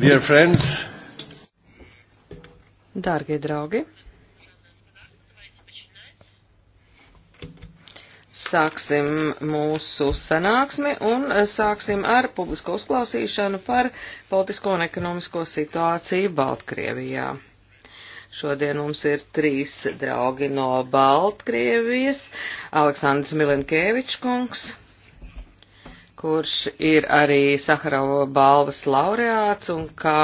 Dear friends. Dārgie draugi. Sāksim mūsu sanāksmi un sāksim ar publisko uzklausīšanu par politisko un ekonomisko situāciju Baltkrievijā. Šodien mums ir trīs draugi no Baltkrievijas - Aleksandrs Milinkēvičs kungs, kurš ir arī Saharova balvas laureāts un kā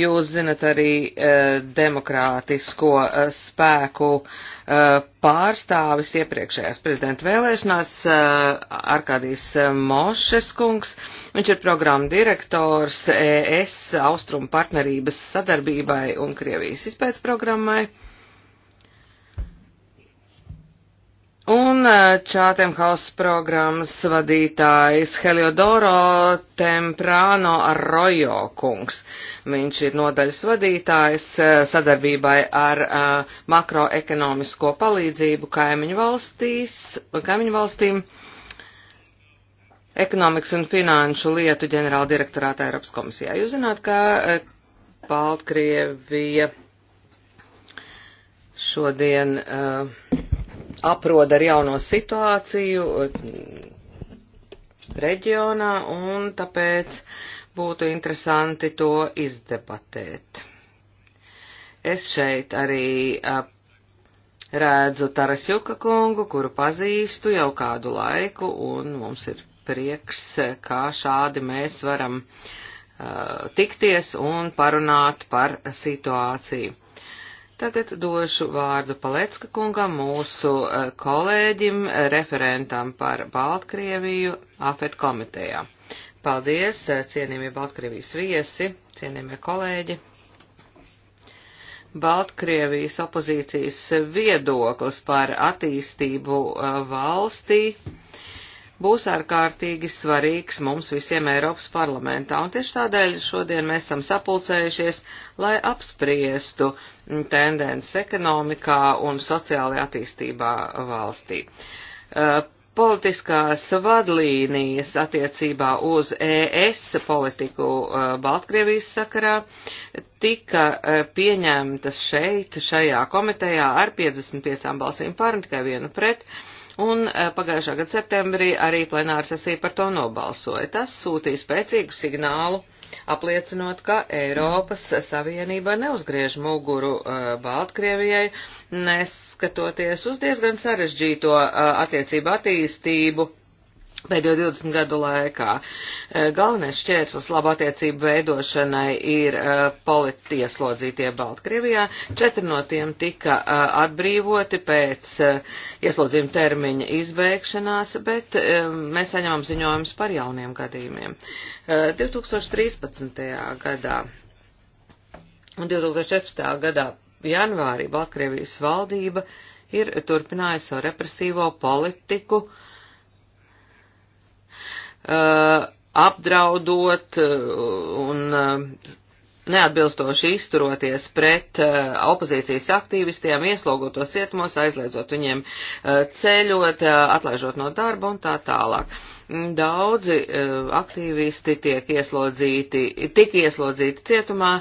jūs zinat arī e, demokrātisko e, spēku e, pārstāvis iepriekšējās prezidenta vēlēšanās, e, Arkādijs Mošeskungs. Viņš ir programma direktors ES Austrum partnerības sadarbībai un Krievijas izpētes programmai. un Čātiem eh, House programmas vadītājs Heliodoro Temprano Arrojo kungs. Viņš ir nodaļas vadītājs eh, sadarbībai ar uh, makroekonomisko palīdzību kaimiņu, valstīs, kaimiņu valstīm, ekonomikas un finanšu lietu ģenerāldirektorātā Eiropas komisijā. Jūs zināt, ka uh, Baltkrievija šodien uh, aprod ar jauno situāciju eh, reģionā, un tāpēc būtu interesanti to izdebatēt. Es šeit arī uh, redzu Tarasjuka kungu, kuru pazīstu jau kādu laiku, un mums ir prieks, eh, kā šādi mēs varam uh, tikties un parunāt par situāciju. Tagad došu vārdu Palecka kungam, mūsu eh, kolēģim, referentam par Baltkrieviju AFET komitejā. Paldies, eh, cienījamie Baltkrievijas viesi, cienījamie kolēģi. Baltkrievijas opozīcijas viedoklis par attīstību eh, valstī būs ārkārtīgi svarīgs mums visiem Eiropas parlamentā, un tieši tādēļ šodien mēs esam sapulcējušies, lai apspriestu tendences ekonomikā un sociālajā attīstībā valstī. Eh, politiskās vadlīnijas attiecībā uz ES politiku eh, Baltkrievijas sakarā tika eh, pieņemtas šeit, šajā komitejā ar 55 balsīm par un tikai vienu pret. Uh, un eh, pagājušā gada septembrī arī plenāra sesija par to nobalsoja. Tas sūtīja spēcīgu signālu, apliecinot, ka Eiropas Savienība neuzgriež muguru uh, Baltkrievijai, neskatoties uz diezgan sarežģīto uh, attiecību attīstību Pēdējo 20 gadu laikā e, galvenais šķērslis labu attiecību veidošanai ir e, politieslodzītie Baltkrievijā. Četri no tiem tika e, atbrīvoti pēc ieslodzījuma termiņa izbeigšanās, bet mēs saņemam ziņojumus par jauniem gadījumiem. 2013. gadā un 2014. gadā janvārī Baltkrievijas valdība ir turpinājusi savu represīvo politiku, uh, Uh, apdraudot uh, un uh, neatbilstoši izturoties pret opozīcijas aktīvistiem, ieslogot tos cietumos, aizliedzot viņiem ceļot, atlaižot no darba un tā tālāk. Daudzi aktīvisti tiek ieslodzīti, tik ieslodzīti cietumā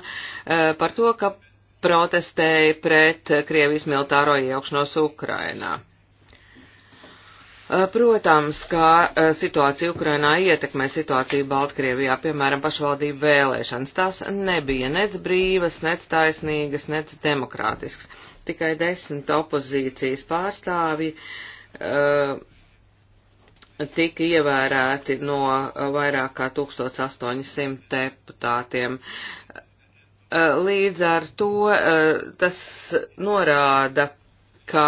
par to, ka protestēja pret Krievijas militāro iejaukšanos Ukrainā. Eh, protams, kā eh, situācija Ukrainā ietekmē situāciju Baltkrievijā, piemēram, pašvaldību vēlēšanas. Tās nebija nec brīvas, nec taisnīgas, nec demokrātisks. Tikai desmit opozīcijas pārstāvji uh, tika ievērēti no vairāk kā 1800 deputātiem. Līdz ar to uh, tas norāda, ka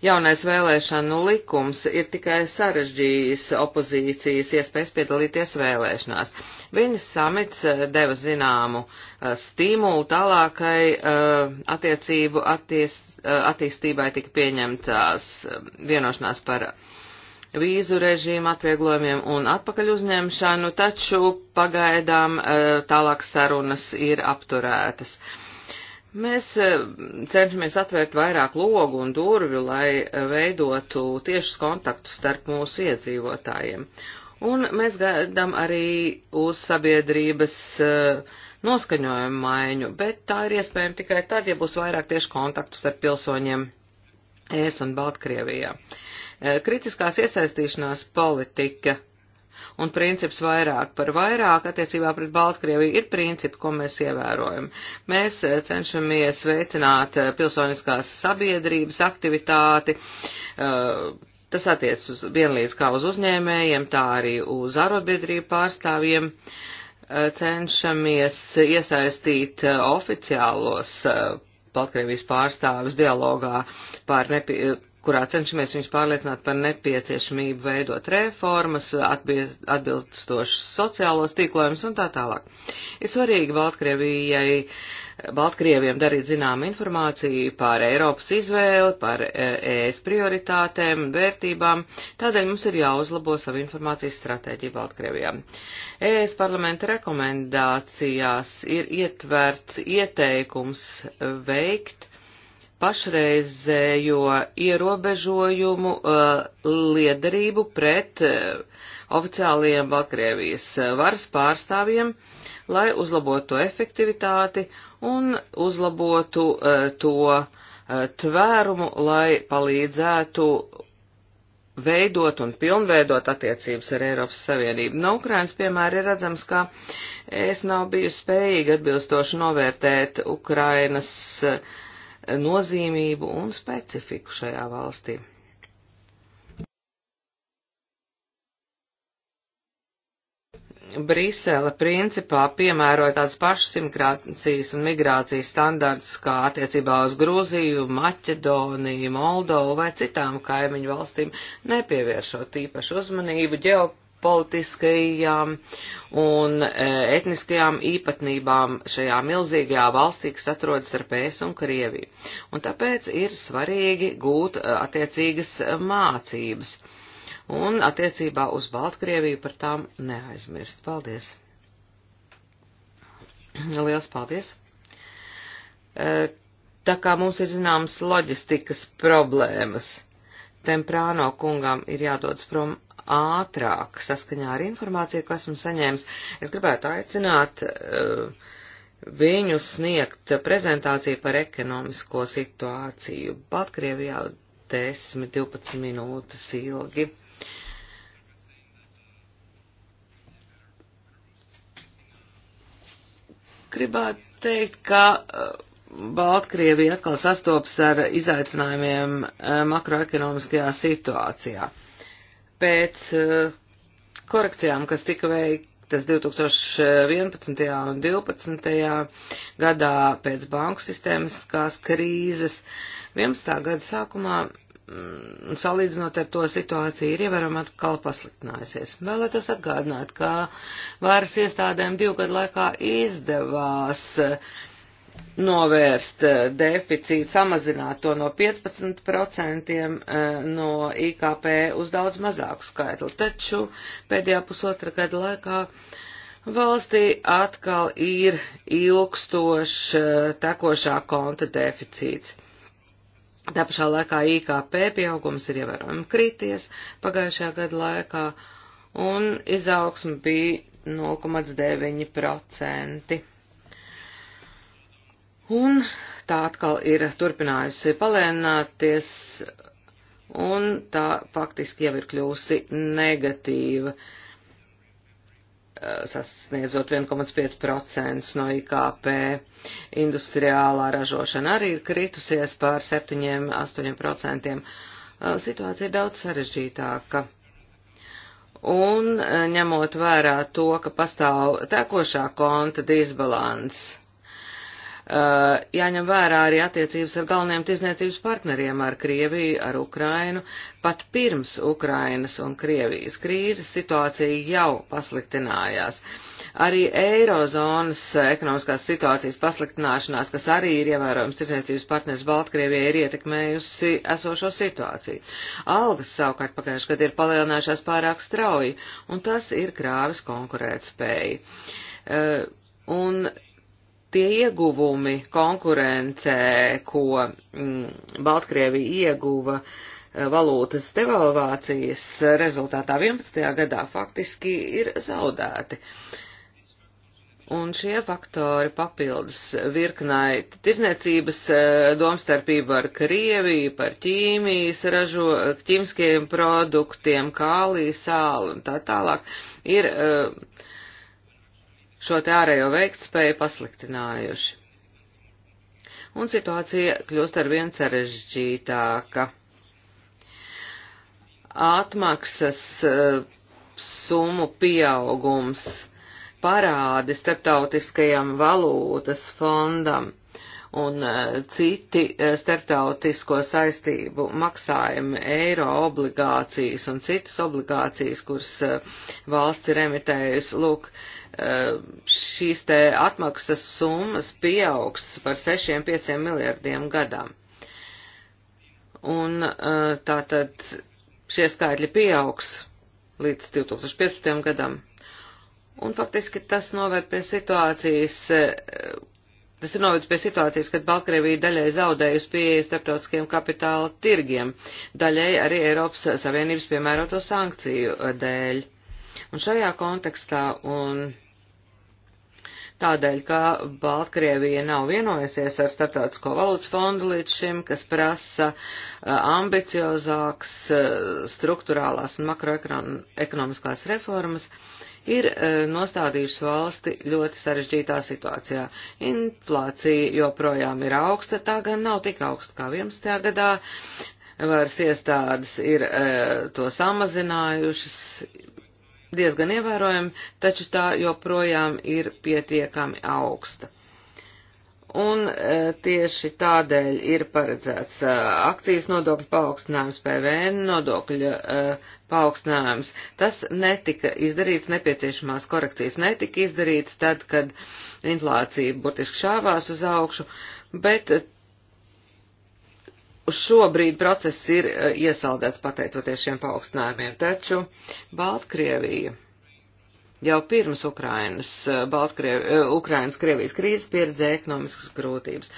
Jaunais vēlēšanu likums ir tikai sarežģījis opozīcijas iespējas piedalīties vēlēšanās. Viņas samits eh, deva zināmu eh, stimulu tālākai eh, attiecību atties, attīstībai tika pieņemtās vienošanās par vīzu režīmu atvieglojumiem un atpakaļ uzņemšanu, taču pagaidām tālāk sarunas ir apturētas. Uh, Mēs e, cenšamies atvērt vairāk logu un durvju, lai e, veidotu tiešus kontaktus starp mūsu iedzīvotājiem. Un mēs gaidām arī uz sabiedrības e, noskaņojumu maiņu, bet tā ir iespējama tikai tad, ja būs vairāk tieši kontaktu starp pilsoņiem ES un Baltkrievijā. Kritiskās iesaistīšanās politika un princips vairāk par vairāk attiecībā pret Baltkrieviju ir principi, ko mēs ievērojam. Mēs eh, cenšamies veicināt eh, pilsoniskās sabiedrības aktivitāti. Eh, tas attiec uz vienlīdz kā uz uzņēmējiem, tā arī uz arotbiedrību pārstāvjiem. Cenšamies iesaistīt oficiālos Baltkrievijas pārstāvis dialogā par nepie kurā cenšamies viņus pārliecināt par nepieciešamību veidot reformas, atbilstošas sociālos tīklojumus un tā tālāk. Ir svarīgi Baltkrievijai, Baltkrieviem darīt zinām informāciju par Eiropas izvēli, par ES e prioritātēm, vērtībām, tādēļ mums ir jāuzlabo savu informācijas stratēģiju Baltkrievijām. ES parlamenta rekomendācijās ir ietverts ieteikums veikt pašreizējo ierobežojumu uh, liederību pret uh, oficiālajiem Baltkrievijas uh, varas pārstāvjiem, lai uzlabotu efektivitāti un uzlabotu uh, to uh, tvērumu, lai palīdzētu veidot un pilnveidot attiecības ar Eiropas Savienību. No Ukrainas, piemēram, ir redzams, ka es nav bijusi spējīga atbilstoši novērtēt Ukrainas uh, nozīmību un specifiku šajā valstī. Brisele principā piemēroja tādas pašas imigrācijas un migrācijas standartus kā attiecībā uz Grūziju, Maķedoniju, Moldovu vai citām kaimiņu valstīm, nepievēršot īpašu uzmanību ģeopolitikai politiskajām un e, etniskajām īpatnībām šajā milzīgajā valstī, kas atrodas ar PS un Krieviju. Un tāpēc ir svarīgi gūt e, attiecīgas mācības. Un attiecībā uz Baltkrieviju par tām neaizmirst. Paldies! Liels paldies! E, tā kā mums ir zināmas loģistikas problēmas, Temprāno kungam ir jādodas prom ātrāk saskaņā ar informāciju, ko esmu saņēmis. Es gribētu aicināt uh, eh, viņu sniegt prezentāciju par ekonomisko situāciju Baltkrievijā 10-12 minūtes ilgi. Gribētu teikt, ka uh, Baltkrievija atkal sastopas ar izaicinājumiem eh, makroekonomiskajā situācijā. Pēc eh, korekcijām, kas tika veiktas 2011. un 2012. gadā pēc banku sistēmiskās krīzes, 11. gada sākumā mm, salīdzinot ar to situāciju, ir ievērojami atkal pasliktinājusies. Vēlētos atgādināt, ka varas iestādēm divu gadu laikā izdevās uh, novērst eh, deficītu, samazināt to no 15% eh, no IKP uz daudz mazāku skaitli. Taču pēdējā pusotra gada laikā valstī atkal ir ilgstošs eh, tekošā konta deficīts. Tā pašā laikā IKP pieaugums ir ievērojami krities pagājušajā gada laikā un izaugsme bija 0,9%. Un tā atkal ir turpinājusi palēnāties, un tā faktiski jau ir kļūsi negatīva, eh, sasniedzot 1,5% no IKP. Industriālā ražošana arī ir kritusies pār 7-8%. Eh, situācija ir daudz sarežģītāka. Un eh, ņemot vērā to, ka pastāv tekošā konta disbalans, Eh, jāņem vērā arī attiecības ar galvenajiem tirzniecības partneriem, ar Krieviju, ar Ukrainu. Pat pirms Ukrainas un Krievijas krīzes situācija jau pasliktinājās. Arī eirozonas ekonomiskās situācijas pasliktināšanās, kas arī ir ievērojams tirsniecības partners Baltkrievijai, ir ietekmējusi esošo situāciju. Algas savukārt pagājušajā gadā ir palielinājušās pārāk strauji, un tas ir krāvis konkurētspēju. Uh, un tie ieguvumi konkurencē, ko mm, Baltkrievija ieguva eh, valūtas devalvācijas rezultātā 11. gadā, faktiski ir zaudēti. Un šie faktori papildus virknai tirzniecības eh, domstarpība ar Krieviju, par ķīmijas ražo, ķīmiskiem produktiem, kālī, sāli un tā tālāk ir uh, šo te ārējo veiktspēju pasliktinājuši. Un situācija kļūst arvien sarežģītāka. Atmaksas uh, summu pieaugums, parādi starptautiskajam valūtas fondam un e, citi e, starptautisko saistību maksājumi, eiro obligācijas un citas obligācijas, kuras e, valsts ir emitējusi. Lūk, šīs te atmaksas summas pieaugs par 6-5 miljardiem gadam. Un tātad šie skaitļi pieaugs līdz 2015. gadam. Un faktiski tas noved pie situācijas, Tas ir novedis pie situācijas, kad Baltkrievija daļai zaudējusi pieeja starptautiskiem kapitāla tirgiem, daļai arī Eiropas Savienības piemēroto sankciju dēļ. Un šajā kontekstā un tādēļ, ka Baltkrievija nav vienojusies ar starptautisko valūtas fondu līdz šim, kas prasa uh, ambiciozāks uh, struktūrālās un makroekonomiskās reformas, uh, ir e, nostādījušas valsti ļoti sarežģītā situācijā. Inflācija joprojām ir augsta, tā gan nav tik augsta kā 11. gadā. Vairs iestādes ir e, to samazinājušas diezgan ievērojami, taču tā joprojām ir pietiekami augsta. Un e, tieši tādēļ ir paredzēts e, akcijas nodokļu paaugstinājums, PVN nodokļu e, paaugstinājums. Tas netika izdarīts, nepieciešamās korekcijas netika izdarīts tad, kad inflācija burtiski šāvās uz augšu, bet šobrīd process ir iesaldēts pateicoties šiem paaugstinājumiem. Taču Baltkrievija Jau pirms Ukrainas, eh, Baltkriev, eh, Ukrainas Krievijas krīzes pieredzēja ekonomiskas grūtības.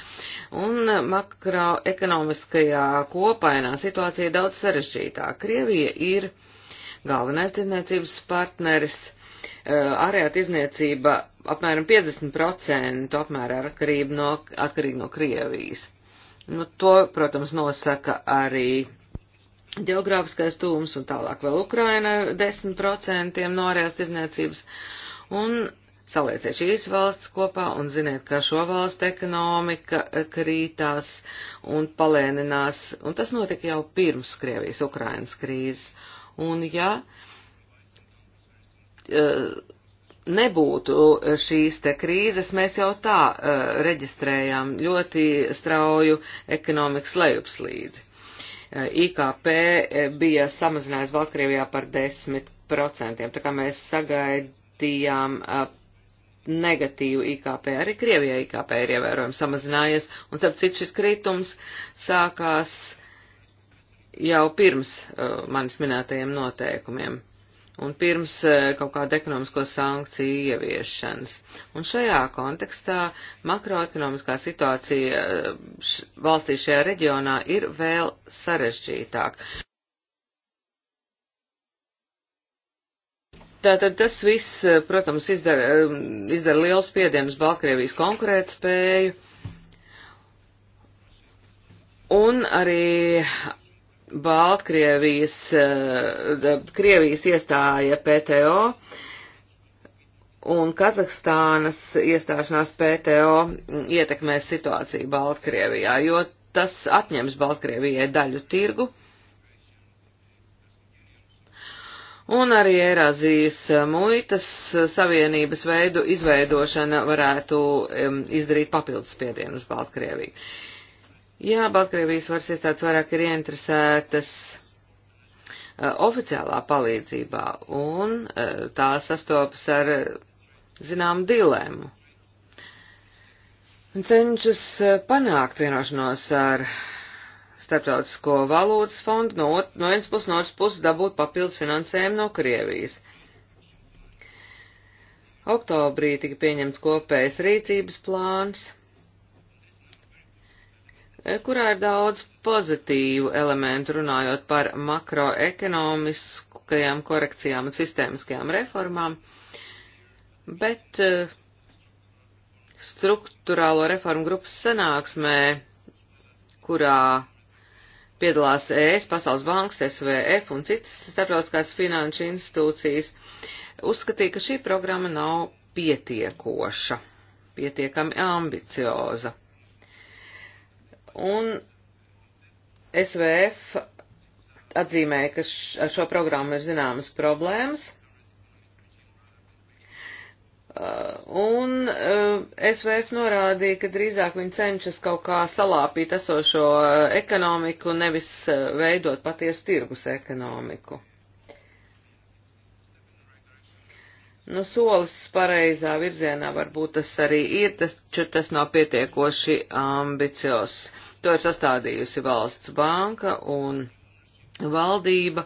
Un eh, makroekonomiskajā kopainā situācija ir daudz sarežģītāka. Krievija ir galvenais tirniecības partneris, ārējā tirzniecība apmēram 50% apmērā atkarība no, atkarīga no Krievijas. Nu, to, protams, nosaka arī geogrāfiskais tūms un tālāk vēl Ukraina 10% norēs tirzniecības. Un salieciet šīs valsts kopā un ziniet, ka šo valstu ekonomika krītās un palēninās. Un tas notika jau pirms Krievijas Ukrainas krīzes. Un ja e, nebūtu šīs te krīzes, mēs jau tā e, reģistrējām ļoti strauju ekonomikas lejupslīdzi. IKP eh, bija samazinājis Baltkrievijā par 10%. Tā kā mēs sagaidījām eh, negatīvu IKP, arī Krievijā IKP ir ievērojami samazinājies, un starp citu šis kritums sākās jau pirms uh, manis minētajiem noteikumiem un pirms eh, kaut kāda ekonomisko sankciju ieviešanas. Un šajā kontekstā makroekonomiskā situācija eh, valstī šajā reģionā ir vēl sarežģītāk. Tātad tas viss, eh, protams, izdara, izdara liels spiedienus Baltkrievijas konkurētspēju un arī Baltkrievijas, eh, Krievijas iestāja PTO un Kazahstānas iestāšanās PTO ietekmēs situāciju Baltkrievijā, jo tas atņems Baltkrievijai daļu tirgu. Un arī Eirāzijas muitas savienības veidu izveidošana varētu um, izdarīt papildus spiedienu uz Baltkrieviju. Uh, Jā, Baltkrievijas varas iestādes vairāk ir ieinteresētas uh, oficiālā palīdzībā, un uh, tā sastopas ar, zinām, dilēmu. Un cenšas uh, panākt vienošanos ar starptautisko valūtas fondu, no, no vienas puses, no otras puses dabūt papildus finansējumu no Krievijas. Oktobrī tika pieņemts kopējs rīcības plāns Eh, kurā ir daudz pozitīvu elementu runājot par makroekonomiskajām korekcijām un sistēmiskajām reformām, bet eh, struktūrālo reformu grupas sanāksmē, kurā piedalās ES, Pasaules bankas, SVF un citas starptautiskās finanšu institūcijas, uzskatīja, ka šī programma nav pietiekoša, pietiekami ambicioza. Un SVF atzīmēja, ka š, ar šo programmu ir zināmas problēmas. Uh, un uh, SVF norādīja, ka drīzāk viņi cenšas kaut kā salāpīt esošo uh, ekonomiku, nevis uh, veidot patiesu tirgus ekonomiku. Nu, solis pareizā virzienā varbūt tas arī ir, tas, tas nav pietiekoši ambicios. To ir sastādījusi valsts banka un valdība.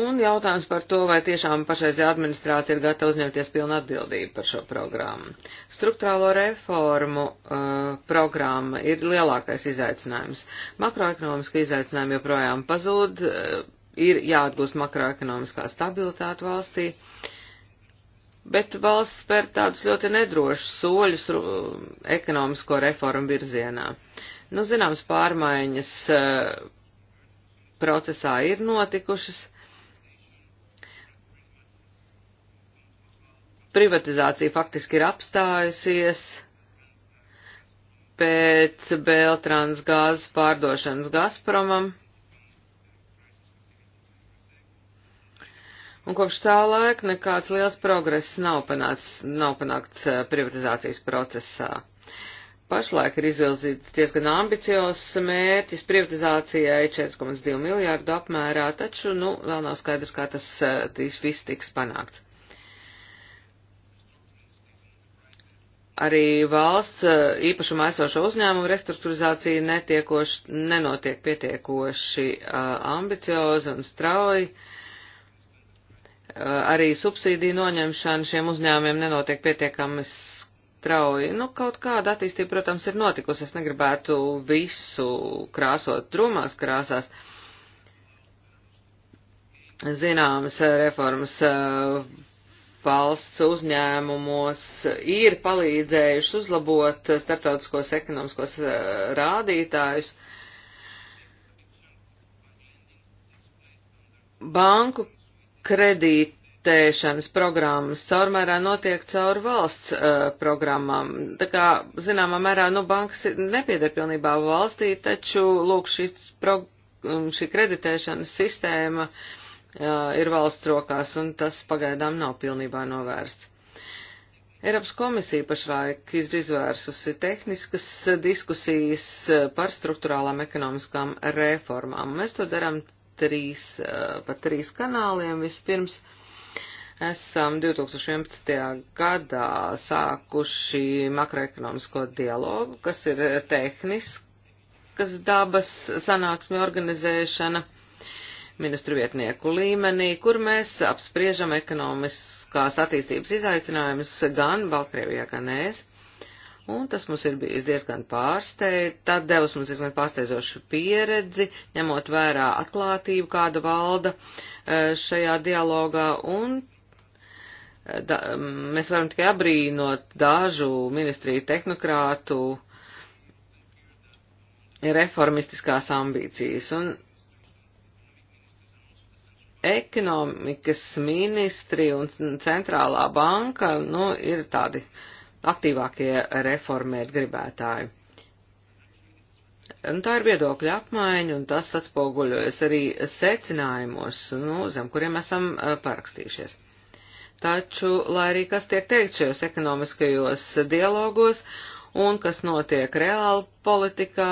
Un jautājums par to, vai tiešām pašreizējā administrācija ir gatava uzņemties pilnu atbildību par šo programmu. Struktūrālo reformu uh, programma ir lielākais izaicinājums. Makroekonomiski izaicinājumi joprojām pazūd. Uh, ir jāatgūst makroekonomiskā stabilitāte valstī, bet valsts spēr tādus ļoti nedrošus soļus ekonomisko reformu virzienā. Nu, zināms, pārmaiņas eh, procesā ir notikušas. Privatizācija faktiski ir apstājusies pēc Beltrāns gāzes pārdošanas Gazpromam. Un kopš tā laika nekāds liels progress nav, panācis, nav panākts eh, privatizācijas procesā. Pašlaik ir izvilzīts diezgan ambiciozs mērķis privatizācijai 4,2 miljārdu apmērā, taču, nu, vēl nav skaidrs, kā tas eh, tīs, viss tiks panākts. Arī valsts eh, īpašuma aizsošo uzņēmumu restruktūrizācija netiekoši, nenotiek pietiekoši ambiciozi un strauji. Uh, arī subsīdiju noņemšana šiem uzņēmumiem nenotiek pietiekami strauji. Nu, kaut kāda attīstība, protams, ir notikusi. Es negribētu visu krāsot drumās krāsās. Zināmas eh, reformas eh, valsts uzņēmumos ir palīdzējuši uzlabot starptautiskos ekonomiskos eh, rādītājus. Banku kredītēšanas programmas caurmērā notiek caur valsts uh, programmām. Tā kā, zināmā mērā, nu, bankas nepieder pilnībā valstī, taču, lūk, šī, pro, um, šī kreditēšanas sistēma uh, ir valsts rokās, un tas pagaidām nav pilnībā novērsts. Eiropas komisija pašlaik ir izvērsusi tehniskas diskusijas uh, par struktūrālām ekonomiskām reformām. Mēs to darām trīs, eh, pa trīs kanāliem. Vispirms esam 2011. gadā sākuši makroekonomisko dialogu, kas ir tehniskas dabas sanāksmi organizēšana ministru vietnieku līmenī, kur mēs apspriežam ekonomiskās attīstības izaicinājumus gan Baltkrievijā, gan ES. Un tas mums ir bijis diezgan pārsteidz, tad devis mums diezgan pārsteidzošu pieredzi, ņemot vērā atklātību, kāda valda e, šajā dialogā, un e, da, mēs varam tikai abrīnot dažu ministriju tehnokrātu reformistiskās ambīcijas. Un ekonomikas ministri un centrālā banka, nu, ir tādi uh, aktīvākie reformēt gribētāji. Un tā ir viedokļa apmaiņa, un tas atspoguļojas arī secinājumos, nu, zem kuriem esam parakstījušies. Taču, lai arī kas tiek teikt šajos ekonomiskajos dialogos un kas notiek reāli politikā,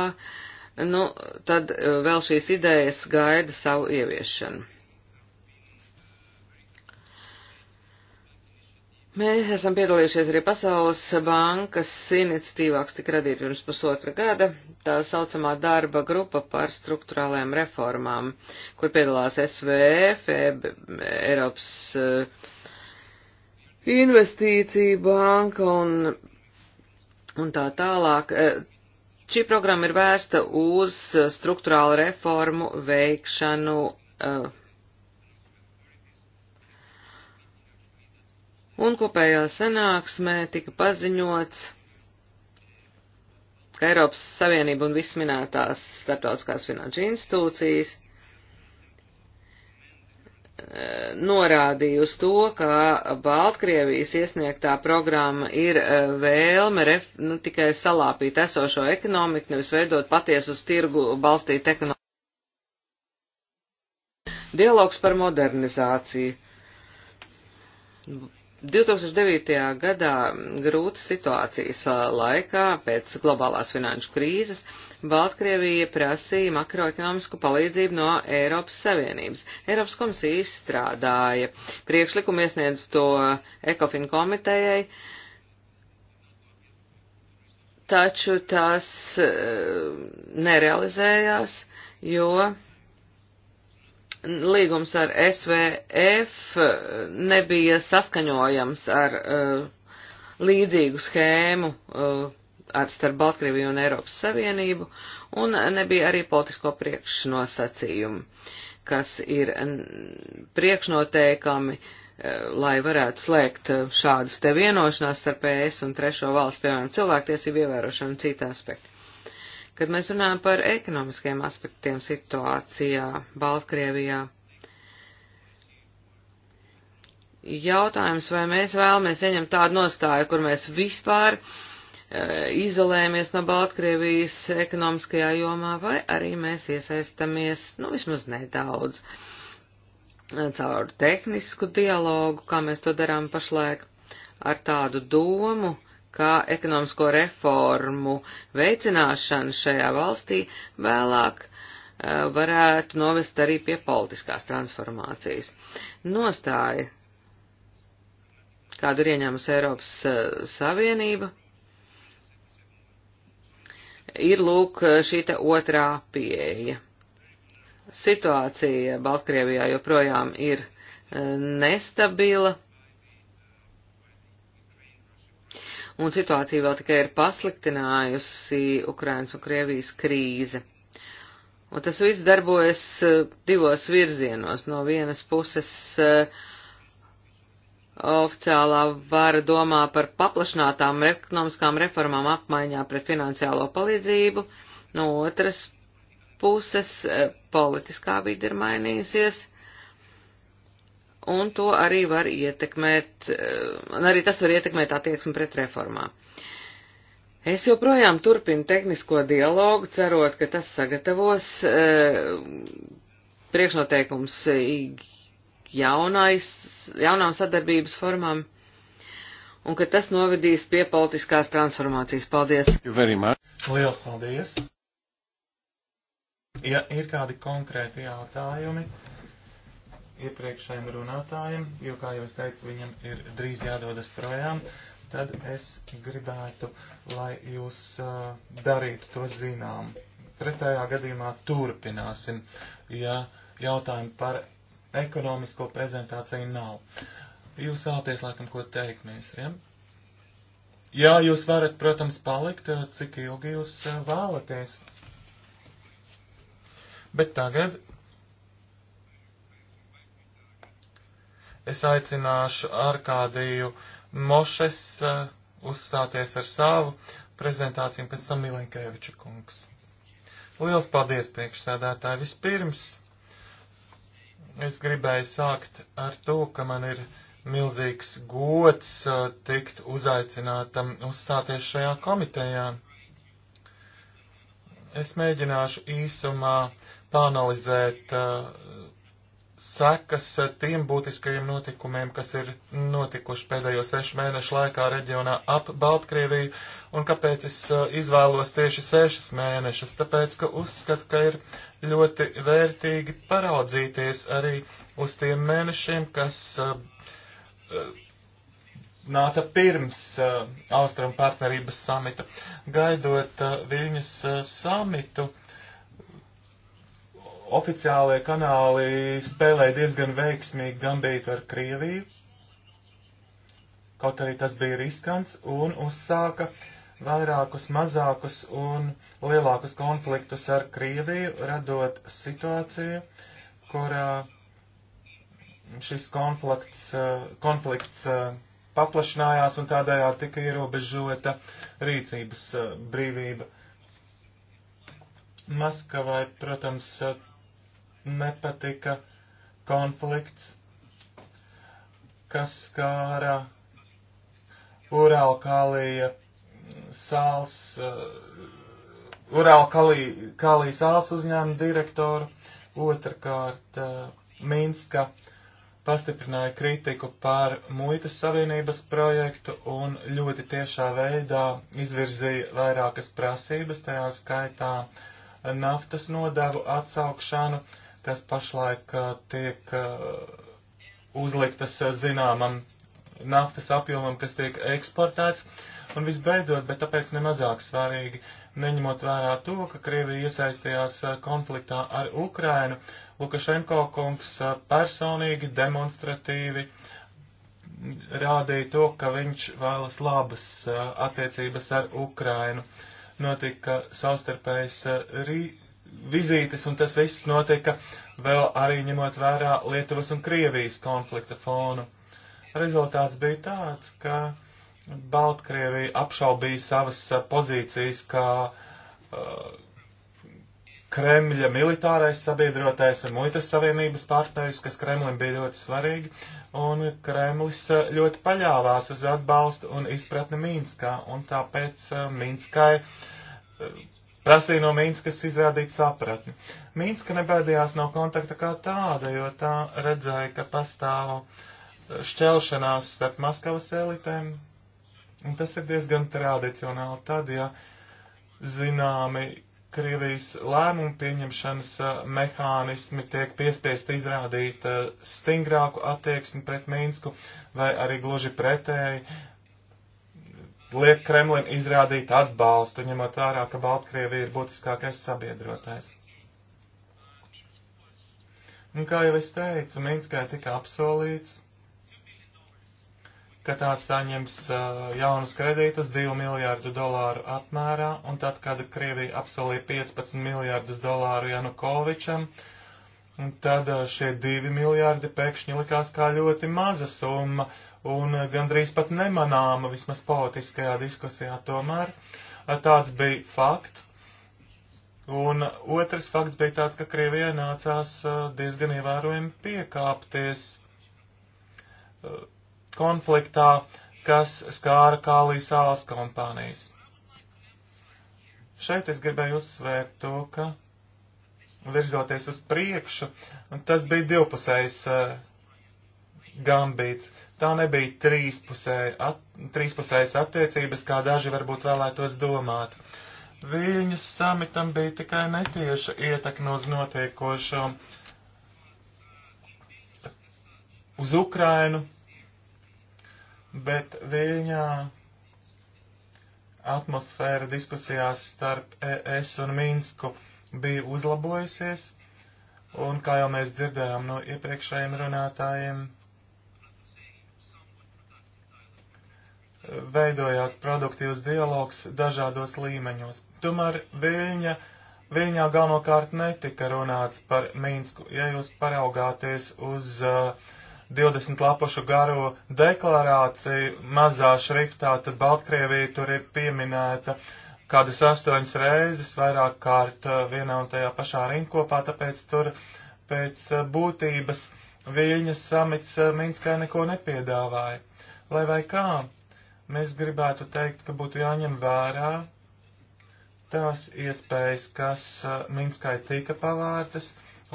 nu, tad vēl šīs idejas gaida savu ieviešanu. Mēs esam piedalījušies arī Pasaules bankas iniciatīvā, kas tika radīta pirms pusotra gada, tā saucamā darba grupa par struktūrālajām reformām, kur piedalās SVF, Eiropas eh, investīcija banka un, un tā tālāk. Eh, šī programma ir vērsta uz struktūrālu reformu veikšanu eh, un kopējā sanāksmē tika paziņots, ka Eiropas Savienība un visminētās starptautiskās finanšu institūcijas e, norādīja uz to, ka Baltkrievijas iesniegtā programma ir e, vēlme ref, nu, tikai salāpīt esošo ekonomiku, nevis veidot patiesu uz tirgu balstīt ekonomiku. Dialogs par modernizāciju. 2009. gadā grūtas situācijas laikā pēc globālās finanšu krīzes Baltkrievija prasīja makroekonomisku palīdzību no Eiropas Savienības. Eiropas komisija izstrādāja priekšlikumu iesniedz to Ekofin komitejai, taču tas eh, nerealizējās, jo līgums ar SVF eh, nebija saskaņojams ar uh, līdzīgu schēmu uh, ar starp Baltkrieviju un Eiropas Savienību, un nebija arī politisko priekšnosacījumu, kas ir priekšnoteikami, uh, lai varētu slēgt šādas te vienošanās starp ES un trešo valstu, piemēram, cilvēktiesību ievērošanu un citu aspektu. Kad mēs runājam par ekonomiskiem aspektiem situācijā Baltkrievijā, jautājums, vai mēs vēlamies ieņemt tādu nostāju, kur mēs vispār e, izolējamies no Baltkrievijas ekonomiskajā jomā, vai arī mēs iesaistamies, nu, vismaz nedaudz, e, caur tehnisku dialogu, kā mēs to darām pašlaik, ar tādu domu, kā ekonomisko reformu veicināšana šajā valstī vēlāk eh, varētu novest arī pie politiskās transformācijas. Nostāja, kādu ir ieņēmusi Eiropas eh, Savienība, ir lūk šī te otrā pieeja. Situācija Baltkrievijā joprojām ir eh, nestabila un situācija vēl tikai ir pasliktinājusi Ukrainas un Krievijas krīze. Un tas viss darbojas eh, divos virzienos. No vienas puses eh, oficiālā vara domā par paplašinātām ekonomiskām reformām apmaiņā pret finansiālo palīdzību, no otras puses eh, politiskā vide ir mainījusies un to arī var ietekmēt, eh, un arī tas var ietekmēt attieksmi pret reformām. Es joprojām turpinu tehnisko dialogu, cerot, ka tas sagatavos eh, priekšnoteikums jaunais, jaunām sadarbības formām un ka tas novedīs pie politiskās transformācijas. Paldies! Lielas paldies! Ja ir kādi konkrēti jautājumi iepriekšējiem runātājiem, jo, kā jau es teicu, viņam ir drīz jādodas projām, tad es gribētu, lai jūs uh, darītu to zinām. Pretējā gadījumā turpināsim, ja jautājumu par ekonomisko prezentāciju nav. Jūs vēlaties laikam ko teikt, ministriem? Jā, jūs varat, protams, palikt, cik ilgi jūs vēlaties. Bet tagad es aicināšu Arkādiju Mošes eh, uzstāties ar savu prezentāciju, un pēc tam Milenkeviča kungs. Liels paldies priekšsēdētāji vispirms! Es gribēju sākt ar to, ka man ir milzīgs gods eh, tikt uzaicinātam uzstāties šajā komitejā. Es mēģināšu īsumā panalizēt uh, sekas tiem būtiskajiem notikumiem, kas ir notikuši pēdējo sešu mēnešu laikā reģionā ap Baltkrieviju, un kāpēc es eh, izvēlos tieši sešas mēnešas, tāpēc, ka uzskatu, ka ir ļoti vērtīgi paraudzīties arī uz tiem mēnešiem, kas eh, eh, nāca pirms uh, Austrum partnerības samita. Gaidot uh, Viļņas uh, samitu, uh, oficiālie kanāli spēlēja diezgan veiksmīgi Gambītu ar Krieviju, kaut arī tas bija riskants, un uzsāka vairākus mazākus un lielākus konfliktus ar Krieviju, radot situāciju, kurā šis konflikts, konflikts eh, paplašinājās un tādējādi tika ierobežota rīcības eh, brīvība. Maskavai, protams, nepatika konflikts, kas skāra Uralkalija sāls, uh, eh, Uralkalija sāls uzņēmuma direktoru, otrkārt uh, Minska pastiprināja kritiku par muitas savienības projektu un ļoti tiešā veidā izvirzīja vairākas prasības, tajā skaitā naftas nodevu atsaukšanu, uh, kas pašlaik uh, tiek uh, uzliktas uh, zināmam naftas apjomam, kas tiek eksportēts. Un visbeidzot, bet tāpēc nemazāk svarīgi, neņemot vērā to, ka Krievija iesaistījās konfliktā ar Ukrainu, Lukašenko kungs personīgi, demonstratīvi rādīja to, ka viņš vēlas labas attiecības ar Ukrainu. Notika savstarpējas vizītes, un tas viss notika vēl arī ņemot vērā Lietuvas un Krievijas konflikta fonu. Rezultāts bija tāds, ka Baltkrievija apšaubīja savas eh, pozīcijas kā uh, Kremļa militārais sabiedrotais un muitas savienības partneris, kas Kremlim bija ļoti svarīgi, un Kremlis eh, ļoti paļāvās uz atbalstu un izpratni Mīnskā, un tāpēc Mīnskai uh, prasīja no Mīnskas izrādīt sapratni. Mīnska nebaidījās no kontakta kā tāda, jo tā redzēja, ka pastāv šķelšanās starp Maskavas elitēm, un tas ir diezgan tradicionāli tad, ja zināmi Krievijas lēmumu pieņemšanas eh, mehānismi tiek piespiest izrādīt eh, stingrāku attieksmi pret Mīnsku vai arī gluži pretēji liek Kremlim izrādīt atbalstu, ņemot vērā, ka Baltkrievija ir būtiskākais sabiedrotais. Un kā jau es teicu, Minskai tika apsolīts, ka tā saņems uh, jaunus kredītus 2 miljārdu dolāru apmērā, un tad, kad Krievija apsolīja 15 miljārdus dolāru Janukovičam, tad uh, šie 2 miljārdi pēkšņi likās kā ļoti maza summa. Uh, un eh, gandrīz pat nemanāma vismaz politiskajā diskusijā tomēr. Eh, tāds bija fakts. Un eh, otrs fakts bija tāds, ka Krievijai nācās diezgan ievērojami piekāpties konfliktā, kas skāra Kālī sāls kompānijas. Šeit es gribēju uzsvērt to, ka virzoties uz priekšu, tas bija divpusējs gambīts. Tā nebija trīspusējas at, trīspusē attiecības, kā daži varbūt vēlētos domāt. Viņas samitam bija tikai netieša ietekme uz notiekošo uz Ukrainu, bet viņā atmosfēra diskusijās starp ES un Minsku bija uzlabojusies, un kā jau mēs dzirdējām no iepriekšējiem runātājiem, veidojās produktīvs dialogs dažādos līmeņos. Tomēr Viļņa, Viļņā galvenokārt netika runāts par Mīnsku. Ja jūs paraugāties uz uh, 20 lapušu garo deklarāciju mazā šriftā, tad Baltkrievija tur ir pieminēta kādas astoņas reizes, vairāk kārt uh, vienā un tajā pašā rinkopā, tāpēc tur pēc uh, būtības Viļņas samits uh, Mīnskai neko nepiedāvāja. Lai vai kā, Mēs gribētu teikt, ka būtu jāņem vērā tās iespējas, kas uh, Minskai tika pavārtas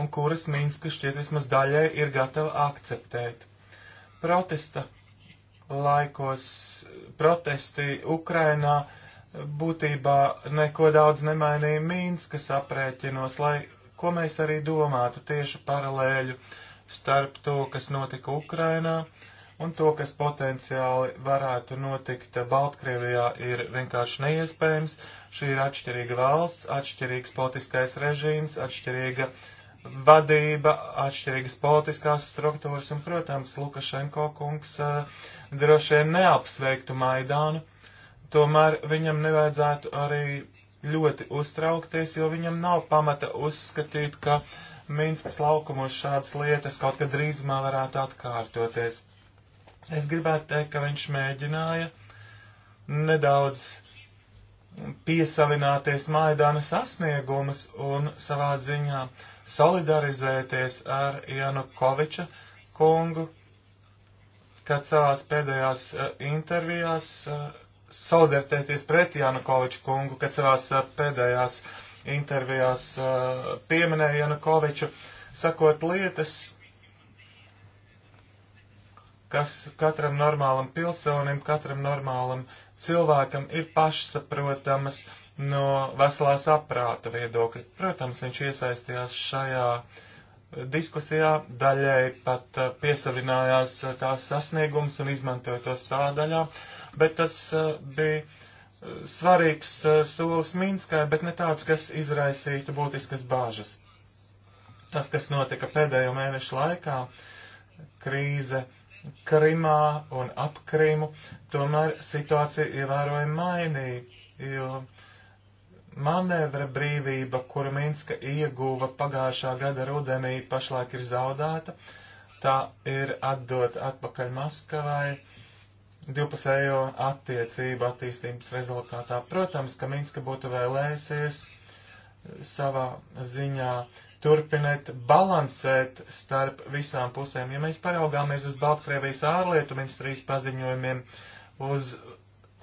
un kuras Minska šķiet vismaz daļai ir gatava akceptēt. Protesta laikos protesti Ukrainā būtībā neko daudz nemainīja Mīnskas aprēķinos, lai ko mēs arī domātu tieši paralēļu starp to, kas notika Ukrainā un to, kas potenciāli varētu notikt Baltkrievijā, ir vienkārši neiespējams. Šī ir atšķirīga valsts, atšķirīgs politiskais režīms, atšķirīga vadība, atšķirīgas politiskās struktūras, un, protams, Lukašenko kungs uh, droši vien neapsveiktu Maidānu, tomēr viņam nevajadzētu arī ļoti uztraukties, jo viņam nav pamata uzskatīt, ka Minskas laukumos šādas lietas kaut kad drīzumā varētu atkārtoties Es gribētu teikt, ka viņš mēģināja nedaudz piesavināties Maidana sasniegumus un savā ziņā solidarizēties ar Janukoviča kungu, kad savās pēdējās eh, intervijās eh, solidarietēties pret Janukoviču kungu, kad savās eh, pēdējās intervijās pieminēja Janukoviču, sakot lietas, kas katram normālam pilsonim, katram normālam cilvēkam ir pašsaprotamas no veselā saprāta viedokļa. Protams, viņš iesaistījās šajā diskusijā, daļai pat eh, piesavinājās tās eh, sasniegums un izmantoja to savā daļā, bet tas eh, bija svarīgs solis Minskai, bet ne tāds, kas izraisītu būtiskas bāžas. Tas, kas notika pēdējo mēnešu laikā, krīze, uh, Krimā un ap Krimu, tomēr situācija ievērojami mainīja, jo manevra brīvība, kuru Minska ieguva pagājušā gada rudenī, pašlaik ir zaudēta, tā ir atdot atpakaļ Maskavai divpusējo attiecību attīstības rezultātā. Protams, ka Minska būtu vēlējusies savā ziņā turpiniet balansēt starp visām pusēm. Ja mēs paraugāmies uz Baltkrievijas ārlietu ministrijas paziņojumiem, uz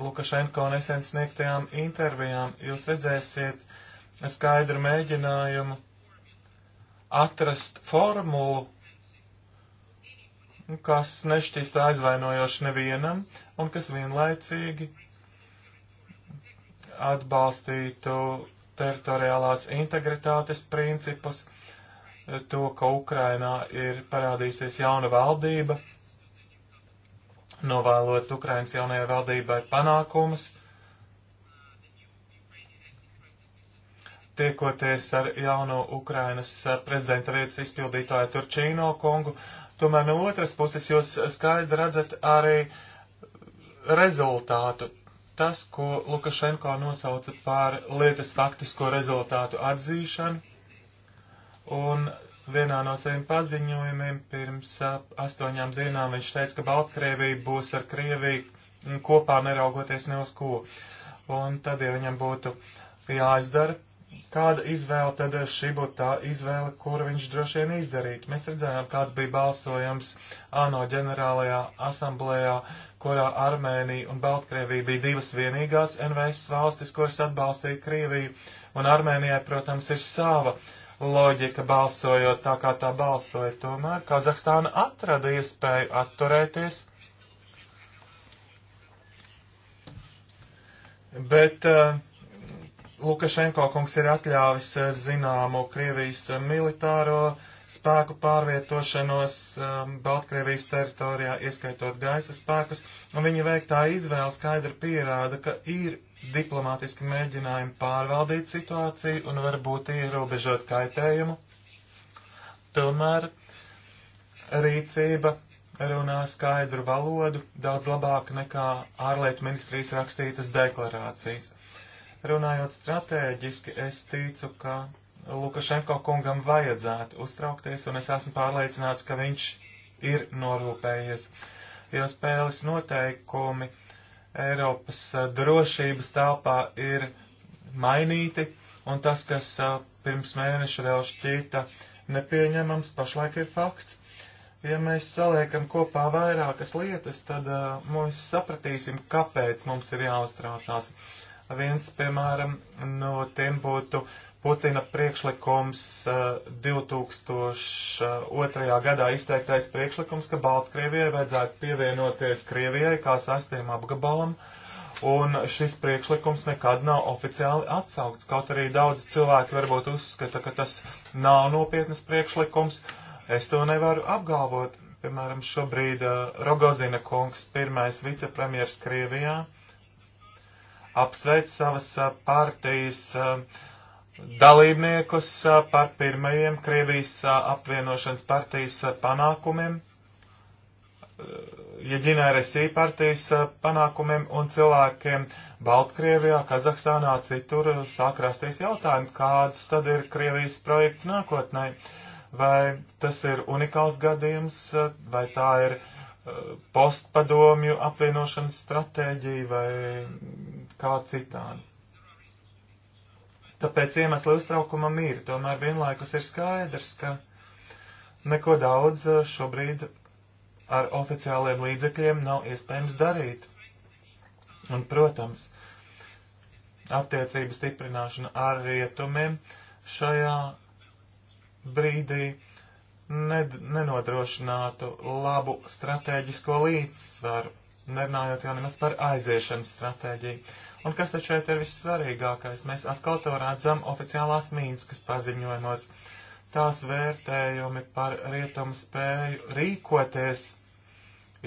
Lukašenko nesen sniegtajām intervijām, jūs redzēsiet skaidru mēģinājumu atrast formulu, kas nešķīst aizvainojoši nevienam un kas vienlaicīgi atbalstītu teritoriālās integritātes principus to, ka Ukrainā ir parādīsies jauna valdība, novēlot Ukrainas jaunajai valdībai panākumus, tiekoties ar jauno Ukrainas prezidenta vietas izpildītāju Turčīno kungu, tomēr no otras puses jūs skaidri redzat arī rezultātu. Tas, ko Lukašenko nosauca par lietas faktisko rezultātu atzīšanu, Un vienā no saviem paziņojumiem pirms astoņām dienām viņš teica, ka Baltkrievija būs ar Krieviju kopā neraugoties ne uz ko. Un tad, ja viņam būtu jāizdara kāda izvēle, tad šī būtu tā izvēle, kuru viņš droši vien izdarītu. Mēs redzējām, kāds bija balsojums ANO ģenerālajā asamblējā, kurā Armēnija un Baltkrievija bija divas vienīgās NVS valstis, kuras atbalstīja Krieviju, un Armēnijai, protams, ir sava uh, loģika balsojot tā, kā tā balsoja. Tomēr Kazahstāna atrada iespēju atturēties. Bet uh, Lukašenko kungs ir atļāvis eh, zināmu Krievijas eh, militāro spēku pārvietošanos um, Baltkrievijas teritorijā, ieskaitot gaisa spēkus, un viņa veiktā izvēle skaidri pierāda, ka ir diplomātiski mēģinājumi pārvaldīt situāciju un varbūt ierobežot kaitējumu. Tomēr rīcība runā skaidru valodu daudz labāk nekā ārlietu ministrijas rakstītas deklarācijas. Runājot strateģiski, es ticu, ka Lukašenko kungam vajadzētu uztraukties, un es esmu pārliecināts, ka viņš ir norūpējies, jo spēles noteikumi Eiropas eh, drošības telpā ir mainīti, un tas, kas eh, pirms mēneša vēl šķīta nepieņemams, pašlaik ir fakts. Ja mēs saliekam kopā vairākas lietas, tad uh, mēs sapratīsim, kāpēc mums ir jāuztraucās. Viens, piemēram, no tiem būtu uh, Putina priekšlikums 2002. Eh, gadā izteiktais priekšlikums, ka Baltkrievijai vajadzētu pievienoties Krievijai kā sastiem apgabalam, un šis priekšlikums nekad nav oficiāli atsaukts, kaut arī daudz cilvēki varbūt uzskata, ka tas nav nopietnas priekšlikums, es to nevaru apgalvot. Piemēram, šobrīd eh, Rogozina kungs, pirmais vicepremjers Krievijā, apsveic savas eh, partijas uh, dalībniekus par pirmajiem Krievijas apvienošanas partijas panākumiem, Jeģinēresī ja partijas panākumiem un cilvēkiem Baltkrievijā, Kazahstānā, citur sāk rasties jautājumi, kāds tad ir Krievijas projekts nākotnē. Vai tas ir unikāls gadījums, vai tā ir postpadomju apvienošanas stratēģija, vai kā citādi. Tāpēc iemesli uztraukumam ir, tomēr vienlaikus ir skaidrs, ka neko daudz eh, šobrīd ar oficiāliem līdzekļiem nav iespējams darīt. Un, protams, attiecību stiprināšana ar rietumiem šajā brīdī ned nenodrošinātu labu stratēģisko līdzsvaru, nerunājot jau nemaz par aiziešanas stratēģiju. Un kas tad šeit ir vissvarīgākais? Mēs atkal to redzam oficiālās Mīnskas paziņojumos. Tās vērtējumi par rietumu spēju rīkoties,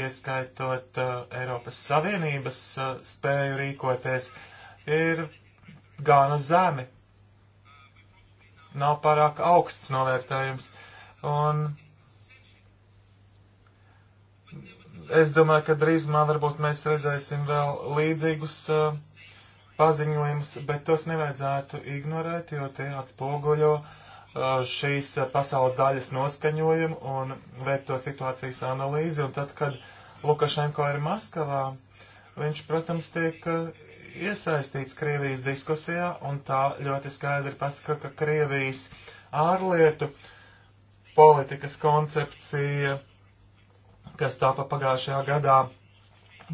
ieskaitot uh, Eiropas Savienības uh, spēju rīkoties, ir gana zemi. Nav pārāk augsts novērtējums. Un es domāju, ka drīzumā varbūt mēs redzēsim vēl līdzīgus uh, paziņojums, bet tos nevajadzētu ignorēt, jo tie atspoguļo šīs pasaules daļas noskaņojumu un veikto situācijas analīzi. Un tad, kad Lukašenko ir Maskavā, viņš, protams, tiek iesaistīts Krievijas diskusijā, un tā ļoti skaidri pasaka, ka Krievijas ārlietu politikas koncepcija, kas tāpa pagājušajā gadā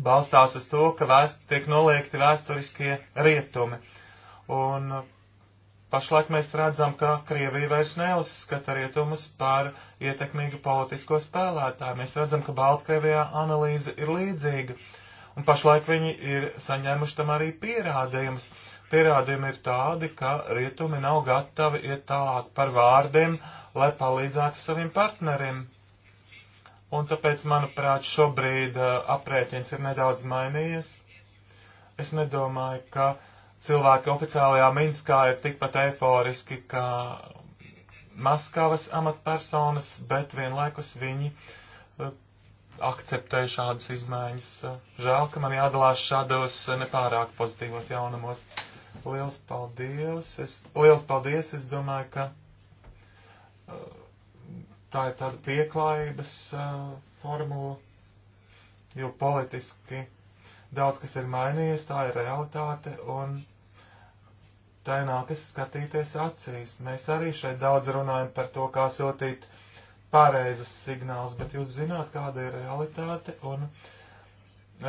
balstās uz to, ka vēst, tiek noliekti vēsturiskie rietumi. Un pašlaik mēs redzam, ka Krievija vairs neuzskata rietumus par ietekmīgu politisko spēlētāju. Mēs redzam, ka Baltkrievijā analīze ir līdzīga. Un pašlaik viņi ir saņēmuši tam arī pierādījumus. Pierādījumi ir tādi, ka rietumi nav gatavi iet tālāk par vārdiem, lai palīdzētu saviem partneriem. Un tāpēc, manuprāt, šobrīd uh, aprēķins ir nedaudz mainījies. Es nedomāju, ka cilvēki oficiālajā Minskā ir tikpat eiforiski kā Maskavas amatpersonas, bet vienlaikus viņi uh, akceptē šādas izmaiņas. Uh, žēl, ka man jādalās šādos nepārāk pozitīvos jaunumos. Liels paldies! Es, liels paldies! Es domāju, ka tā ir tāda pieklājības uh, formula, jo politiski daudz kas ir mainījies, tā ir realitāte, un tā ir nākas skatīties acīs. Mēs arī šeit daudz runājam par to, kā siltīt pareizus signālus, bet jūs zināt, kāda ir realitāte, un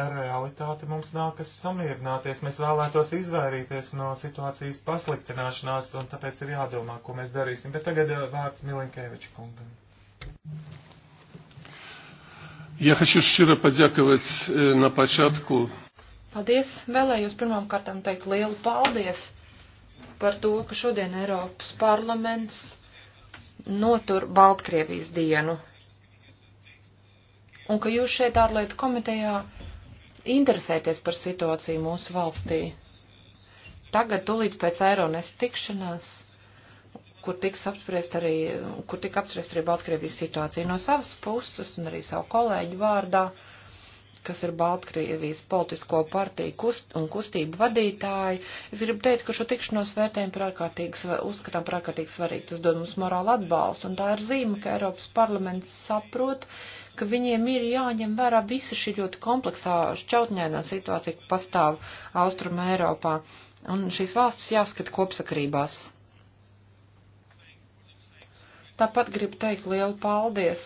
ar realitāti mums nākas samierināties. Mēs vēlētos izvairīties no situācijas pasliktināšanās, un tāpēc ir jādomā, ko mēs darīsim. Bet tagad vārds Milinkeviča kungam. Я хочу щиро подяковать э, на початку. Paldies! Vēlējos pirmām kārtām teikt lielu paldies par to, ka šodien Eiropas parlaments notur Baltkrievijas dienu. Un ka jūs šeit ārlietu komitejā interesēties par situāciju mūsu valstī. Tagad, tūlīt pēc Eironest tikšanās, kur tiks apspriest arī, kur tika apspriest arī Baltkrievijas situācija no savas puses un arī savu kolēģu vārdā, kas ir Baltkrievijas politisko partiju kust, un kustību vadītāji. Es gribu teikt, ka šo tikšanos vērtējumu par ārkārtīgi, uzskatām par ārkārtīgi svarīgi. Tas dod mums morālu atbalstu, un tā ir zīme, ka Eiropas parlaments saprot, ka viņiem ir jāņem vērā visa šī ļoti kompleksā šķautņainā situācija, kas pastāv Austrum Eiropā. Un šīs valstis jāskata kopsakrībās. Tāpat gribu teikt lielu paldies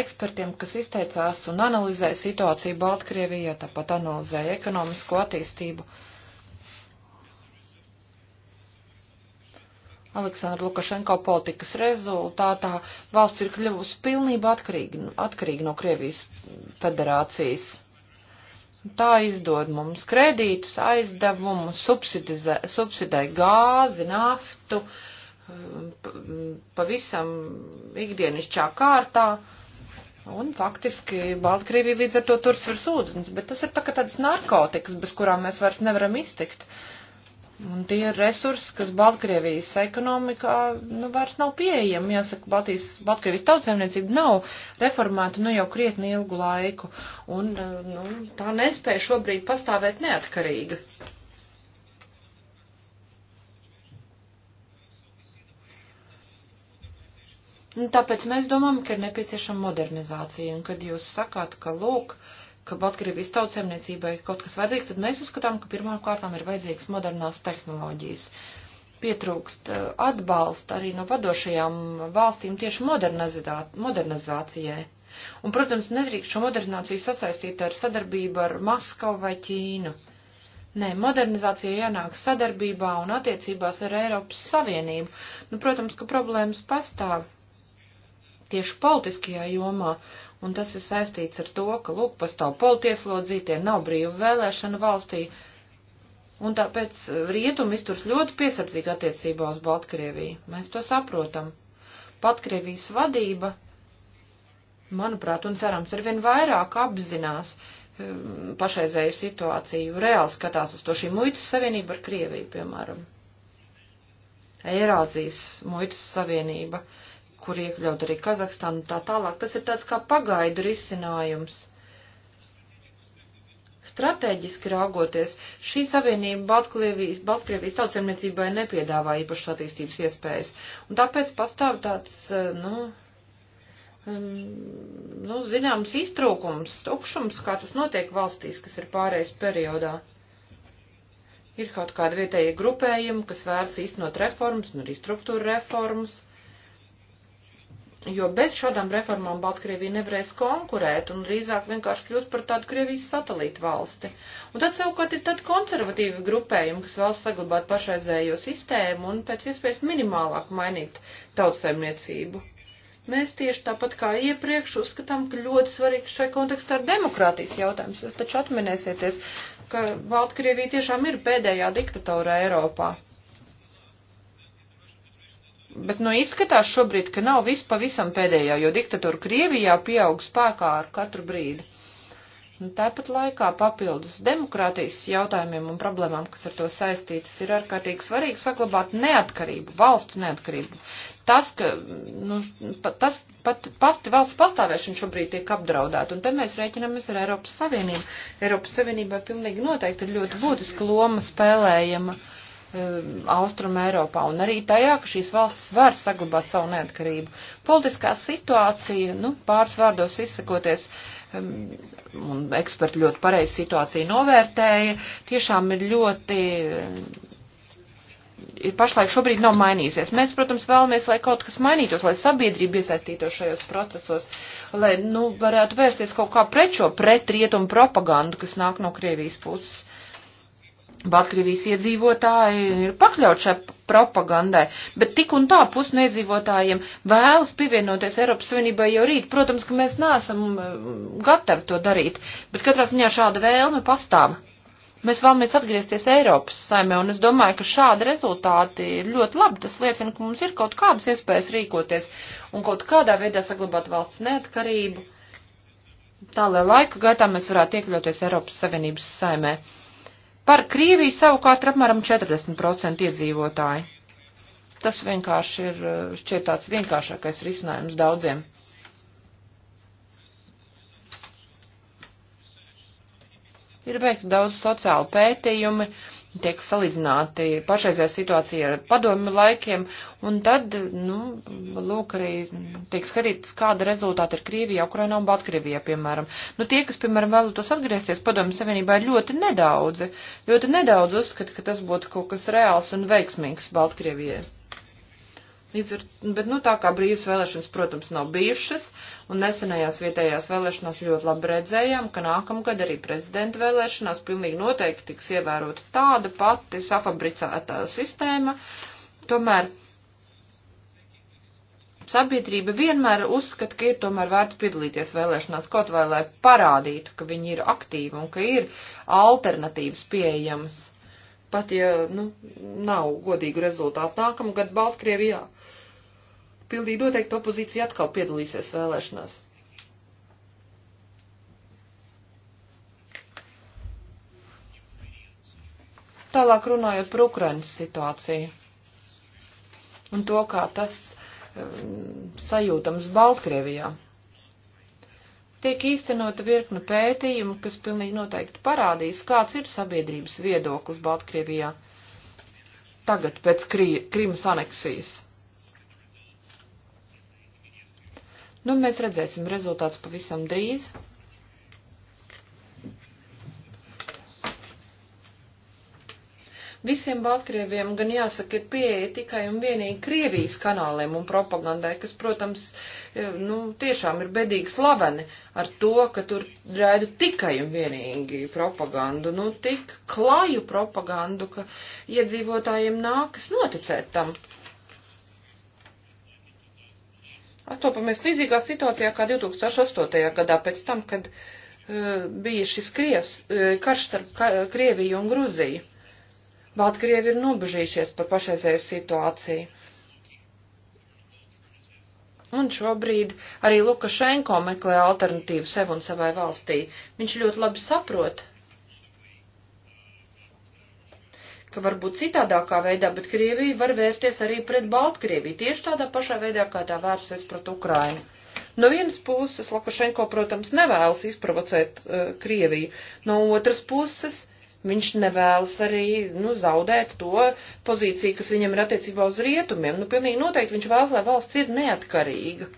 ekspertiem, kas izteicās un analizēja situāciju Baltkrievijā, tāpat analizēja ekonomisko attīstību. Aleksandra Lukašenko politikas rezultātā valsts ir kļuvusi pilnībā atkarīga, atkarīga no Krievijas federācijas. Tā izdod mums kredītus, aizdevumus, subsidē gāzi, naftu, uh, pavisam ikdienišķā kārtā. Un faktiski Baltkrievija līdz ar to turs virs ūdens, bet tas ir tā kā tādas narkotikas, bez kurām mēs vairs nevaram iztikt. Un tie ir resursi, kas Baltkrievijas ekonomikā nu, vairs nav pieejami. Jāsaka, Baltijas, Baltkrievijas tautsēmniecība nav reformēta nu, jau krietni ilgu laiku, un nu, tā nespēja šobrīd pastāvēt neatkarīga. Nu, tāpēc mēs domājam, ka ir nepieciešama modernizācija, un kad jūs sakāt, ka lūk, ka Baltkrievijas tautsēmniecībai kaut kas vajadzīgs, tad mēs uzskatām, ka pirmām kārtām ir vajadzīgas modernās tehnoloģijas. Pietrūkst eh, atbalsta arī no vadošajām valstīm tieši modernizācijai. Un, protams, nedrīkst šo modernizāciju sasaistīt ar sadarbību ar Maskavu vai Ķīnu. Nē, modernizācija ienāk sadarbībā un attiecībās ar Eiropas Savienību. Nu, protams, ka problēmas pastāv tieši politiskajā jomā, un tas ir saistīts ar to, ka, lūk, pastāv politieslodzītie, nav brīva vēlēšana valstī, un tāpēc rietumi izturs ļoti piesardzīgi attiecībā uz Baltkrieviju. Mēs to saprotam. Baltkrievijas vadība, manuprāt, un cerams, arvien vairāk apzinās ehm, pašreizēju situāciju, reāli skatās uz to šī muitas savienība ar Krieviju, piemēram. Eirāzijas muitas savienība. Uh, kur iekļaut arī Kazahstānu un tā tālāk. Tas ir tāds kā pagaidu risinājums. Strateģiski raugoties, šī savienība Baltkrievijas, Baltkrievijas tautsēmniecībai nepiedāvā īpašas attīstības iespējas, un tāpēc pastāv tāds, eh, nu, um, nu zināms, iztrūkums, tukšums, kā tas notiek valstīs, kas ir pārējais periodā ir kaut kāda vietēja grupējuma, kas vēlas īstenot reformas, nu arī struktūra reformas, jo bez šādām reformām Baltkrievija nevarēs konkurēt un drīzāk vienkārši kļūs par tādu Krievijas satelītu valsti. Un tad savukārt ir tad konservatīvi grupējumi, kas vēl saglabāt pašreizējo sistēmu un pēc iespējas minimālāk mainīt tautsaimniecību. Mēs tieši tāpat kā iepriekš uzskatām, ka ļoti svarīgs šai kontekstā ir demokrātijas jautājums, jo taču atminēsieties, ka Baltkrievija tiešām ir pēdējā diktatūra Eiropā. Bet, nu, izskatās šobrīd, ka nav viss pavisam pēdējā, jo diktatūra Krievijā pieaug spēkā ar katru brīdi. Un nu, tāpat laikā papildus demokrātijas jautājumiem un problēmām, kas ar to saistītas, ir ārkārtīgi svarīgi saglabāt neatkarību, valsts neatkarību. Tas, ka, nu, tas pat pasti valsts pastāvēšana šobrīd tiek apdraudēta, un te mēs rēķinamies ar Eiropas Savienību. Eiropas Savienībā pilnīgi noteikti ir ļoti būtiska loma spēlējama. Uh, Um, Austrum Eiropā un arī tajā, ka šīs valstis var saglabāt savu neatkarību. Politiskā situācija, nu, pāris vārdos izsakoties, um, un eksperti ļoti pareizi situāciju novērtēja, tiešām ir ļoti um, pašlaik šobrīd nav mainījusies. Mēs, protams, vēlamies, lai kaut kas mainītos, lai sabiedrība iesaistītos šajos procesos, lai, nu, varētu vērsties kaut kā pret šo pretrietumu propagandu, kas nāk no Krievijas puses. Baltkrievijas iedzīvotāji ir pakļaut šai propagandai, bet tik un tā pusniedzīvotājiem vēlas pievienoties Eiropas Savienībai jau rīt. Protams, ka mēs neesam eh, gatavi to darīt, bet katrā ziņā šāda vēlme pastāv. Mēs vēlamies atgriezties Eiropas saimē, un es domāju, ka šādi rezultāti ir ļoti labi. Tas liecina, ka mums ir kaut kādas iespējas rīkoties un kaut kādā veidā saglabāt valsts neatkarību, tā lai laika gaitā mēs varētu iekļauties Eiropas Savienības saimē. Par Krieviju savukārt ir apmēram 40% iedzīvotāji. Tas vienkārši ir eh, šķiet tāds vienkāršākais risinājums daudziem. Ir veikts daudz sociālu pētījumi, uh, tiek salīdzināti pašreizējā situācija ar padomju laikiem, un tad, nu, lūk, arī tiek skatīts, kāda rezultāta ir Krīvijā, Ukrainā un Baltkrievijā, piemēram. Nu, tie, kas, piemēram, vēlētos atgriezties padomju savienībā, ir ļoti nedaudzi, ļoti nedaudz uzskata, ka tas būtu kaut kas reāls un veiksmīgs Baltkrievijai. Līdz ar, bet, nu, tā kā brīvas vēlēšanas, protams, nav bijušas, un nesenajās vietējās vēlēšanās ļoti labi redzējām, ka nākamgad arī prezidenta vēlēšanās pilnīgi noteikti tiks ievērota tāda pati safabricētā sistēma. Tomēr sabiedrība vienmēr uzskata, ka ir tomēr vērts piedalīties vēlēšanās, kaut vai lai parādītu, ka viņi ir aktīvi un ka ir alternatīvas pieejamas. Pat ja, nu, nav godīgu rezultātu nākamgad Baltkrievijā pilnīgi noteikti opozīcija atkal piedalīsies vēlēšanās. Tālāk runājot par Ukrainas situāciju un to, kā tas um, sajūtams Baltkrievijā. Tiek īstenota virkna pētījumu, kas pilnīgi noteikti parādīs, kāds ir sabiedrības viedoklis Baltkrievijā tagad pēc Krī Krīmas aneksijas. Nu, mēs redzēsim rezultāts pavisam drīz. Visiem Baltkrieviem gan jāsaka, ir pieeja tikai un vienīgi Krievijas kanāliem un propagandai, kas, protams, e, nu, tiešām ir bedīgi slaveni ar to, ka tur raidu tikai un vienīgi propagandu, nu, tik klaju propagandu, ka iedzīvotājiem nākas noticēt tam. astopamies līdzīgā situācijā kā 2008. gadā, pēc tam, kad uh, bija šis Krievs, uh, karš starp ka, Krieviju un Gruziju. Baltkrievi ir nobežījušies par pašreizēju situāciju. Un šobrīd arī Lukašenko meklē alternatīvu sev un savai valstī. Viņš ļoti labi saprot, ka varbūt citādākā veidā, bet Krievija var vērsties arī pret Baltkrieviju, tieši tādā pašā veidā, kā tā vērsies pret Ukrainu. No vienas puses, Lukašenko, protams, nevēlas izprovocēt uh, Krieviju, no otras puses, viņš nevēlas arī, nu, zaudēt to pozīciju, kas viņam ir attiecībā uz rietumiem. Nu, pilnīgi noteikti viņš vēlas, lai valsts ir neatkarīga.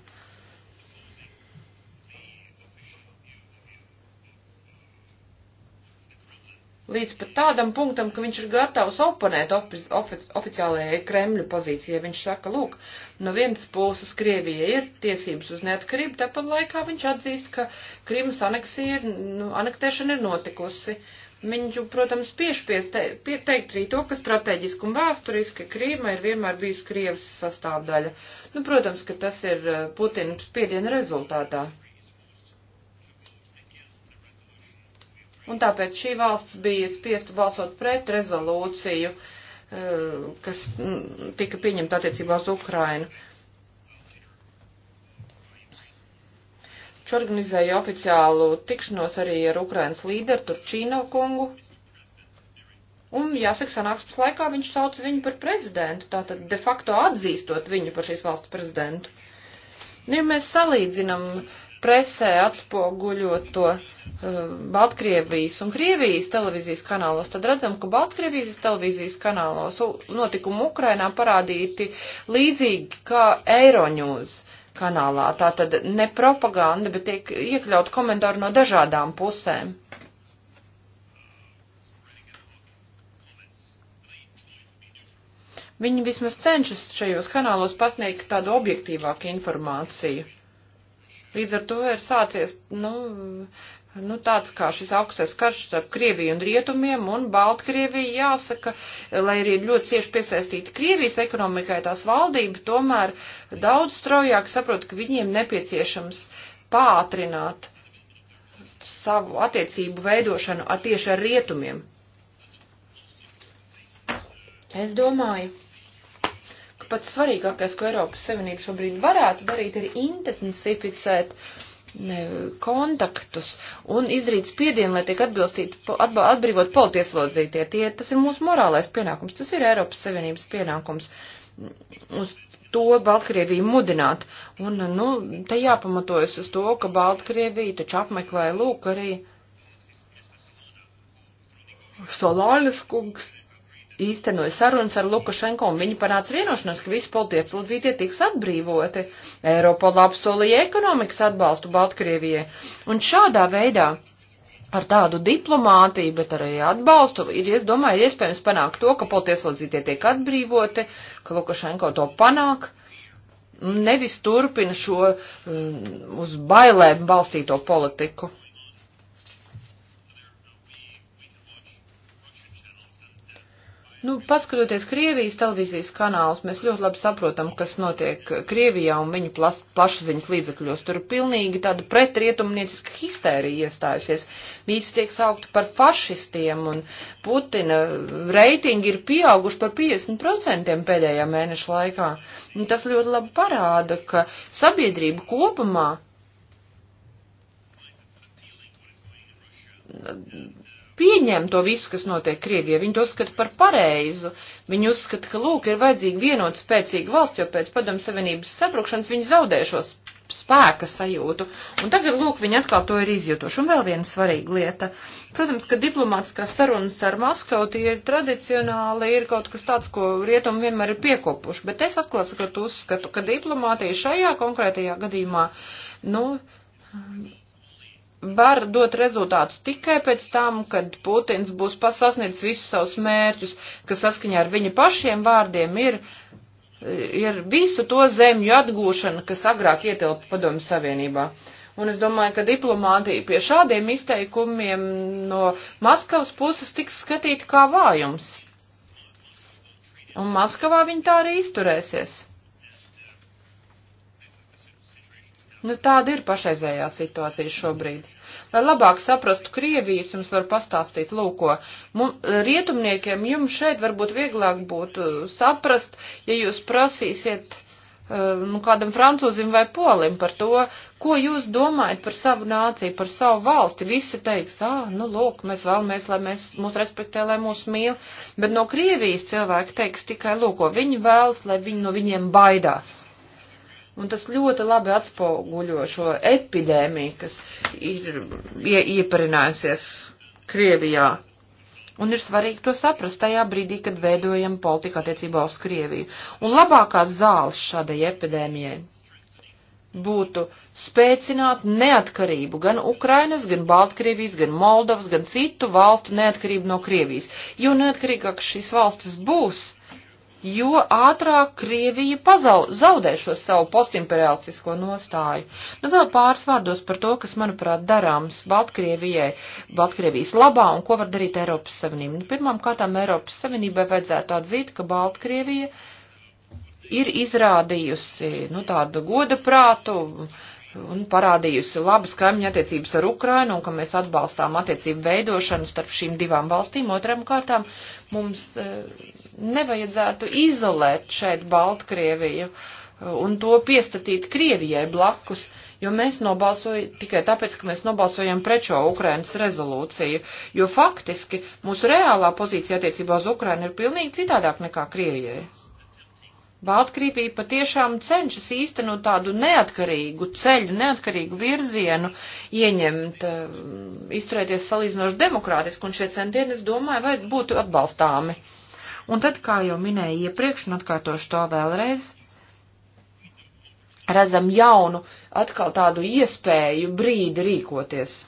līdz pat tādam punktam, ka viņš ir gatavs oponēt ofici ofi oficiālajai Kremļu pozīcijai. Viņš saka, lūk, no vienas puses Krievija ir tiesības uz neatkarību, tāpat laikā viņš atzīst, ka Krīmas aneksija ir, nu, anektēšana ir notikusi. Viņu, protams, piespies te, pie, teikt arī to, ka strateģiski un vēsturiski Krīma ir vienmēr bijusi Krievas sastāvdaļa. Nu, protams, ka tas ir eh, Putina spiediena rezultātā. un tāpēc šī valsts bija spiesta balsot pret rezolūciju, eh, kas mm, tika pieņemta attiecībā uz Ukrainu. Šo organizēja oficiālu tikšanos arī ar Ukrainas līderu Turčīno kungu. Un, jāsaka, sanāksmes laikā viņš sauc viņu par prezidentu, tātad de facto atzīstot viņu par šīs valsts prezidentu. Ja mēs salīdzinam uh, presē atspoguļot to uh, Baltkrievijas un Krievijas televīzijas kanālos, tad redzam, ka Baltkrievijas televīzijas kanālos notikumu Ukrainā parādīti līdzīgi kā Eiroņūs kanālā. Tā tad ne propaganda, bet tiek iekļaut komentāri no dažādām pusēm. Viņi vismaz cenšas šajos kanālos pasniegt tādu objektīvāku informāciju. Līdz ar to ir sācies, nu, Nu, tāds kā šis augstais karš starp Krieviju un Rietumiem un Baltkrieviju jāsaka, lai arī ļoti cieši piesaistīta Krievijas ekonomikai tās valdība, tomēr daudz straujāk saprot, ka viņiem nepieciešams pātrināt savu attiecību veidošanu tieši ar Rietumiem. Es domāju, pats svarīgākais, ko Eiropas Savienība šobrīd varētu darīt, ir intensificēt kontaktus un izdarīt spiedienu, lai tiek atba, atbrīvot politieslodzītie. Tie, tas ir mūsu morālais pienākums, tas ir Eiropas Savienības pienākums. Uz to Baltkrieviju mudināt. Un, nu, te jāpamatojas uz to, ka Baltkrievija taču apmeklē lūk arī Solāļas kungs, īstenoja sarunas ar Lukašenko, un viņi panāca vienošanos, ka visi politieslūdzītie tiks atbrīvoti. Eiropola apsolīja ekonomikas atbalstu Baltkrievijai. Un šādā veidā ar tādu diplomātiju, bet arī atbalstu, ir, es domāju, iespējams panākt to, ka politieslodzītie tiek atbrīvoti, ka Lukašenko to panāk, nevis turpina šo um, uz bailēm balstīto politiku. Nu, paskatoties Krievijas televīzijas kanālus, mēs ļoti labi saprotam, kas notiek Krievijā un viņu plas, plašsaziņas līdzakļos. Tur pilnīgi tāda pretrietumnieciska histērija iestājusies. Visi tiek saukti par fašistiem un Putina reitingi ir pieauguši par 50% pēdējā mēneša laikā. Un tas ļoti labi parāda, ka sabiedrība kopumā pieņem to visu, kas notiek Krievijā. Viņi to skata par pareizu. Viņi uzskata, ka, lūk, ir vajadzīga vienota spēcīga valsts, jo pēc padomu savienības sabrukšanas viņi zaudēšos spēka sajūtu. Un tagad, lūk, viņi atkal to ir izjutuši. Un vēl viena svarīga lieta. Protams, ka diplomātiskās sarunas ar Maskavu tie ir tradicionāli, ir kaut kas tāds, ko rietumi vienmēr ir piekopuši. Bet es atklāt sakot uzskatu, ka diplomātija šajā konkrētajā gadījumā, nu, var dot rezultātus tikai pēc tam, kad Putins būs pasasniedzis visus savus mērķus, kas saskaņā ar viņa pašiem vārdiem ir, ir visu to zemju atgūšana, kas agrāk ietilpa padomju savienībā. Un es domāju, ka diplomātija pie šādiem izteikumiem no Maskavas puses tiks skatīta kā vājums. Un Maskavā viņi tā arī izturēsies. Nu, tāda ir pašreizējā situācija šobrīd. Lai labāk saprastu Krievijas, jums var pastāstīt, lūko, mums, rietumniekiem jums šeit varbūt vieglāk būtu saprast, ja jūs prasīsiet eh, nu, kādam francūzim vai polim par to, ko jūs domājat par savu nāciju, par savu valsti. Visi teiks, ā, nu, lūk, mēs vēlamies, lai mēs mūs respektē, lai mūs mīl, bet no Krievijas cilvēki teiks tikai, lūko, viņi vēlas, lai viņi no viņiem baidās. Un tas ļoti labi atspoguļo šo epidēmiju, kas ir ieparinājusies Krievijā. Un ir svarīgi to saprast tajā brīdī, kad veidojam politiku attiecībā uz Krieviju. Un labākās zāles šādai epidēmijai būtu spēcināt neatkarību gan Ukrainas, gan Baltkrievijas, gan Moldovas, gan citu valstu neatkarību no Krievijas. Jo neatkarīgāk šīs valstis būs, jo ātrāk Krievija zaudē šo savu postimperialistisko nostāju. Nu, vēl pāris vārdos par to, kas, manuprāt, darāms Baltkrievijai, Baltkrievijas labā un ko var darīt Eiropas Savienība. Nu, pirmām kārtām Eiropas Savienībai vajadzētu atzīt, ka Baltkrievija ir izrādījusi, nu, tādu goda prātu, un parādījusi labas kaimiņa attiecības ar Ukrainu un ka mēs atbalstām attiecību veidošanu starp šīm divām valstīm. Otram kārtām mums e, nevajadzētu izolēt šeit Baltkrieviju e, un to piestatīt Krievijai blakus, jo mēs nobalsojam tikai tāpēc, ka mēs nobalsojam pret šo Ukrainas rezolūciju, jo faktiski mūsu reālā pozīcija attiecībā uz Ukrainu ir pilnīgi citādāk nekā Krievijai. Baltkrievija patiešām cenšas īstenot tādu neatkarīgu ceļu, neatkarīgu virzienu, ieņemt, eh, izturēties salīdzinoši demokrātiski, un šie centieni, es domāju, vai būtu atbalstāmi. Un tad, kā jau minēju iepriekš, un atkārtošu to vēlreiz, redzam jaunu, atkal tādu iespēju brīdi rīkoties.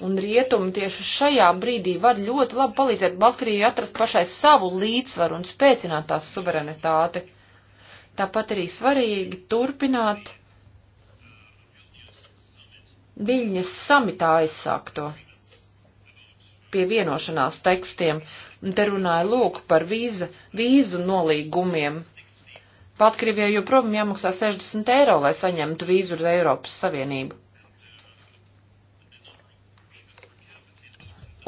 Un rietumi tieši šajā brīdī var ļoti labi palīdzēt Baltkrievijai atrast pašai savu līdzsvaru un spēcināt tās suverenitāti. Tāpat arī svarīgi turpināt Viļņas samitā aizsākto pie vienošanās tekstiem, un te runāja lūk par vīza, vīzu nolīgumiem. Baltkrievijai joprojām jāmaksā 60 eiro, lai saņemtu vīzu uz Eiropas Savienību.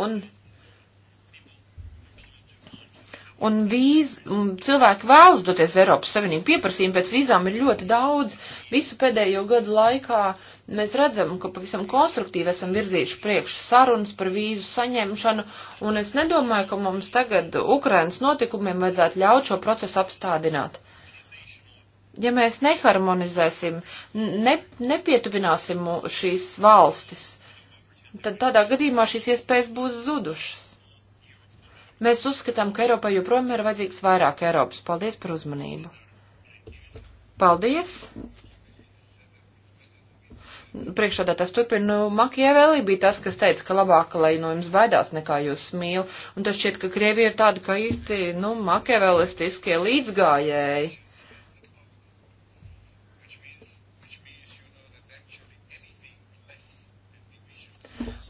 un, un vīz, un cilvēki vēlas doties Eiropas Savienību. Pieprasījumi pēc vīzām ir ļoti daudz. Visu pēdējo gadu laikā mēs redzam, ka pavisam konstruktīvi esam virzījuši priekš sarunas par vīzu saņemšanu, un es nedomāju, ka mums tagad Ukrainas notikumiem vajadzētu ļaut šo procesu apstādināt ja mēs neharmonizēsim, ne, nepietuvināsim šīs valstis tad tādā gadījumā šīs iespējas būs zudušas. Mēs uzskatām, ka Eiropai joprojām ir vajadzīgs vairāk Eiropas. Paldies par uzmanību. Paldies! Priekšādā tas turpina, nu, Makiavēlī bija tas, kas teica, ka labāk, lai no jums baidās, nekā jūs mīl, un tas šķiet, ka Krievija ir tāda, ka īsti, nu, Makiavēlistiskie līdzgājēji.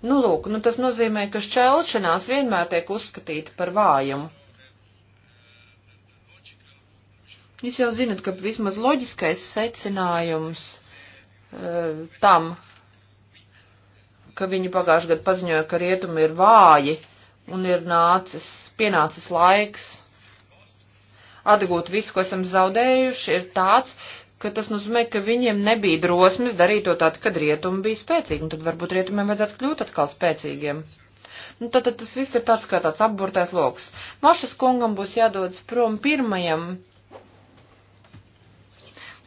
Nu, lūk, nu tas nozīmē, ka šķelšanās vienmēr tiek uzskatīta par vājumu. Jūs jau zinat, ka vismaz loģiskais secinājums uh, tam, ka viņi pagājušajā gadā paziņoja, ka rietumi ir vāji un ir nācis, pienācis laiks atgūt visu, ko esam zaudējuši, ir tāds, ka tas nozīmē, ka viņiem nebija drosmes darīt to tad, kad rietumi bija spēcīgi, un nu, tad varbūt rietumiem vajadzētu kļūt atkal spēcīgiem. Nu, tad, tad tas viss ir tāds kā tāds apburtais loks. Mašas kungam būs jādodas prom pirmajam.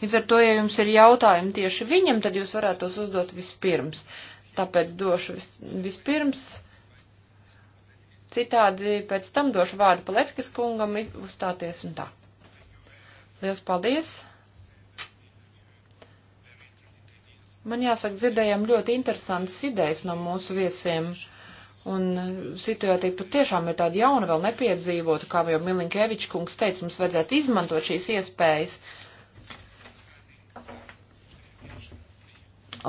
Līdz ar to, ja jums ir jautājumi tieši viņam, tad jūs varētu tos uzdot vispirms. Tāpēc došu vis, vispirms. Citādi pēc tam došu vārdu Paleckis kungam uzstāties un tā. Lielas paldies! Man jāsaka, dzirdējām ļoti interesantas idejas no mūsu viesiem. Un situācija patiešām ir tāda jauna, vēl nepiedzīvota, kā jau Milinkēvičs kungs teica, mums vajadzētu izmantot šīs iespējas,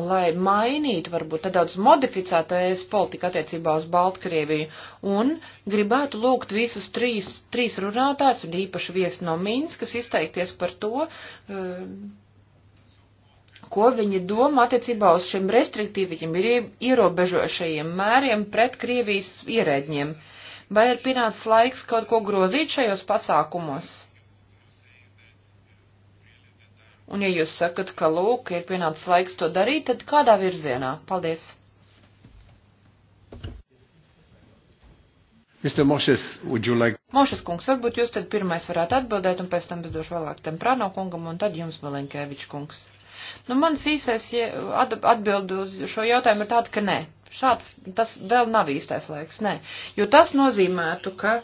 lai mainītu, varbūt nedaudz modificētu ES politiku attiecībā uz Baltkrieviju. Un gribētu lūgt visus trīs, trīs runātājus un īpaši viesi no Minskas izteikties par to, uh, ko viņi domā attiecībā uz šiem restriktīviem, ierobežošajiem mēriem pret Krievijas ierēģiem. Vai ir pienācis laiks kaut ko grozīt šajos pasākumos? Un ja jūs sakat, ka lūk, ir pienācis laiks to darīt, tad kādā virzienā? Paldies! Mošes, like... Mošes kungs, varbūt jūs tad pirmais varētu atbildēt, un pēc tam es došu vēlāk Temprano kungam, un tad jums, Melenkēvičs kungs. Nu, mans īsais atbildu uz šo jautājumu ir tāda, ka nē. Šāds, tas vēl nav īstais laiks, nē. Jo tas nozīmētu, ka.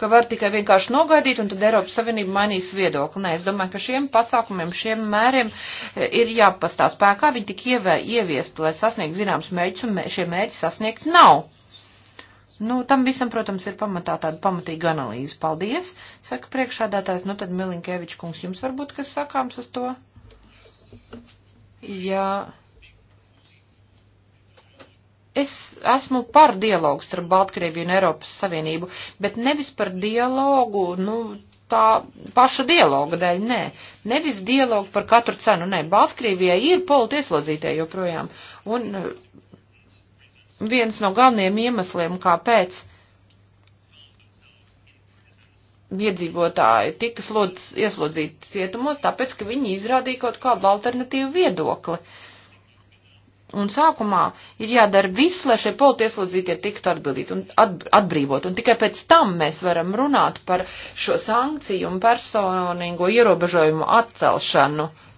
ka var tikai vienkārši nogaidīt, un tad Eiropas Savienība mainīs viedokli. Nē, es domāju, ka šiem pasākumiem, šiem mēriem e, ir jāpastāv spēkā, viņi tik ievē, ieviest, lai sasniegtu zināms mērķus, un mē, šie mērķi sasniegt nav. Nu, tam visam, protams, ir pamatā tāda pamatīga analīze. Paldies, saka priekšādātājs. Nu, tad Milinkēvičs kungs, jums varbūt kas sakāms uz to? Jā. Es esmu par dialogu starp Baltkrieviju un Eiropas Savienību, bet nevis par dialogu, nu, tā paša dialoga dēļ, nē. Nevis dialogu par katru cenu, nē. Baltkrievijai ir politieslodzītie joprojām. Un viens no galvenajiem iemesliem, kāpēc iedzīvotāji tika slodz, ieslodzīti cietumos, tāpēc, ka viņi izrādīja kaut kādu alternatīvu viedokli. Un sākumā ir jādara viss, lai šie politieslodzītie tiktu atbildīt un at, atbrīvot, un tikai pēc tam mēs varam runāt par šo sankciju un personīgo ierobežojumu atcelšanu. Uh,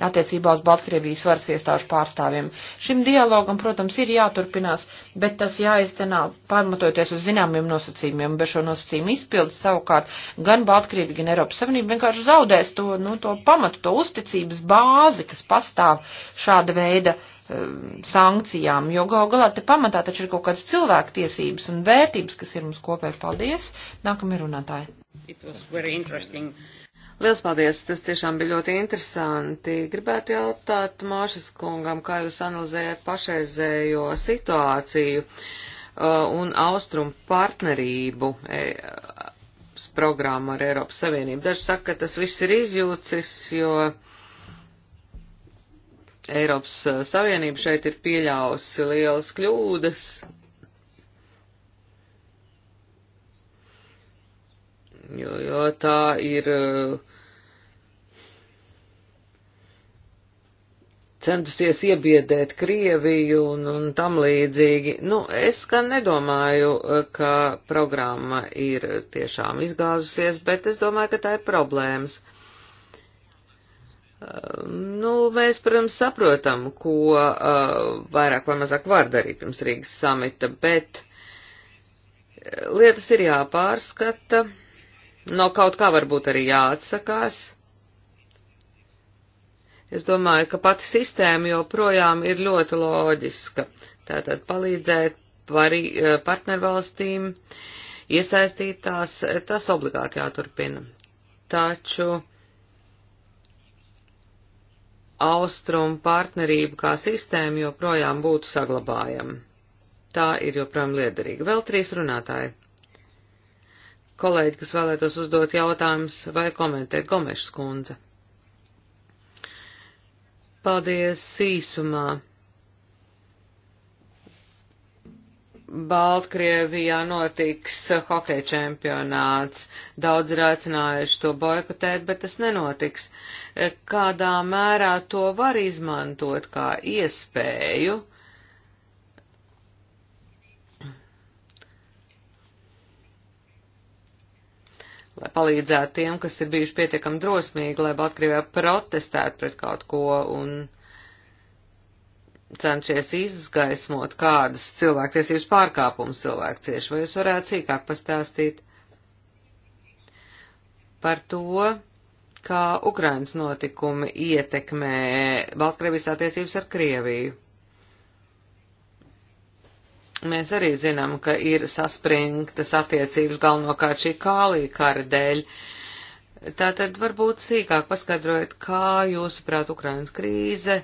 attiecībā uz Baltkrievijas varas iestāžu pārstāvjiem. Šim dialogam, protams, ir jāturpinās, bet tas jāiztenā pamatojoties uz zināmiem nosacījumiem. Bez šo nosacījumu izpildes savukārt gan Baltkrievi, gan Eiropas Savienība vienkārši zaudēs to, nu, to pamatu, to uzticības bāzi, kas pastāv šāda veida um, sankcijām, jo gal galā te pamatā taču ir kaut kādas cilvēku tiesības un vērtības, kas ir mums kopēji. Paldies! Nākamie runātāji! It was very interesting. Uh, Liels paldies, tas tiešām bija ļoti interesanti. Gribētu jautāt Māšas kungam, kā jūs analizējat pašreizējo situāciju uh, un austrumu partnerību e, programmu ar Eiropas Savienību. Daži saka, ka tas viss ir izjūcis, jo Eiropas uh, Savienība šeit ir pieļausi lielas kļūdas jo, jo tā ir eh, centusies iebiedēt Krieviju un, un tam līdzīgi. Nu, es gan nedomāju, eh, ka programma ir tiešām izgāzusies, bet es domāju, ka tā ir problēmas. Eh, nu, mēs, protams, saprotam, ko uh, vairāk vai mazāk var darīt pirms Rīgas samita, bet lietas ir jāpārskata. Uh, No kaut kā varbūt arī jāatsakās. Es domāju, ka pati sistēma joprojām ir ļoti loģiska. Tātad palīdzēt pari, eh, partnervalstīm iesaistītās, tas obligāti jāturpina. Taču austrumu partnerību kā sistēmu joprojām būtu saglabājama. Tā ir joprojām liederīga. Vēl trīs runātāji kolēģi, kas vēlētos uzdot jautājumus vai komentēt. Gomešs kundze. Paldies īsumā. Baltkrievijā notiks hokeja čempionāts. Daudz ir aicinājuši to boikotēt, bet tas nenotiks. Kādā mērā to var izmantot kā iespēju? lai palīdzētu tiem, kas ir bijuši pietiekami drosmīgi, lai Baltkrievijā protestētu pret kaut ko un cenšies izgaismot kādas cilvēktiesības pārkāpumus cilvēku cieši. Vai jūs varētu sīkāk pastāstīt par to, kā Ukrainas notikumi ietekmē Baltkrievijas attiecības ar Krieviju? Mēs arī zinām, ka ir saspringtas attiecības galvenokārt šī kālī kara dēļ. Tātad varbūt sīkāk paskaidrojiet, kā jūsuprāt Ukrainas krīze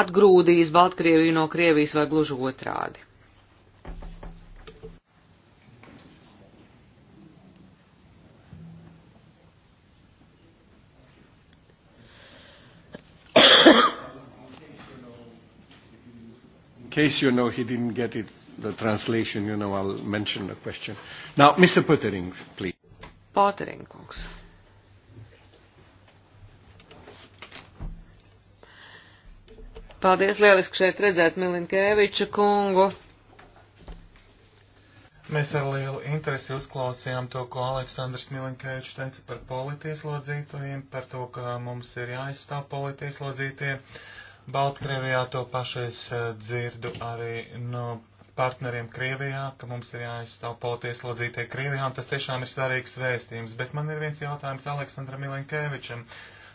atgrūdīs Baltkrieviju no Krievijas vai gluži otrādi. case you know he didn't get it, the translation, you know, I'll mention the question. Now, Mr. Pottering, please. Pottering, kungs. Paldies, lieliski šeit redzēt Milinkēviča kungu. Mēs ar lielu interesi uzklausījām to, ko Aleksandrs Milinkēvičs teica par politieslodzītojiem, par to, ka mums ir jāizstāv politieslodzītie. Uh, Baltkrievijā to pašais eh, dzirdu arī no partneriem Krievijā, ka mums ir jāizstāv politieslodzītie Krievijā, un tas tiešām ir svarīgs vēstījums. Bet man ir viens jautājums Aleksandram Milinkēvičam.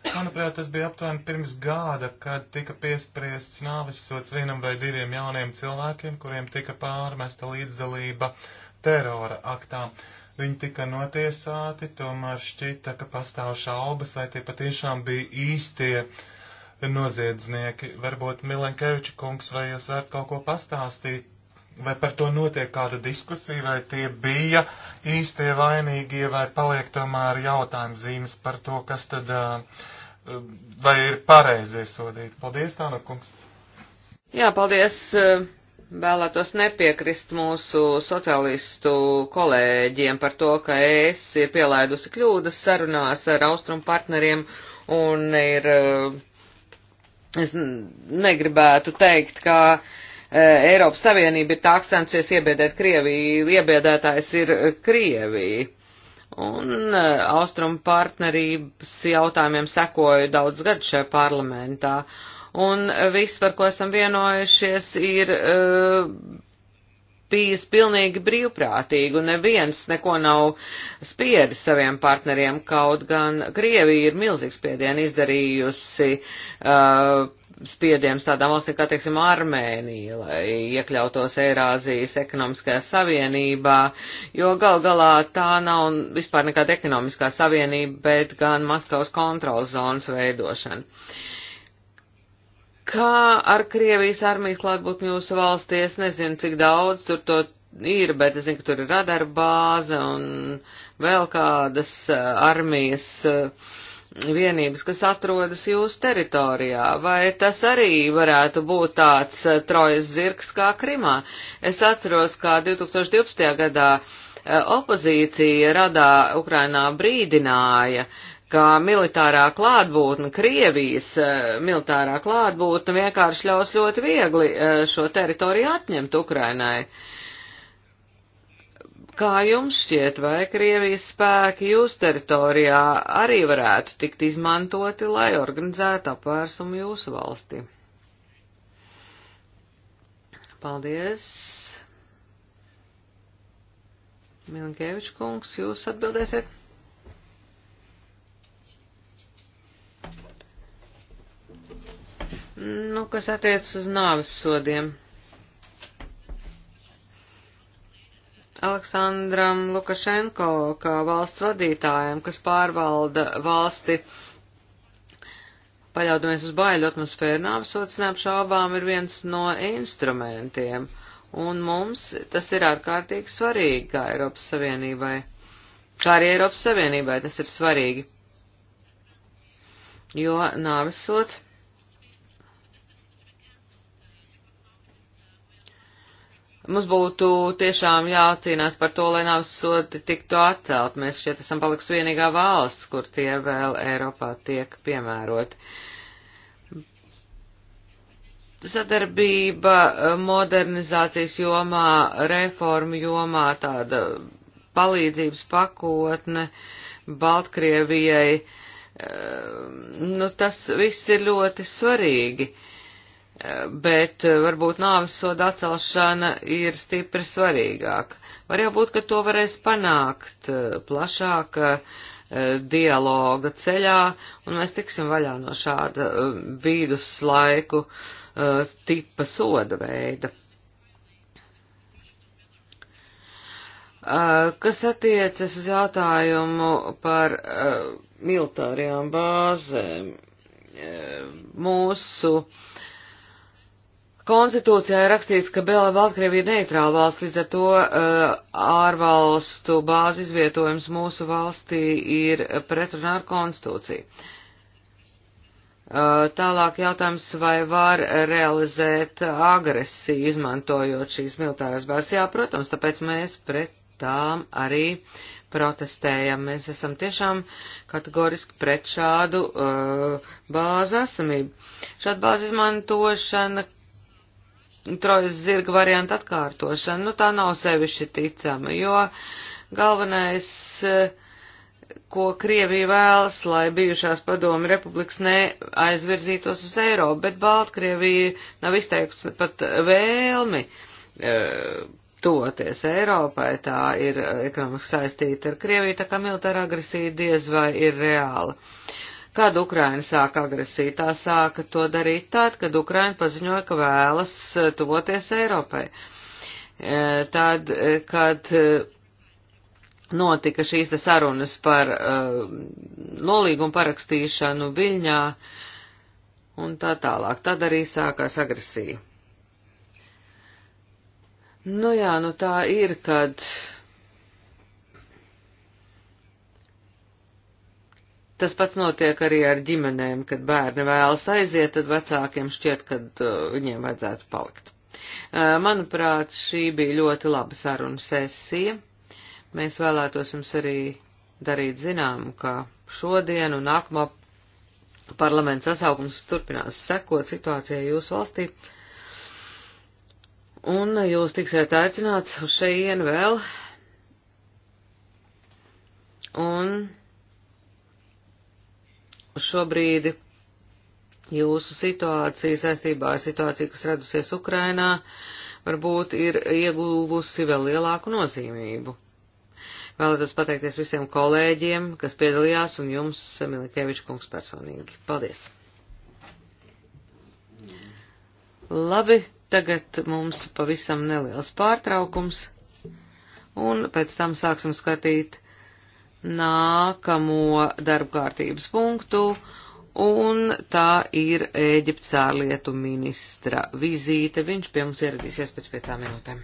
Manuprāt, tas bija aptuveni pirms gada, kad tika piespriests nāves sots vienam vai diviem jauniem cilvēkiem, kuriem tika pārmesta līdzdalība terora aktā. Viņi tika notiesāti, tomēr šķita, ka pastāv šaubas, vai tie patiešām bija īstie uh, noziedznieki. Varbūt Milenkeviča kungs, vai jūs varat kaut ko pastāstīt, vai par to notiek kāda diskusija, vai tie bija īstie vainīgie, vai paliek tomēr jautājums zīmes par to, kas tad, uh, vai ir pareizi iesodīt. Paldies, Tāna kungs. Jā, paldies. Uh, vēlētos nepiekrist mūsu socialistu kolēģiem par to, ka es ir pielaidusi kļūdas sarunās ar austrumu partneriem un ir uh, Es negribētu teikt, ka e, Eiropas Savienība ir tā akcentusies iebēdēt Krieviju, iebēdētājs ir Krievija. Un e, austrumu partnerības jautājumiem sekoju daudz gadu šajā parlamentā. Un viss, par ko esam vienojušies, ir uh, bijis pilnīgi brīvprātīgi, un neviens neko nav spiedis saviem partneriem, kaut gan Krievija ir milzīgs spiedienu izdarījusi uh, spiediens tādām valstīm kā, teiksim, Armēnija, lai iekļautos Eirāzijas ekonomiskajā savienībā, jo gal galā tā nav vispār nekāda ekonomiskā savienība, bet gan Maskavas kontrolas zonas veidošana. Uh, kā ar Krievijas armijas klātbūtni jūsu valstī, es nezinu, cik daudz tur to ir, bet es zinu, ka tur ir radara bāze un vēl kādas eh, armijas eh, vienības, kas atrodas jūsu teritorijā. Vai tas arī varētu būt tāds eh, trojas zirgs kā Krimā? Es atceros, kā 2012. gadā opozīcija radā Ukrainā brīdināja, uh, ka militārā klātbūtne, Krievijas eh, militārā klātbūtne vienkārši ļaus ļoti viegli eh, šo teritoriju atņemt Ukrainai. Kā jums šķiet, vai Krievijas spēki jūs teritorijā arī varētu tikt izmantoti, lai organizētu apvērsumu jūsu valsti? Paldies! Milinkevičs kungs, jūs atbildēsiet? Nu, kas attiec uz nāvis sodiem. Aleksandram Lukašenko, kā valsts vadītājiem, kas pārvalda valsti, paļaudamies uz baiļu atmosfēru, nāvisots neapšaubām ir viens no instrumentiem, un mums tas ir ārkārtīgi svarīgi kā Eiropas Savienībai. Kā arī Eiropas Savienībai tas ir svarīgi, jo nāvisots Mums būtu tiešām jācīnās par to, lai nav sodi tiktu atcelt. Mēs šeit esam palikusi vienīgā valsts, kur tie vēl Eiropā tiek piemēroti. Sadarbība eh, modernizācijas jomā, reformu jomā, tāda palīdzības pakotne Baltkrievijai, eh, nu tas viss ir ļoti svarīgi bet eh, varbūt nāves soda atcelšana ir stipri svarīgāka. Var jau būt, ka to varēs panākt eh, plašāka eh, dialoga ceļā, un mēs tiksim vaļā no šāda viduslaiku tipa soda veida. Kas attiecas uz jautājumu par militārajām bāzēm, mūsu uh, Konstitūcijā ir rakstīts, ka Baltkrievija ir neitrāla valsts, līdz ar to uh, ārvalstu bāzi izvietojums mūsu valstī ir pretrunā ar konstitūciju. Uh, tālāk jautājums, vai var realizēt agresiju, izmantojot šīs militārās bāzes? Jā, protams, tāpēc mēs pret tām arī protestējam. Mēs esam tiešām kategoriski pret šādu uh, bāzu esamību. Šāda bāza izmantošana trojas zirga varianta atkārtošana, nu tā nav sevišķi ticama, jo galvenais, eh, ko Krievija vēlas, lai bijušās padomi republikas neaizvirzītos uz Eiropu, bet Baltkrievija nav izteikusi pat vēlmi e, eh, toties Eiropai, tā ir ekonomiski saistīta ar Krieviju, tā kā militāra agresija diez vai ir reāla. Uh, Kad Ukraina sāka agresiju, tā sāka to darīt tad, kad Ukraina paziņoja, ka vēlas e, tuvoties Eiropai. E, tad, e, kad notika šīs te sarunas par nolīgumu parakstīšanu Viļņā un tā tālāk, tad arī sākās agresija. Nu jā, nu tā ir, kad Tas pats notiek arī ar ģimenēm, kad bērni vēlas aiziet, tad vecākiem šķiet, ka uh, viņiem vajadzētu palikt. Uh, manuprāt, šī bija ļoti laba saruna sesija. Mēs vēlētos jums arī darīt zinām, ka šodien un nākamā parlamenta sasaukums turpinās sekot situācijai jūsu valstī. Un jūs tiksiet aicināts uz šejienu vēl. Un šobrīd jūsu situācija saistībā ar situāciju, kas radusies Ukrainā, varbūt ir iegūvusi vēl lielāku nozīmību. Vēlētos pateikties visiem kolēģiem, kas piedalījās, un jums, Milikēviča kungs, personīgi. Paldies! Labi, tagad mums pavisam neliels pārtraukums, un pēc tam sāksim skatīt nākamo darbkārtības punktu, un tā ir Ēģipts ārlietu ministra vizīte. Viņš pie mums ieradīsies pēc piecām minūtēm.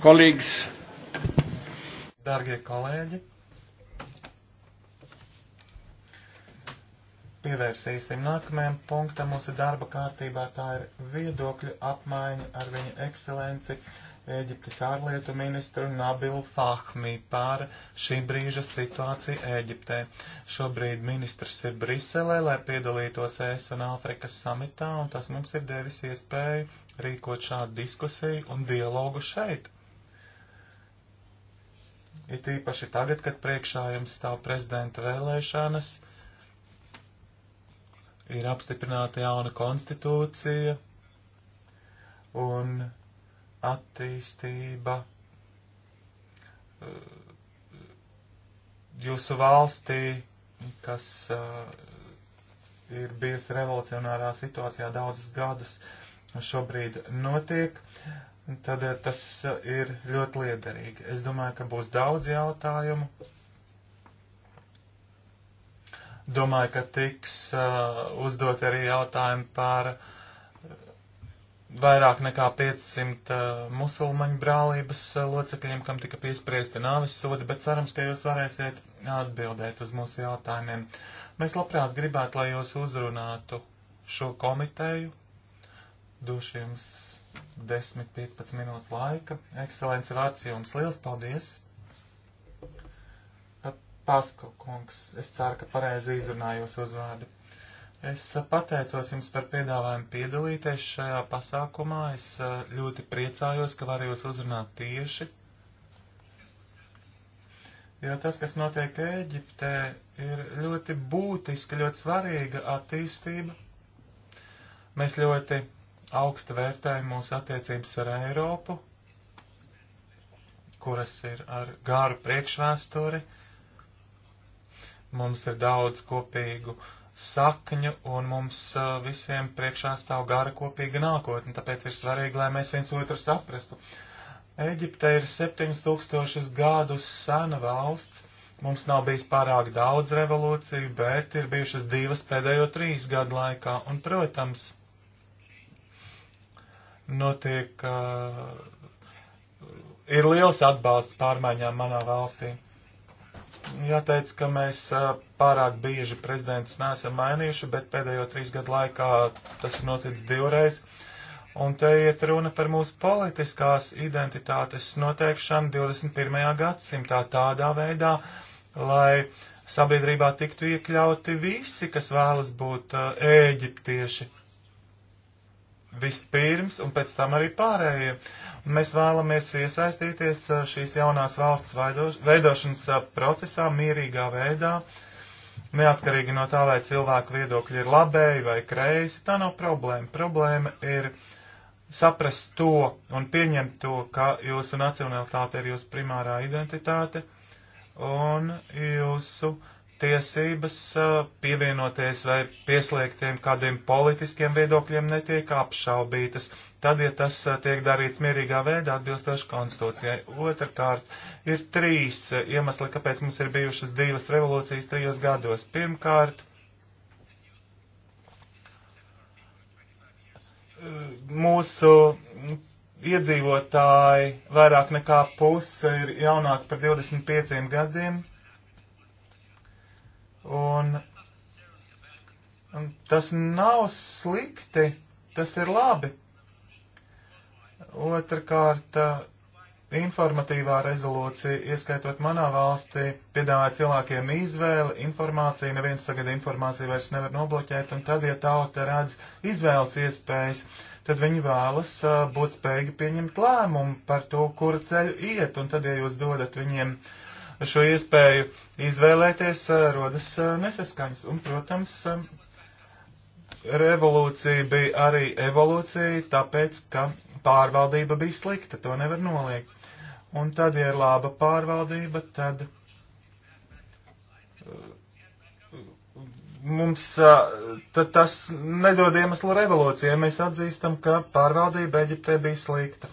Kolīgs. Dārgie kolēģi, pievērsīsim nākamajam punktam mūsu darba kārtībā. Tā ir viedokļu apmaiņa ar viņa ekscelenci Ēģiptes ārlietu ministru Nabilu Fahmī par šī brīža situāciju Ēģiptē. Šobrīd ministrs ir Briselē, lai piedalītos ES un Āfrikas samitā, un tas mums ir devis iespēju rīkot šādu diskusiju un dialogu šeit. It īpaši tagad, kad priekšā jums stāv prezidenta vēlēšanas, ir apstiprināta jauna konstitūcija un attīstība eh, jūsu valstī, kas eh, ir bijusi revolucionārā situācijā daudzus gadus, šobrīd notiek. Uh, tad eh, tas eh, ir ļoti liederīgi. Es domāju, ka būs daudz jautājumu. Domāju, ka tiks uh, uzdot arī jautājumi par vairāk nekā 500 uh, musulmaņu brālības uh, locekļiem, kam tika piespriesti nāvis sodi, bet cerams, ka jūs varēsiet atbildēt uz mūsu jautājumiem. Mēs labprāt gribētu, lai jūs uzrunātu šo komiteju. Došu jums 10-15 minūtes laika. Ekscelence vārds jums liels paldies! Pasko kungs, es ceru, ka pareizi izrunājos uzvārdu. Es eh, pateicos jums par piedāvājumu piedalīties šajā pasākumā. Es eh, ļoti priecājos, ka varu jūs uzrunāt tieši. Jo tas, kas notiek Ēģiptē, ir ļoti būtiska, ļoti svarīga attīstība. Mēs ļoti augsti vērtēja mūsu attiecības ar Eiropu, kuras ir ar gāru priekšvēsturi. Mums ir daudz kopīgu sakņu, un mums visiem priekšā stāv gara kopīga nākotne, tāpēc ir svarīgi, lai mēs viens otru saprastu. Eģipte ir 7000 gadus sena valsts, mums nav bijis pārāk daudz revolūciju, bet ir bijušas divas pēdējo trīs gadu laikā, un, protams, notiek, uh, ir liels atbalsts pārmaiņām manā valstī. Jāteic, ka mēs uh, pārāk bieži prezidents neesam mainījuši, bet pēdējo trīs gadu laikā tas ir noticis divreiz. Un te iet runa par mūsu politiskās identitātes noteikšanu 21. gadsimtā tādā veidā, lai sabiedrībā tiktu iekļauti visi, kas vēlas būt uh, ēģiptieši vispirms un pēc tam arī pārējie. Mēs vēlamies iesaistīties šīs jaunās valsts veidošanas procesā mierīgā veidā, neatkarīgi no tā, vai cilvēku viedokļi ir labēji vai kreisi. Tā nav problēma. Problēma ir saprast to un pieņemt to, ka jūsu nacionalitāte ir jūsu primārā identitāte un jūsu uh, tiesības eh, pievienoties vai pieslēgtiem kādiem politiskiem viedokļiem netiek apšaubītas, tad, ja tas eh, tiek darīts mierīgā veidā atbilstoši konstitūcijai. Otrakārt, ir trīs eh, iemesli, kāpēc mums ir bijušas divas revolūcijas trijos gados. Pirmkārt, mūsu iedzīvotāji vairāk nekā puse ir jaunāki par 25 gadiem Un, un tas nav slikti, tas ir labi. Otrakārt, informatīvā rezolūcija, ieskaitot manā valstī, piedāvā cilvēkiem izvēli, informāciju, neviens tagad informāciju vairs nevar nobloķēt, un tad, ja tauta redz izvēles iespējas, tad viņi vēlas būt spējīgi pieņemt lēmumu par to, kuru ceļu iet, un tad, ja jūs dodat viņiem uh, šo iespēju izvēlēties, rodas nesaskaņas. Un, protams, revolūcija bija arī evolūcija, tāpēc, ka pārvaldība bija slikta, to nevar noliegt. Un tad, ja ir laba pārvaldība, tad mums tad tas nedod iemeslu revolūcijai. Mēs atzīstam, ka pārvaldība Eģiptē bija slikta.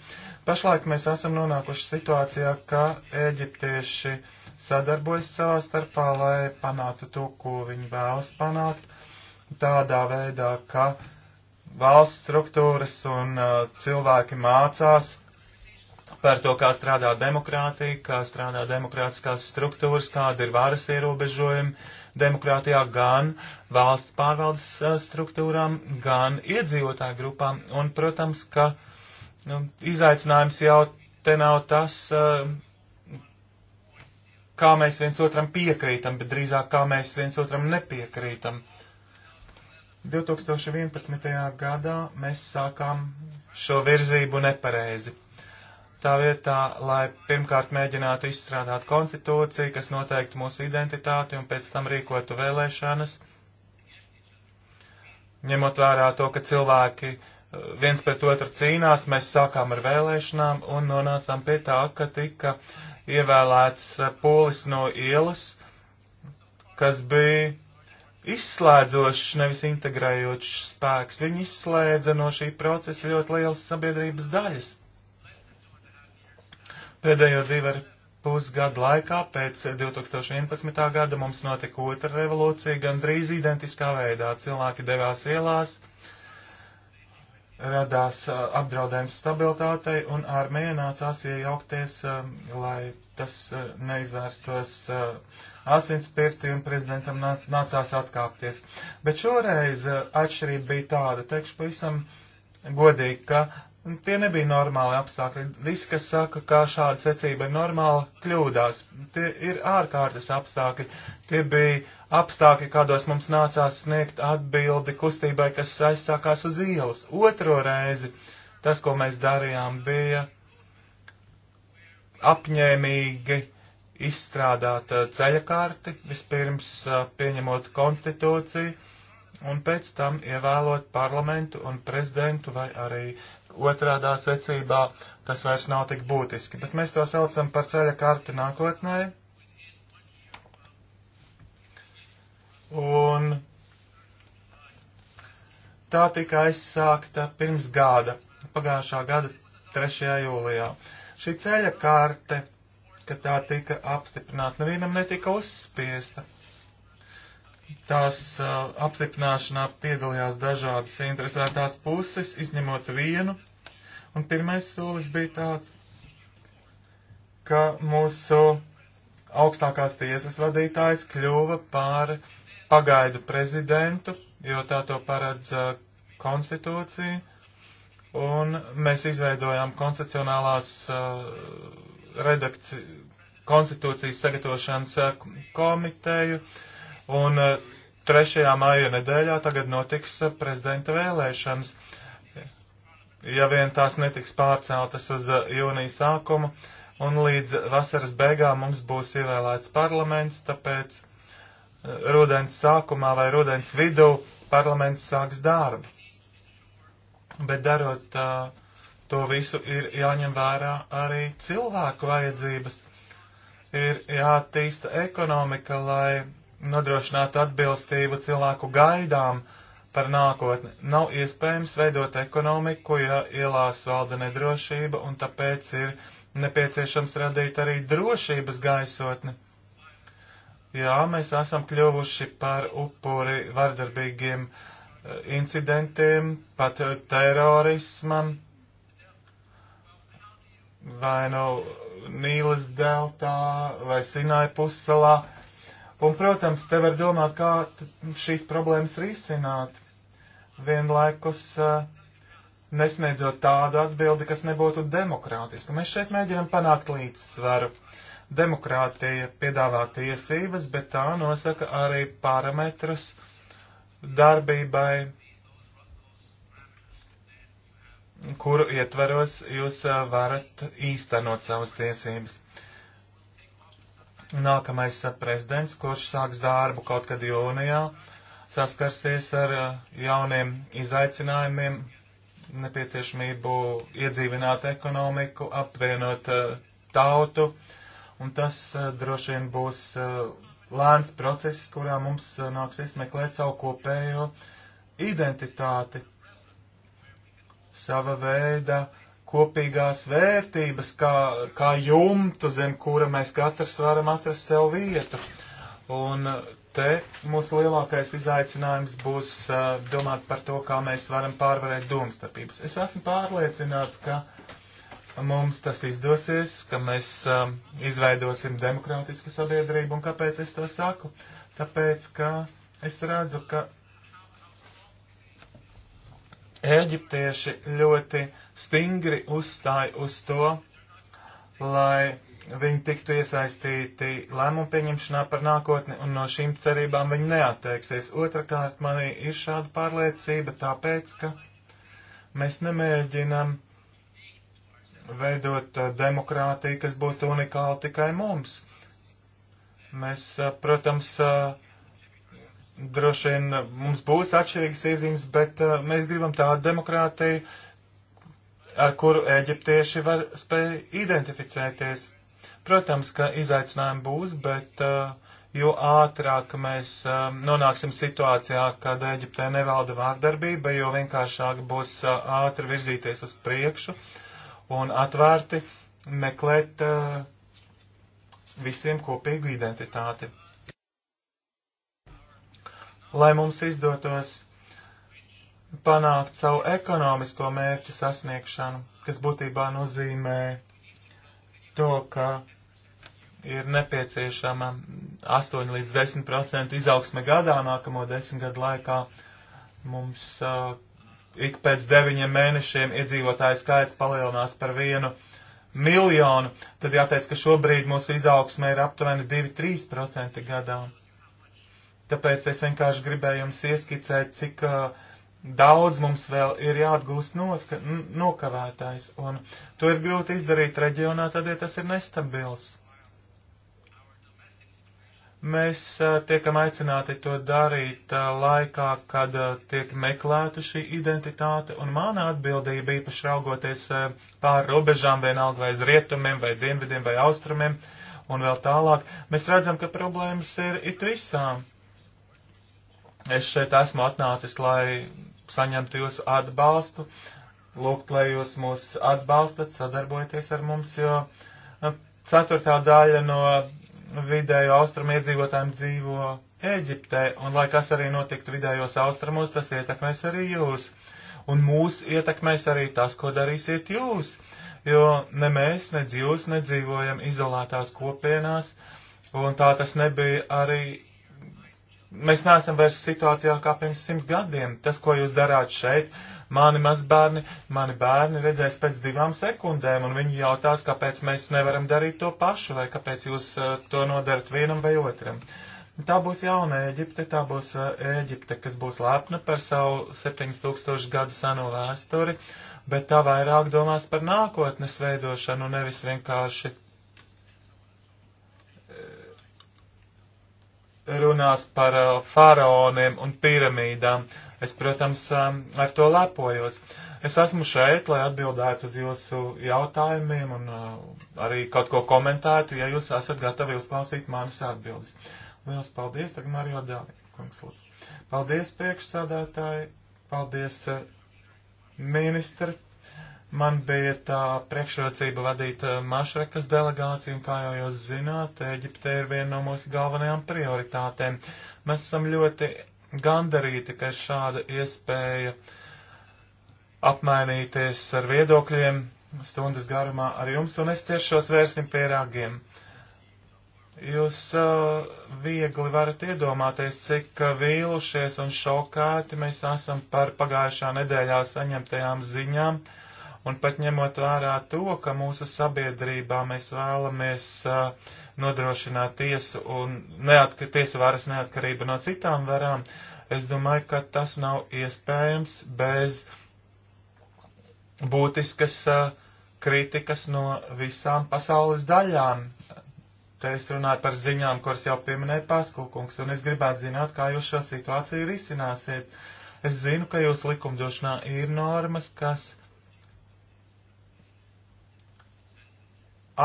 Pašlaik mēs esam nonākuši situācijā, ka eģiptieši uh, sadarbojas savā starpā, lai panāktu to, ko viņi vēlas panākt, tādā veidā, ka valsts struktūras un uh, cilvēki mācās par to, kā strādā demokrātija, kā strādā demokrātiskās struktūras, kāda ir varas ierobežojumi demokrātijā gan valsts pārvaldes uh, struktūrām, gan iedzīvotāju grupām. Un, protams, ka nu, izaicinājums jau te nav tas, uh, kā mēs viens otram piekrītam, bet drīzāk kā mēs viens otram nepiekrītam. 2011. gadā mēs sākām šo virzību nepareizi. Tā vietā, lai pirmkārt mēģinātu izstrādāt konstitūciju, kas noteiktu mūsu identitāti un pēc tam rīkotu vēlēšanas, ņemot vērā to, ka cilvēki uh, viens pret otru cīnās, mēs sākām ar vēlēšanām un nonācām pie tā, ka tika ievēlēts eh, polis no ielas, kas bija izslēdzošs, nevis integrējošs spēks. Viņi izslēdza no šī procesa ļoti lielas sabiedrības daļas. Pēdējo divu ar pusgadu laikā pēc 2011. gada mums notika otra revolūcija, gan drīz identiskā veidā. Cilvēki devās ielās, radās uh, apdraudējums stabilitātei, un armija nācās iejaukties, um, lai tas uh, neizvērstos uh, asinspirti, un prezidentam nācās atkāpties. Bet šoreiz atšķirība bija tāda, teikšu pavisam godīgi, ka Tie nebija normāli apstākļi. Visi, kas saka, ka šāda secība ir normāla, kļūdās. Tie ir ārkārtas apstākļi. Tie bija apstākļi, kādos mums nācās sniegt atbildi kustībai, kas aizsākās uz ielas. Otro reizi tas, ko mēs darījām, bija apņēmīgi izstrādāt uh, ceļa karti, vispirms uh, pieņemot konstitūciju un pēc tam ievēlot parlamentu un prezidentu vai arī uh, otrādā secībā, tas vairs nav tik būtiski, bet mēs to saucam par ceļa karti nākotnē. Un tā tika aizsākta pirms gada, pagājušā gada 3. jūlijā. Šī ceļa karte, kad tā tika apstiprināta, nevienam netika uzspiesta tās uh, apstiprināšanā piedalījās dažādas interesētās puses, izņemot vienu. Un pirmais solis bija tāds, ka mūsu augstākās tiesas vadītājs kļuva par pagaidu prezidentu, jo tā to paredz uh, konstitūcija. Un mēs izveidojām koncepcionālās uh, redakci, konstitūcijas sagatavošanas uh, komiteju, uh, Un 3. Eh, māja nedēļā tagad notiks eh, prezidenta vēlēšanas. Ja vien tās netiks pārceltas uz eh, jūnija sākumu, un līdz vasaras beigām mums būs ievēlēts parlaments, tāpēc rudens sākumā vai rudens vidū parlaments sāks darbu. Bet darot uh, to visu, ir jāņem vērā arī cilvēku vajadzības. Ir jātīsta ekonomika, lai nodrošināt atbilstību cilvēku gaidām par nākotni. Nav iespējams veidot ekonomiku, ja ielās valda nedrošība, un tāpēc ir nepieciešams radīt arī drošības gaisotni. Jā, mēs esam kļuvuši par upuri vardarbīgiem eh, incidentiem, pat eh, terorismam, vai no nu Nīlas deltā, vai Sinai pussalā Un, protams, te var domāt, kā šīs problēmas risināt, vienlaikus uh, nesniedzot tādu atbildi, kas nebūtu demokrātiska. Mēs šeit mēģinam panākt līdzsvaru. Demokrātija piedāvā tiesības, bet tā nosaka arī parametrus darbībai, kuru ietveros jūs varat īstenot savas tiesības nākamais eh, prezidents, kurš sāks darbu kaut kad jūnijā, saskarsies ar eh, jauniem izaicinājumiem, nepieciešamību iedzīvināt ekonomiku, apvienot eh, tautu, un tas droši vien būs lēns process, kurā mums nāksies meklēt savu kopējo identitāti, sava veida uh, kopīgās vērtības, kā, kā jumtu, zem kura mēs katrs varam atrast sev vietu. Un uh, te mūsu lielākais izaicinājums būs uh, domāt par to, kā mēs varam pārvarēt domstarpības. Es esmu pārliecināts, ka mums tas izdosies, ka mēs uh, izveidosim demokrātisku sabiedrību, un kāpēc es to saku? Tāpēc, ka es redzu, ka Eģiptieši ļoti stingri uzstāja uz to, lai viņi tiktu iesaistīti lēmumu pieņemšanā par nākotni, un no šīm cerībām viņi neatteiksies. Otrakārt, manī ir šāda pārliecība, tāpēc, ka mēs nemēģinam veidot eh, demokrātiju, kas būtu unikāla tikai mums. Mēs, eh, protams, eh, Droši vien eh, mums būs atšķirīgas iezīmes, bet uh, mēs gribam tādu demokrātiju, ar kuru eģiptieši var spēj identificēties. Protams, ka izaicinājumi būs, bet uh, jo ātrāk mēs uh, nonāksim situācijā, kad Eģiptē nevalda vārdarbība, jo vienkāršāk būs uh, ātri virzīties uz priekšu un atvērti meklēt uh, visiem kopīgu identitāti lai mums izdotos panākt savu ekonomisko mērķu sasniegšanu, kas būtībā nozīmē to, ka ir nepieciešama 8 līdz 10% izaugsme gadā nākamo desmit gadu laikā. Mums uh, ik pēc deviņiem mēnešiem iedzīvotāju skaits palielinās par vienu miljonu, tad jāteic, ka šobrīd mūsu izaugsme ir aptuveni 2-3% gadā. Uh, Tāpēc es vienkārši gribēju jums ieskicēt, cik uh, daudz mums vēl ir jāatgūst noska, nokavētājs, un to ir grūti izdarīt reģionā, tad, ja tas ir nestabils. Mēs uh, tiekam aicināti to darīt uh, laikā, kad tiek meklēta šī identitāte, un mana atbildība īpaši raugoties pār robežām, vienalga vai uz rietumiem, vai dienvidiem, vai austrumiem, un vēl tālāk, mēs redzam, ka problēmas ir it visām es šeit esmu atnācis, lai saņemtu jūsu atbalstu, lūgt, lai jūs mūs atbalstat, sadarbojieties ar mums, jo nu, ceturtā daļa no vidējo austrumu iedzīvotājiem dzīvo Ēģiptē, un lai kas arī notiktu vidējos austrumos, tas ietekmēs arī jūs. Un mūs ietekmēs arī tas, ko darīsiet jūs, jo ne mēs, ne jūs nedzīvojam izolētās kopienās, un tā tas nebija arī Mēs neesam vairs situācijā kā pirms simt gadiem. Tas, ko jūs darāt šeit, mani mazbērni, mani bērni redzēs pēc divām sekundēm, un viņi jautās, kāpēc mēs nevaram darīt to pašu, vai kāpēc jūs eh, to nodarat vienam vai otram. Tā būs jauna Ēģipte, tā būs eh, Ēģipte, kas būs lepna par savu 7000 gadu seno vēsturi, bet tā vairāk domās par nākotnes veidošanu, nevis vienkārši runās par uh, faraoniem un piramīdām. Es, protams, um, ar to lepojos. Es esmu šeit, lai atbildētu uz jūsu jautājumiem un uh, arī kaut ko komentētu, ja jūs esat gatavi uzklausīt manas atbildes. Lielas paldies, tagad Mario Dāvi, kungs lūdzu. Paldies, priekšsādātāji, paldies, uh, ministri Man bija tā priekšrocība vadīt eh, Mašrekas delegāciju, un kā jau jūs zināt, Eģipte ir viena no mūsu galvenajām prioritātēm. Mēs esam ļoti gandarīti, ka ir šāda iespēja apmainīties ar viedokļiem stundas garumā ar jums, un es tiešos vērsim pie ragiem. Jūs uh, viegli varat iedomāties, cik eh, vīlušies un šokēti mēs esam par pagājušā nedēļā saņemtajām ziņām. Uh, Un pat ņemot vērā to, ka mūsu sabiedrībā mēs vēlamies uh, nodrošināt tiesu un neatka, tiesu varas neatkarību no citām varām, es domāju, ka tas nav iespējams bez būtiskas uh, kritikas no visām pasaules daļām. Te es runāju par ziņām, kuras jau pieminēja Paskūkungs, un es gribētu zināt, kā jūs šo situāciju risināsiet. Es zinu, ka jūs likumdošanā ir normas, kas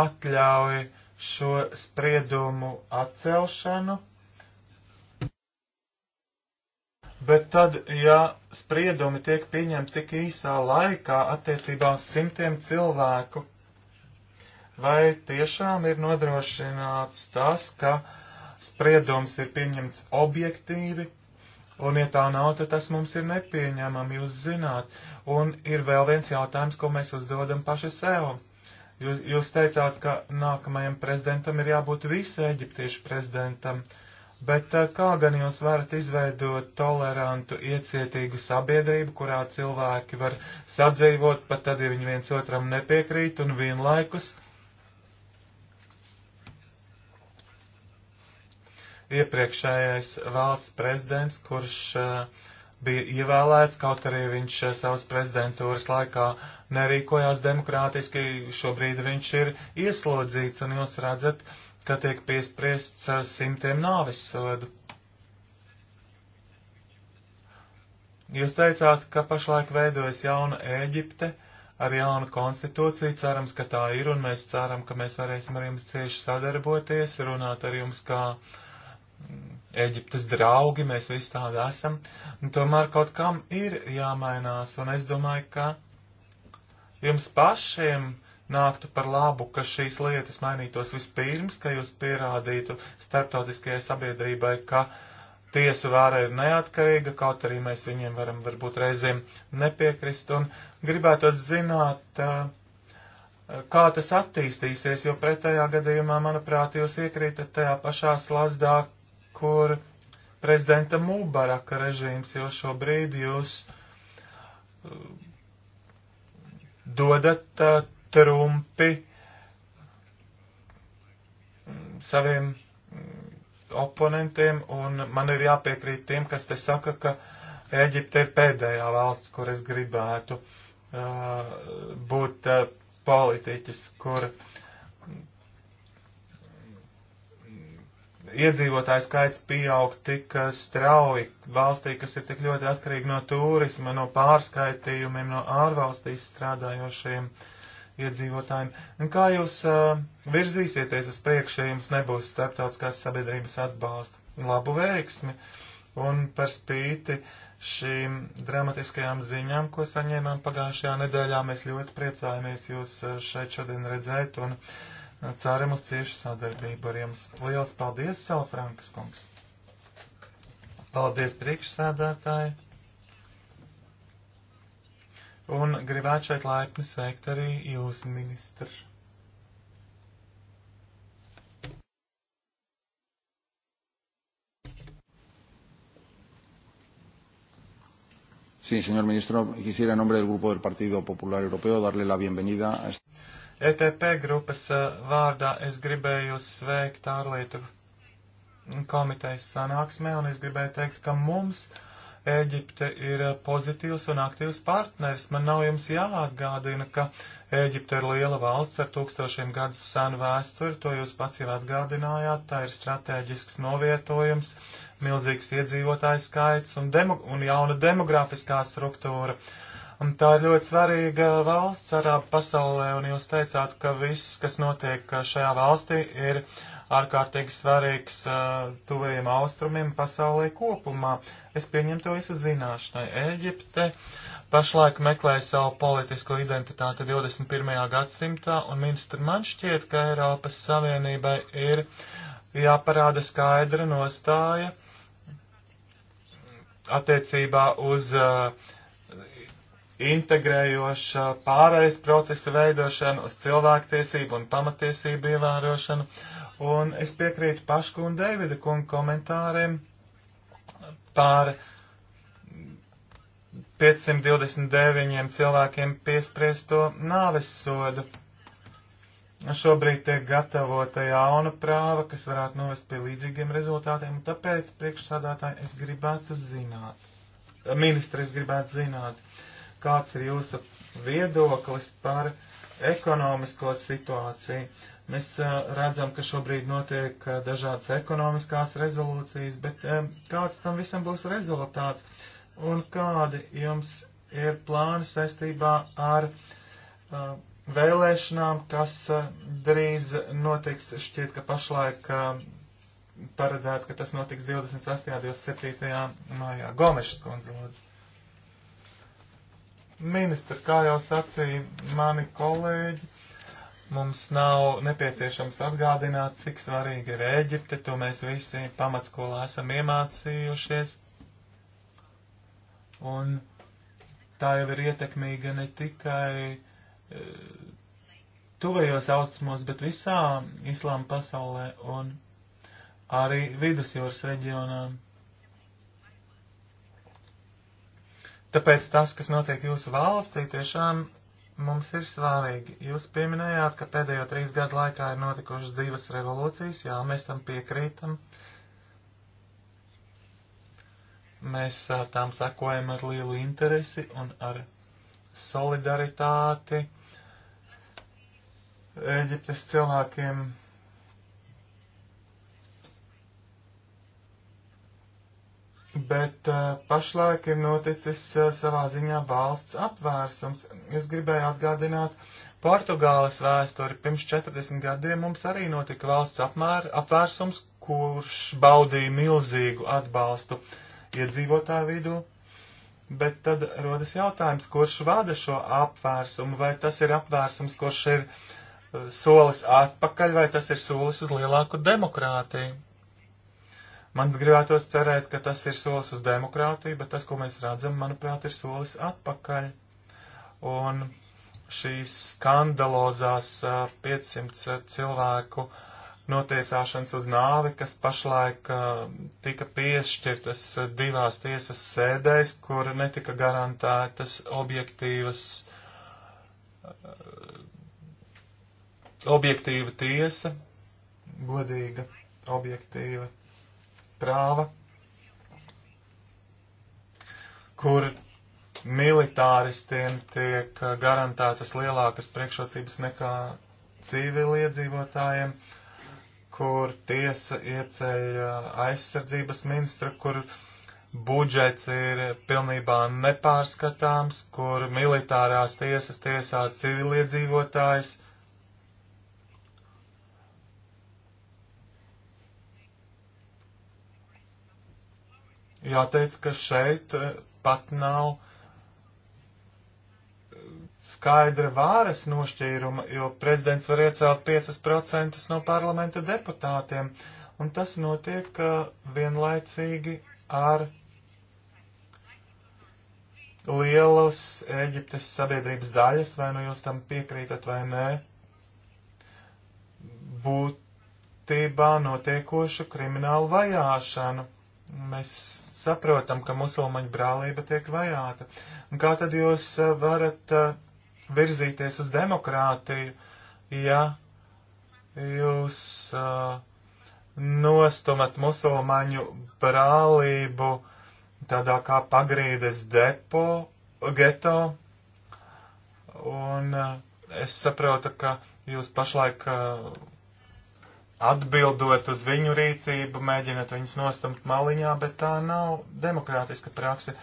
atļauj šo spriedumu atcelšanu, bet tad, ja spriedumi tiek pieņemti tik īsā laikā attiecībā uz simtiem cilvēku, vai tiešām ir nodrošināts tas, ka spriedums ir pieņemts objektīvi, un ja tā nav, tad tas mums ir nepieņemami, jūs zināt. Un ir vēl viens jautājums, ko mēs uzdodam paši sev Jūs, jūs teicāt, ka nākamajam prezidentam ir jābūt visu eģiptiešu prezidentam, bet eh, kā gan jūs varat izveidot tolerantu, iecietīgu sabiedrību, kurā cilvēki var sadzīvot pat tad, ja viņi viens otram nepiekrīt un vienlaikus? Iepriekšējais valsts prezidents, kurš uh, bija ievēlēts, kaut arī viņš uh, savas prezidentūras laikā uh, nerīkojās demokrātiski, šobrīd viņš ir ieslodzīts, un jūs redzat, ka tiek piespriests uh, simtiem nāvis sodu. Jūs teicāt, ka pašlaik veidojas jauna Ēģipte ar jaunu konstitūciju, cerams, ka tā ir, un mēs ceram, ka mēs varēsim ar jums cieši sadarboties, runāt ar jums kā Eģiptes mm, draugi, mēs visi tādi esam, un tomēr kaut kam ir jāmainās, un es domāju, ka jums pašiem nāktu par labu, ka šīs lietas mainītos vispirms, ka jūs pierādītu starptautiskajai sabiedrībai, ka tiesu vāra ir neatkarīga, kaut arī mēs viņiem varam varbūt reizēm nepiekrist, un gribētos zināt, kā tas attīstīsies, jo pretējā gadījumā, manuprāt, jūs iekrītat tajā pašā slazdā, kur prezidenta Mubaraka režīms, jo šobrīd jūs dodat uh, trumpi saviem mm, oponentiem, un man ir jāpiekrīt tiem, kas te saka, ka Ēģipte ir pēdējā valsts, kur es gribētu uh, būt uh, politiķis, kur uh, iedzīvotāju skaits pieaug tik strauji valstī, kas ir tik ļoti atkarīgi no turisma, no pārskaitījumiem, no ārvalstīs strādājošiem iedzīvotājiem. Un kā jūs uh, virzīsieties uz priekšu, ja jums nebūs starptautiskās sabiedrības atbalsta? Labu veiksmi! Un par spīti šīm dramatiskajām ziņām, ko saņēmām pagājušajā nedēļā, mēs ļoti priecājamies jūs šeit šodien redzēt. Un, uh, Ceram uz ciešu sadarbību ar jums. Lielas paldies, Sala Frankas kungs! Paldies, priekšsēdētāji! Un gribētu šeit laipni sveikt arī jūs, ministru. Sí, señor ministro, quisiera en nombre del Grupo del Partido Popular Europeo darle la bienvenida a este. ETP grupas uh, vārdā es gribēju sveikt ārlietu komitejas sanāksmē, un es gribēju teikt, ka mums Ēģipte ir uh, pozitīvs un aktīvs partners. Man nav jums jāatgādina, ka Ēģipte ir liela valsts ar tūkstošiem gadu senu vēsturi, to jūs pats jau atgādinājāt, tā ir strateģisks novietojums, milzīgs iedzīvotājs skaits un, demo, un jauna demografiskā struktūra. Uh, Un tā ir ļoti svarīga valsts arābu pasaulē, un jūs teicāt, ka viss, kas notiek šajā valstī, ir ārkārtīgi svarīgs uh, tuvajiem austrumiem pasaulē kopumā. Es pieņemu to visu zināšanai. Eģipte pašlaik meklē savu politisko identitāti 21. gadsimtā, un ministri man šķiet, ka Eiropas Savienībai ir jāparāda skaidra nostāja attiecībā uz uh, integrējoša pārējais procesa veidošana uz cilvēktiesību un pamatiesību ievērošanu. Un es piekrītu Pašku un Deivida kungu komentāriem par 529 cilvēkiem piespriesto nāves sodu. Šobrīd tiek gatavota jauna prāva, kas varētu novest pie līdzīgiem rezultātiem, un tāpēc priekšsādātāji es gribētu zināt, ministri es gribētu zināt, kāds ir jūsu viedoklis par ekonomisko situāciju. Mēs redzam, ka šobrīd notiek dažādas ekonomiskās rezolūcijas, bet kāds tam visam būs rezultāts un kādi jums ir plāni saistībā ar vēlēšanām, kas drīz notiks, šķiet, ka pašlaik paredzēts, ka tas notiks 28. un 27. mājā. Gomešas kundze, lūdzu. Ministra, kā jau sacīja mani kolēģi, mums nav nepieciešams atgādināt, cik svarīga ir Ēģipte, to mēs visi pamatskolā esam iemācījušies. Un tā jau ir ietekmīga ne tikai e, tuvējos austrumos, bet visā islāma pasaulē un arī vidusjūras reģionām. Tāpēc tas, kas notiek jūsu valstī, tiešām mums ir svarīgi. Jūs pieminējāt, ka pēdējo trīs gadu laikā ir notikušas divas revolūcijas, jā, mēs tam piekrītam. Mēs a, tām sakojam ar lielu interesi un ar solidaritāti. Eģiptes cilvēkiem bet uh, pašlaik ir noticis uh, savā ziņā valsts apvērsums. Es gribēju atgādināt Portugāles vēsturi. Pirms 40 gadiem mums arī notika valsts apmēr, apvērsums, kurš baudīja milzīgu atbalstu iedzīvotāju vidū. Bet tad rodas jautājums, kurš vada šo apvērsumu, vai tas ir apvērsums, kurš ir uh, solis atpakaļ, vai tas ir solis uz lielāku demokrātiju. Man gribētos cerēt, ka tas ir solis uz demokrātiju, bet tas, ko mēs redzam, manuprāt, ir solis atpakaļ. Un šīs skandalozās 500 cilvēku notiesāšanas uz nāvi, kas pašlaik tika piešķirtas divās tiesas sēdēs, kur netika garantētas objektīvas, objektīva tiesa, godīga, objektīva prāva, kur militāristiem tiek garantētas lielākas priekšrocības nekā civiliedzīvotājiem, kur tiesa ieceļ aizsardzības ministra, kur budžets ir pilnībā nepārskatāms, kur militārās tiesas tiesā civiliedzīvotājs, uh, jāteic, ka šeit eh, pat nav eh, skaidra vāras nošķīruma, jo prezidents var iecelt 5% no parlamenta deputātiem, un tas notiek eh, vienlaicīgi ar lielas Ēģiptes sabiedrības daļas, vai nu jūs tam piekrītat vai nē, būtībā notiekošu kriminālu vajāšanu. Mēs saprotam, ka musulmaņu brālība tiek vajāta. Un kā tad jūs eh, varat eh, virzīties uz demokrātiju, ja jūs eh, nostumat musulmaņu brālību tādā kā pagrīdes depo, geto? Un es saprotu, ka jūs pašlaik uh, atbildot uz viņu rīcību, mēģinot viņus nostumt maliņā, bet tā nav demokrātiska prakse.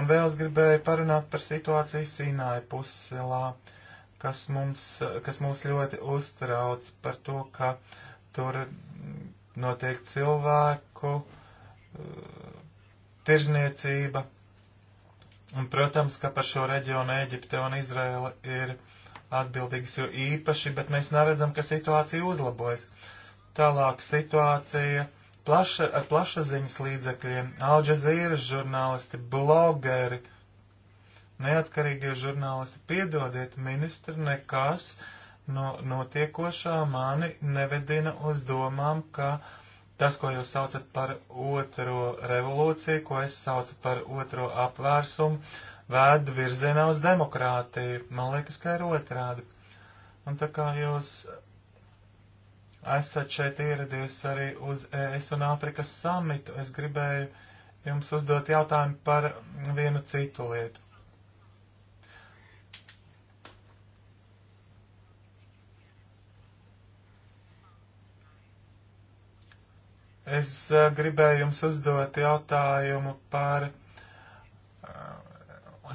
Un vēl es gribēju parunāt par situāciju Sīnāja puselā, kas, mums, kas mūs ļoti uztrauc par to, ka tur notiek cilvēku uh, tirzniecība. Un, protams, ka par šo reģionu Eģipte un Izraela ir atbildīgas jo īpaši, bet mēs neredzam, ka situācija uzlabojas. Uh, Tālāk situācija plaša, ar plašaziņas līdzekļiem, Alžazīras žurnālisti, blogeri, neatkarīgie žurnālisti, piedodiet, ministri, nekas no notiekošā mani nevedina uz domām, ka tas, ko jūs saucat par otro revolūciju, ko es saucu par otro apvērsumu, vēd virzienā uz demokrātiju. Man liekas, ka ir otrādi. Un tā kā jūs esat šeit ieradies arī uz ES un Āfrikas samitu. Es gribēju jums uzdot jautājumu par vienu citu lietu. Es e, gribēju jums uzdot jautājumu par e,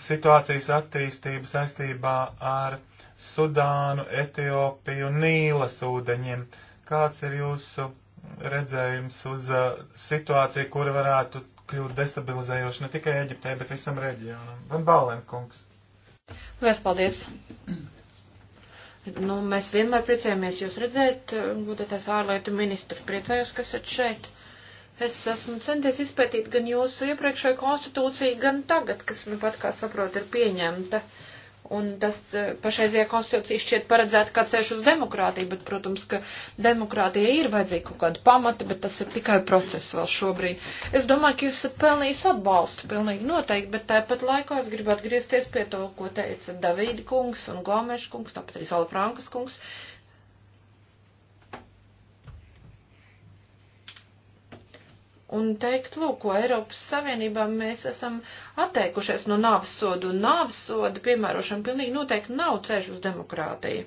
situācijas attīstību saistībā ar Sudānu, Etiopiju, Nīlas ūdeņiem. Uh, Kāds ir jūsu redzējums uz uh, situāciju, kura varētu kļūt destabilizējoša ne tikai Eģiptē, bet visam reģionam? Van Bālenkungs. Lielas paldies! Nu, mēs vienmēr priecājamies jūs redzēt, gudētais ārlietu ministrs, priecājos, kas esat šeit. Es esmu centies izpētīt gan jūsu iepriekšējo konstitūciju, gan tagad, kas, nu, pat kā saprot, ir pieņemta. Uh, Un tas e, pašreizajā konstitūcijā šķiet paredzēta kā ceļš uz demokrātiju, bet, protams, ka demokrātija ir vajadzīga kaut kāda pamata, bet tas ir tikai process vēl šobrīd. Es domāju, ka jūs esat pelnījis atbalstu, pilnīgi noteikti, bet tāpat laikā es gribu atgriezties pie to, ko teica Davīda kungs un Gomeša kungs, tāpat arī Salafrankas kungs. Uh, un teikt, lūk, ko Eiropas Savienībā mēs esam atteikušies no nāves sodu, un nāves soda piemērošana pilnīgi noteikti nav ceļš uz demokrātiju.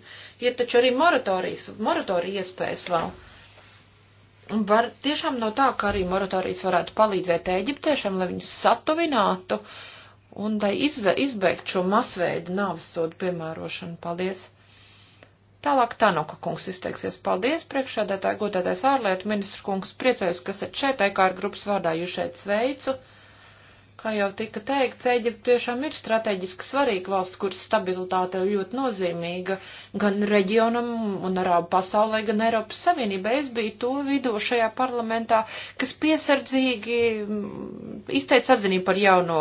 Ir taču arī moratorijas, moratorija iespējas vēl. Un var tiešām no tā, ka arī moratorijas varētu palīdzēt eģiptiešiem, lai viņus satuvinātu un lai izve, izbeigt šo masveidu nāves sodu piemērošanu. Paldies! Tālāk Tanoka kungs izteiksies. Paldies, priekšādātāji, godātais ārlietu ministru kungs. Priecājos, ka esat šeit, EKR grupas vārdā jūs šeit sveicu. Uh, Kā jau tika teikts, Eģipte tiešām ir strateģiski svarīga valsts, kuras stabilitāte ir ļoti nozīmīga gan reģionam un arābu pasaulē, gan Eiropas Savienībai. Es biju to vidū šajā parlamentā, kas piesardzīgi mm, izteica atzinību par jauno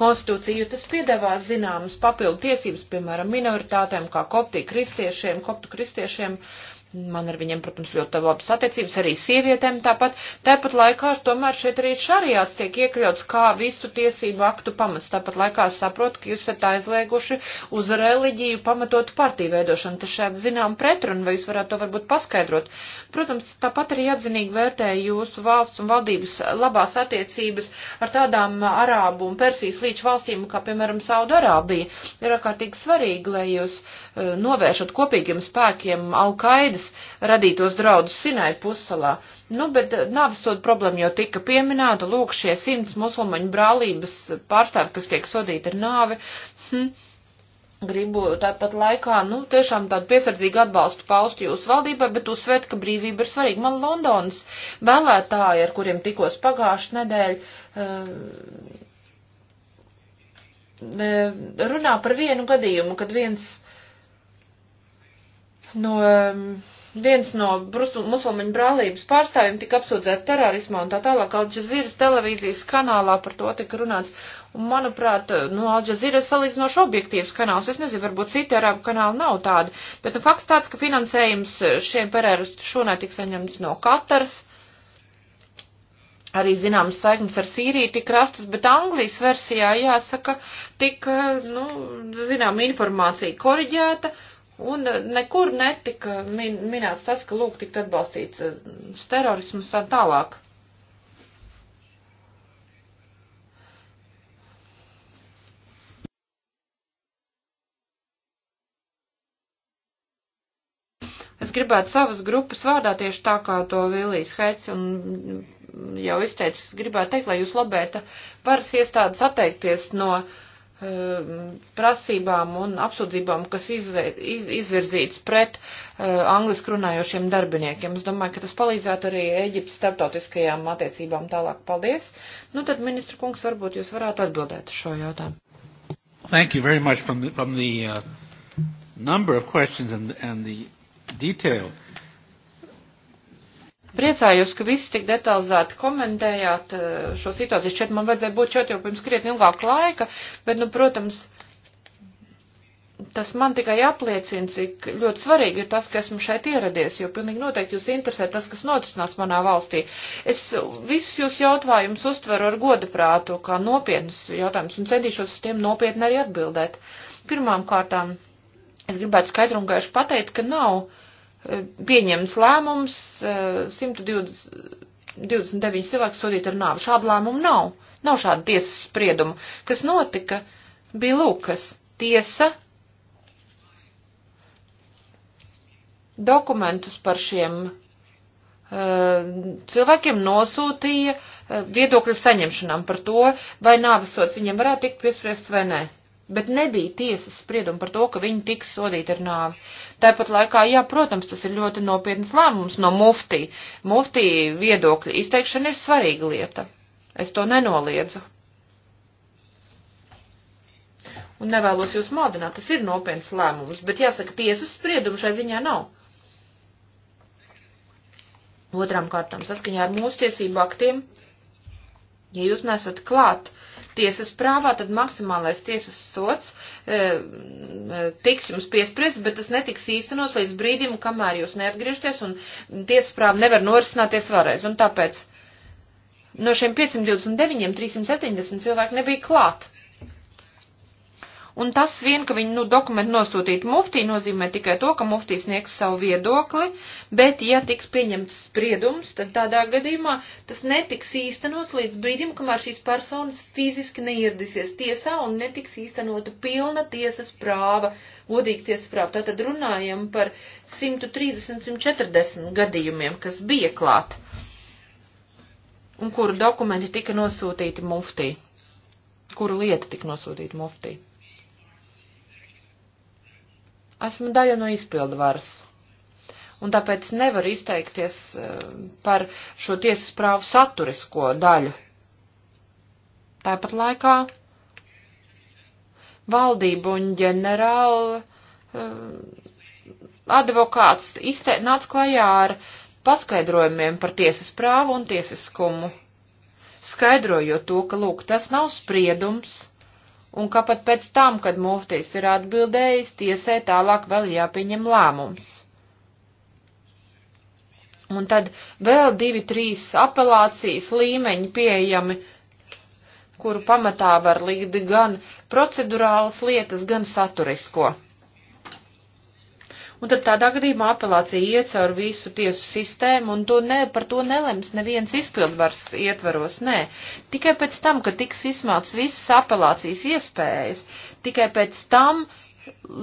konstitūciju, jo tas piedāvā zināmas papildu tiesības, piemēram, minoritātēm, kā koptī kristiešiem, koptu kristiešiem. Uh, Man ar viņiem, protams, ļoti labas attiecības, arī sievietēm tāpat. Tāpat laikā tomēr šeit arī šariāts tiek iekļauts kā visu tiesību aktu pamats. Tāpat laikā saprotu, ka jūs esat aizlieguši uz reliģiju pamatotu partiju veidošanu. Tas šāds zinām pretrun, vai jūs varētu to varbūt paskaidrot. Protams, tāpat arī atzinīgi vērtēju jūsu valsts un valdības labās attiecības ar tādām Arābu un Persijas līča valstīm, kā piemēram Saudarābija. Ir ārkārtīgi svarīgi, lai jūs eh, novēršat kopīgiem spēkiem Alkaidas Sīrijas radītos draudus Sinai pusalā. Nu, bet eh, nāvisodu problēma jau tika pieminēta, lūk, šie simts musulmaņu brālības pārstāvi, kas tiek sodīti ar nāvi. Hm. Gribu tāpat laikā, nu, tiešām tādu piesardzīgu atbalstu paust jūsu valdībai, bet uzsvērt, ka brīvība ir svarīga. Man Londonas vēlētāji, ar kuriem tikos pagājušajā nedēļā, uh, eh, runā par vienu gadījumu, kad viens no viens no Brusu, musulmaņu brālības pārstāvjiem tika apsūdzēts terorismā un tā tālāk. Alžazīras televīzijas kanālā par to tika runāts. Un, manuprāt, nu, Alžazīra ir salīdzinoši objektīvs kanāls. Es nezinu, varbūt citi arābu kanāli nav tādi. Bet nu, fakts tāds, ka finansējums šiem perēristu šonai tika saņemts no Katars. Arī zināmas saiknes ar Sīriju tika rastas, bet Anglijas versijā, jāsaka, tika, nu, zinām, informācija koriģēta Un eh, nekur netika min, minēts tas, ka lūk tikt atbalstīts eh, terorismus tā tālāk. Es gribētu savas grupas vārdā tieši tā kā to Vilijas Heits un mm, jau izteicis, gribētu teikt, lai jūs lobēta varas iestādes atteikties no uh, Um, prasībām un apsūdzībām, kas izver, iz, izvirzīts pret uh, angliski runājošiem darbiniekiem. Es domāju, ka tas palīdzētu arī Eģiptes starptautiskajām attiecībām tālāk. Paldies. Nu tad, ministra kungs, varbūt jūs varētu atbildēt uz šo jautājumu. Thank you very much from the, from the uh, number of questions and, and the detail. Uh, Priecājos, ka visi tik detalizēti komentējāt eh, šo situāciju. Šeit man vajadzēja būt šeit jau pirms krietni ilgāk laika, bet, nu, protams, tas man tikai apliecina, cik ļoti svarīgi ir tas, ka esmu šeit ieradies, jo pilnīgi noteikti jūs interesē tas, kas noticinās manā valstī. Es visus jūs jautājumus uztveru ar godu prātu, kā nopietnus jautājumus, un centīšos uz tiem nopietni arī atbildēt. Pirmām kārtām, es gribētu skaidru un gaišu pateikt, ka nav pieņemts lēmums 129 eh, cilvēks sodīt ar nāvu. Šādu lēmumu nav. Nav šāda tiesas sprieduma. Kas notika, bija Lūkas tiesa dokumentus par šiem eh, cilvēkiem nosūtīja eh, viedokļu saņemšanām par to, vai nāvesots viņiem varētu tikt piespriests vai nē bet nebija tiesas sprieduma par to, ka viņi tiks sodīti ar nāvi. Tāpat laikā, jā, protams, tas ir ļoti nopietns lēmums no muftī. Muftī viedokļa izteikšana ir svarīga lieta. Es to nenoliedzu. Un nevēlos jūs modināt, tas ir nopietns lēmums, bet jāsaka, tiesas spriedumu šai ziņā nav. Otrām kārtām, saskaņā ar mūsu tiesību aktiem, ja jūs nesat klāt, uh, tiesas prāvā, tad maksimālais tiesas sots e, tiks jums piespriests, bet tas netiks īstenots līdz brīdim, kamēr jūs neatgriežties un tiesas prāva nevar norisināties vēlreiz. Un tāpēc no šiem 529, 370 cilvēki nebija klāt. Un tas vien, ka viņi nu, dokumentu nosūtītu muftī, nozīmē tikai to, ka muftī sniegs savu viedokli, bet, ja tiks pieņemts spriedums, tad tādā gadījumā tas netiks īstenots līdz brīdim, kamēr šīs personas fiziski neieradīsies tiesā un netiks īstenota pilna tiesas prāva, godīga tiesas prāva. Tātad runājam par 130-140 gadījumiem, kas bija klāt un kuru dokumenti tika nosūtīti muftī, kuru lieta tika nosūtīta muftī. Esmu daļa no izpildvaras. Un tāpēc nevar izteikties eh, par šo tiesas prāvu saturisko daļu. Tāpat laikā valdību un ģenerāli eh, advokāts izte, nāca klajā ar paskaidrojumiem par tiesas prāvu un tiesiskumu, skaidrojot to, ka, lūk, tas nav spriedums, un ka pat pēc tam, kad muftīs ir atbildējis, tiesē tālāk vēl jāpieņem lēmums. Un tad vēl divi, trīs apelācijas līmeņi pieejami, kuru pamatā var līdzi gan procedurālas lietas, gan saturisko un tad tādā gadījumā apelācija iet caur visu tiesu sistēmu, un to ne, par to nelems neviens izpildvars ietvaros, nē. Tikai pēc tam, kad tiks izsmāts visas apelācijas iespējas, tikai pēc tam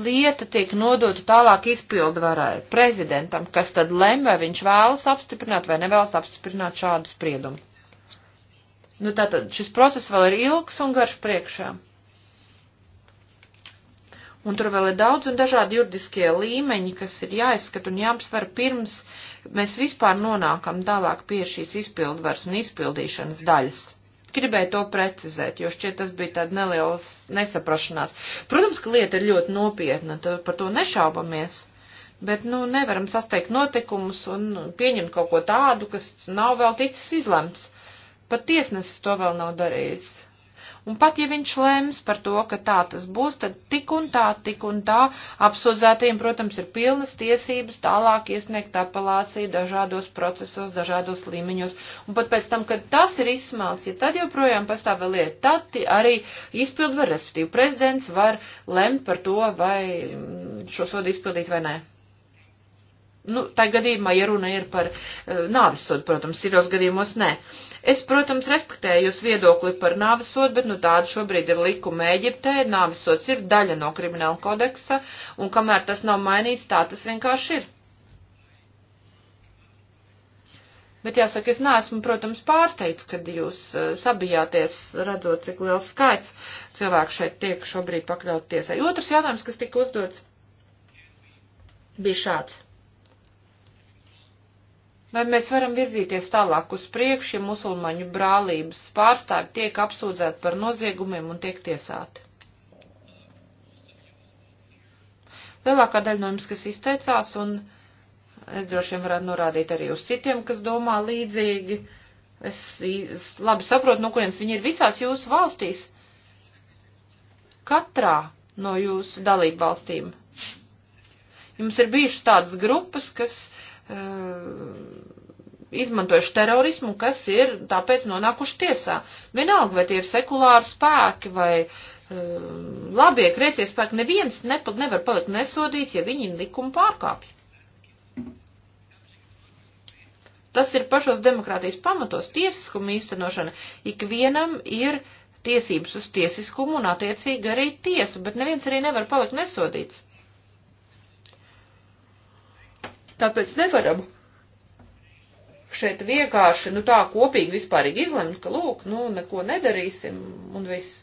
lieta tiek nodota tālāk izpildvarai, prezidentam, kas tad lem, vai viņš vēlas apstiprināt vai nevēlas apstiprināt šādu spriedumu. Nu tātad šis process vēl ir ilgs un garš priekšā. Un tur vēl ir daudz un dažādi juridiskie līmeņi, kas ir jāizskat un jāapsver pirms mēs vispār nonākam tālāk pie šīs izpildvaras un izpildīšanas daļas. Gribēju to precizēt, jo šķiet tas bija tāda neliela nesaprašanās. Protams, ka lieta ir ļoti nopietna, par to nešaubamies. Bet, nu, nevaram sasteikt notikumus un pieņemt kaut ko tādu, kas nav vēl ticis izlemts. Pat tiesnesis to vēl nav darījis Un pat ja viņš lems par to, ka tā tas būs, tad tik un tā, tik un tā apsūdzētajiem, protams, ir pilnas tiesības tālāk iesniegt apelāciju dažādos procesos, dažādos līmeņos. Un pat pēc tam, kad tas ir izsmelts, ja tad joprojām pastāv vēl lieta, tad arī izpildu var, respektīvi prezidents var lemt par to, vai mm, šo sodu izpildīt vai nē nu, tā gadījumā, ja runa ir par uh, eh, nāvis sodu, protams, citos gadījumos nē. Uh, Es, protams, respektēju jūs viedokli par nāvisodu, bet nu tāda šobrīd ir likuma Eģiptē. Nāvisods ir daļa no krimināla kodeksa, un kamēr tas nav mainīts, tā tas vienkārši ir. Bet jāsaka, es neesmu, protams, pārsteigts, kad jūs eh, sabijāties, redzot, cik liels skaits cilvēku šeit tiek šobrīd pakļaut tiesai. Otrs jautājums, kas tika uzdots, bija šāds Vai mēs varam virzīties tālāk uz priekšu, ja musulmaņu brālības pārstāvi tiek apsūdzēti par noziegumiem un tiek tiesāti? Lielākā daļa no jums, kas izteicās, un es droši vien varētu norādīt arī uz citiem, kas domā līdzīgi, es, es labi saprotu, no nu, kurienes viņi ir visās jūsu valstīs. Katrā no jūsu dalību valstīm. Jums ir bijušas tādas grupas, kas uh, Eh, izmantojuši terorismu, kas ir tāpēc nonākuši tiesā. Vienalga, vai tie ir sekulāri spēki vai eh, labie kreisie spēki, neviens nepat nevar palikt nesodīts, ja viņi likumu pārkāpj. Tas ir pašos demokrātijas pamatos tiesiskuma īstenošana. Ikvienam ir tiesības uz tiesiskumu un attiecīgi arī tiesu, bet neviens arī nevar palikt nesodīts. Tāpēc nevaram šeit vienkārši, nu tā kopīgi vispārīgi izlemt, ka lūk, nu neko nedarīsim un viss.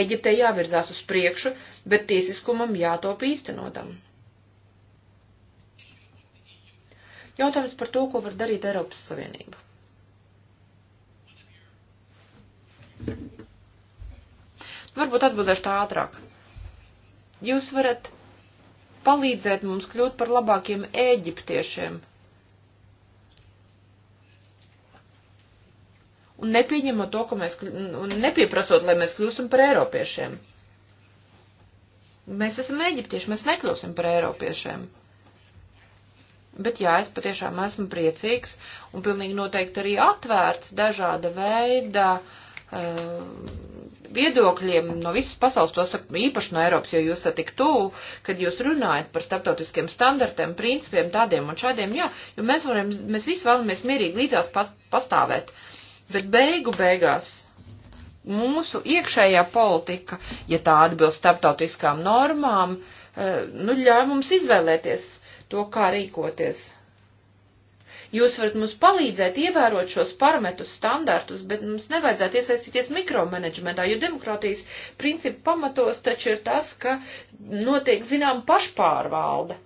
Eģiptē jāvirzās uz priekšu, bet tiesiskumam jātop īstenotam. Jautājums par to, ko var darīt Eiropas Savienība. Varbūt atbildēšu tā ātrāk. Jūs varat palīdzēt mums kļūt par labākiem ēģiptiešiem. Un nepieņemot to, ka mēs, un nepieprasot, lai mēs kļūsim par eiropiešiem. Mēs esam eģiptieši, mēs nekļūsim par eiropiešiem. Bet jā, es patiešām esmu priecīgs un pilnīgi noteikti arī atvērts dažāda veida uh, viedokļiem no visas pasaules, tos īpaši no Eiropas, jo jūs esat tik tuvu, kad jūs runājat par starptautiskiem standartiem, principiem tādiem un šādiem, jā, jo mēs varam, mēs visi vēlamies mierīgi līdzās pastāvēt. Bet beigu beigās mūsu iekšējā politika, ja tā atbilst starptautiskām normām, eh, nu ļauj mums izvēlēties to, kā rīkoties. Jūs varat mums palīdzēt ievērot šos parametrus, standartus, bet mums nevajadzētu iesaistīties mikromanagementā, jo demokrātijas principu pamatos taču ir tas, ka notiek zinām pašpārvalde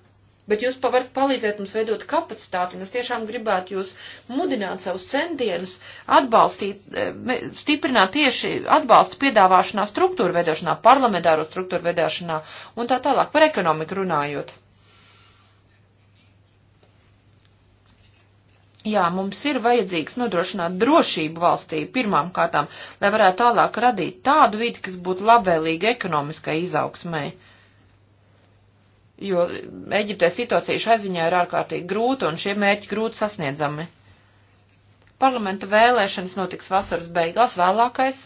bet jūs varat palīdzēt mums veidot kapacitāti, un es tiešām gribētu jūs mudināt savus centienus, atbalstīt, eh, stiprināt tieši atbalsta piedāvāšanā, struktūra veidošanā, parlamentāro struktūra veidošanā un tā tālāk par ekonomiku runājot. Jā, mums ir vajadzīgs nodrošināt drošību valstī pirmām kārtām, lai varētu tālāk radīt tādu vidi, kas būtu labvēlīga ekonomiskai izaugsmai. Jo Eģiptē situācija šai ziņā ir ārkārtīgi grūta un šie mērķi grūti sasniedzami. Parlamenta vēlēšanas notiks vasaras beigās vēlākais.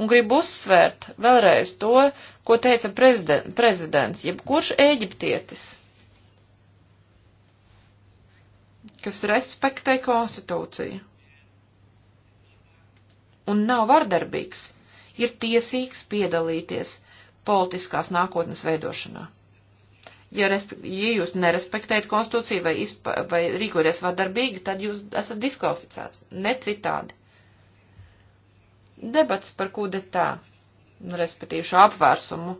Un gribu uzsvērt vēlreiz to, ko teica prezidents, jebkurš Eģiptietis kas respektē konstitūciju un nav vardarbīgs, ir tiesīgs piedalīties politiskās nākotnes veidošanā. Ja, ja jūs nerespektējat konstitūciju vai, izpa, vai rīkoties vardarbīgi, tad jūs esat diskvalificēts, ne citādi. Debats par kudetā, respektīvi šo apvērsumu,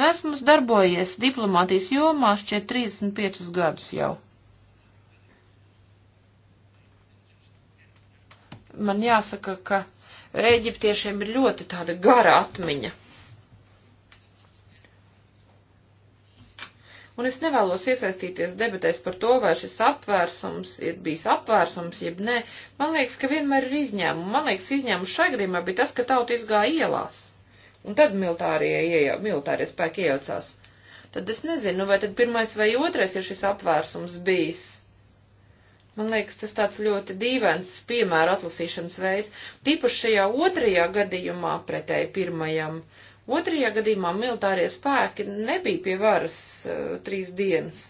nu esmu darbojies diplomātijas jomā šķiet 35 gadus jau. man jāsaka, ka eģiptiešiem ir ļoti tāda gara atmiņa. Un es nevēlos iesaistīties debatēs par to, vai šis apvērsums ir bijis apvērsums, jeb nē. Man liekas, ka vienmēr ir izņēmumi. Man liekas, izņēmums šai gadījumā bija tas, ka tauta izgāja ielās. Un tad militārie, ieja, militārie spēki iejaucās. Tad es nezinu, vai tad pirmais vai otrais ir šis apvērsums bijis Man liekas, tas tāds ļoti dīvains piemēra atlasīšanas veids. Tīpaši šajā otrajā gadījumā, pretēji pirmajam, otrajā gadījumā militārie spēki nebija pie varas uh, trīs dienas.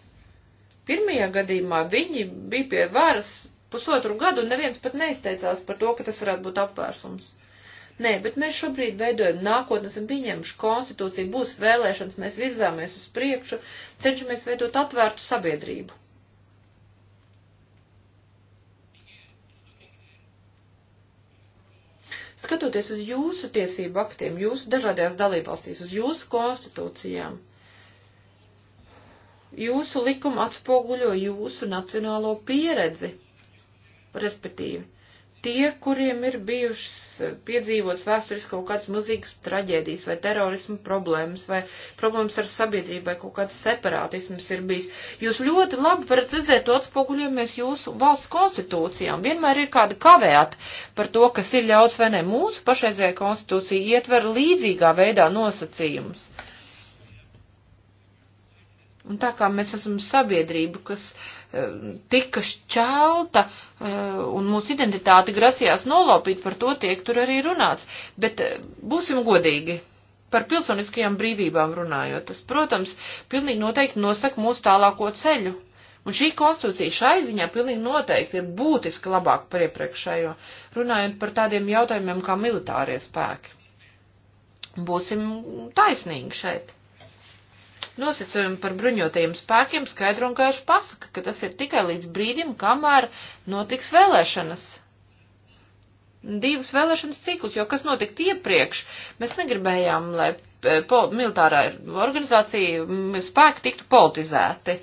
Pirmajā gadījumā viņi bija pie varas pusotru gadu un neviens pat neizteicās par to, ka tas varētu būt apvērsums. Nē, bet mēs šobrīd veidojam nākotni, esam pieņemši konstitūciju, būs vēlēšanas, mēs virzāmies uz priekšu, cenšamies veidot atvērtu sabiedrību. Skatoties uz jūsu tiesību aktiem, jūsu dažādajās dalībvalstīs, uz jūsu konstitūcijām, jūsu likuma atspoguļo jūsu nacionālo pieredzi, respektīvi tie, kuriem ir bijušas piedzīvots vēsturiski kaut kādas milzīgas traģēdijas vai terorismu problēmas vai problēmas ar sabiedrību vai kaut kāds separātisms ir bijis. Jūs ļoti labi varat redzēt to atspoguļojamies jūsu valsts konstitūcijām. Vienmēr ir kāda kavēt par to, kas ir ļauts vai ne. Mūsu pašreizējā konstitūcija ietver līdzīgā veidā nosacījumus. Un tā kā mēs esam sabiedrība, kas uh, tika šķelta uh, un mūsu identitāte grasījās nolopīt, par to tiek tur arī runāts. Bet uh, būsim godīgi. Par pilsoniskajām brīvībām runājot, tas, protams, pilnīgi noteikti nosaka mūsu tālāko ceļu. Un šī konstitūcija šai ziņā pilnīgi noteikti ir būtiski labāk par iepriekšējo, runājot par tādiem jautājumiem kā militārie spēki. Būsim taisnīgi šeit. Nosacījumi par bruņotajiem spēkiem skaidru un gaišu pasaka, ka tas ir tikai līdz brīdim, kamēr notiks vēlēšanas. Divas vēlēšanas ciklus, jo kas notika iepriekš, mēs negribējām, lai e, militārā organizācija spēki tiktu politizēti.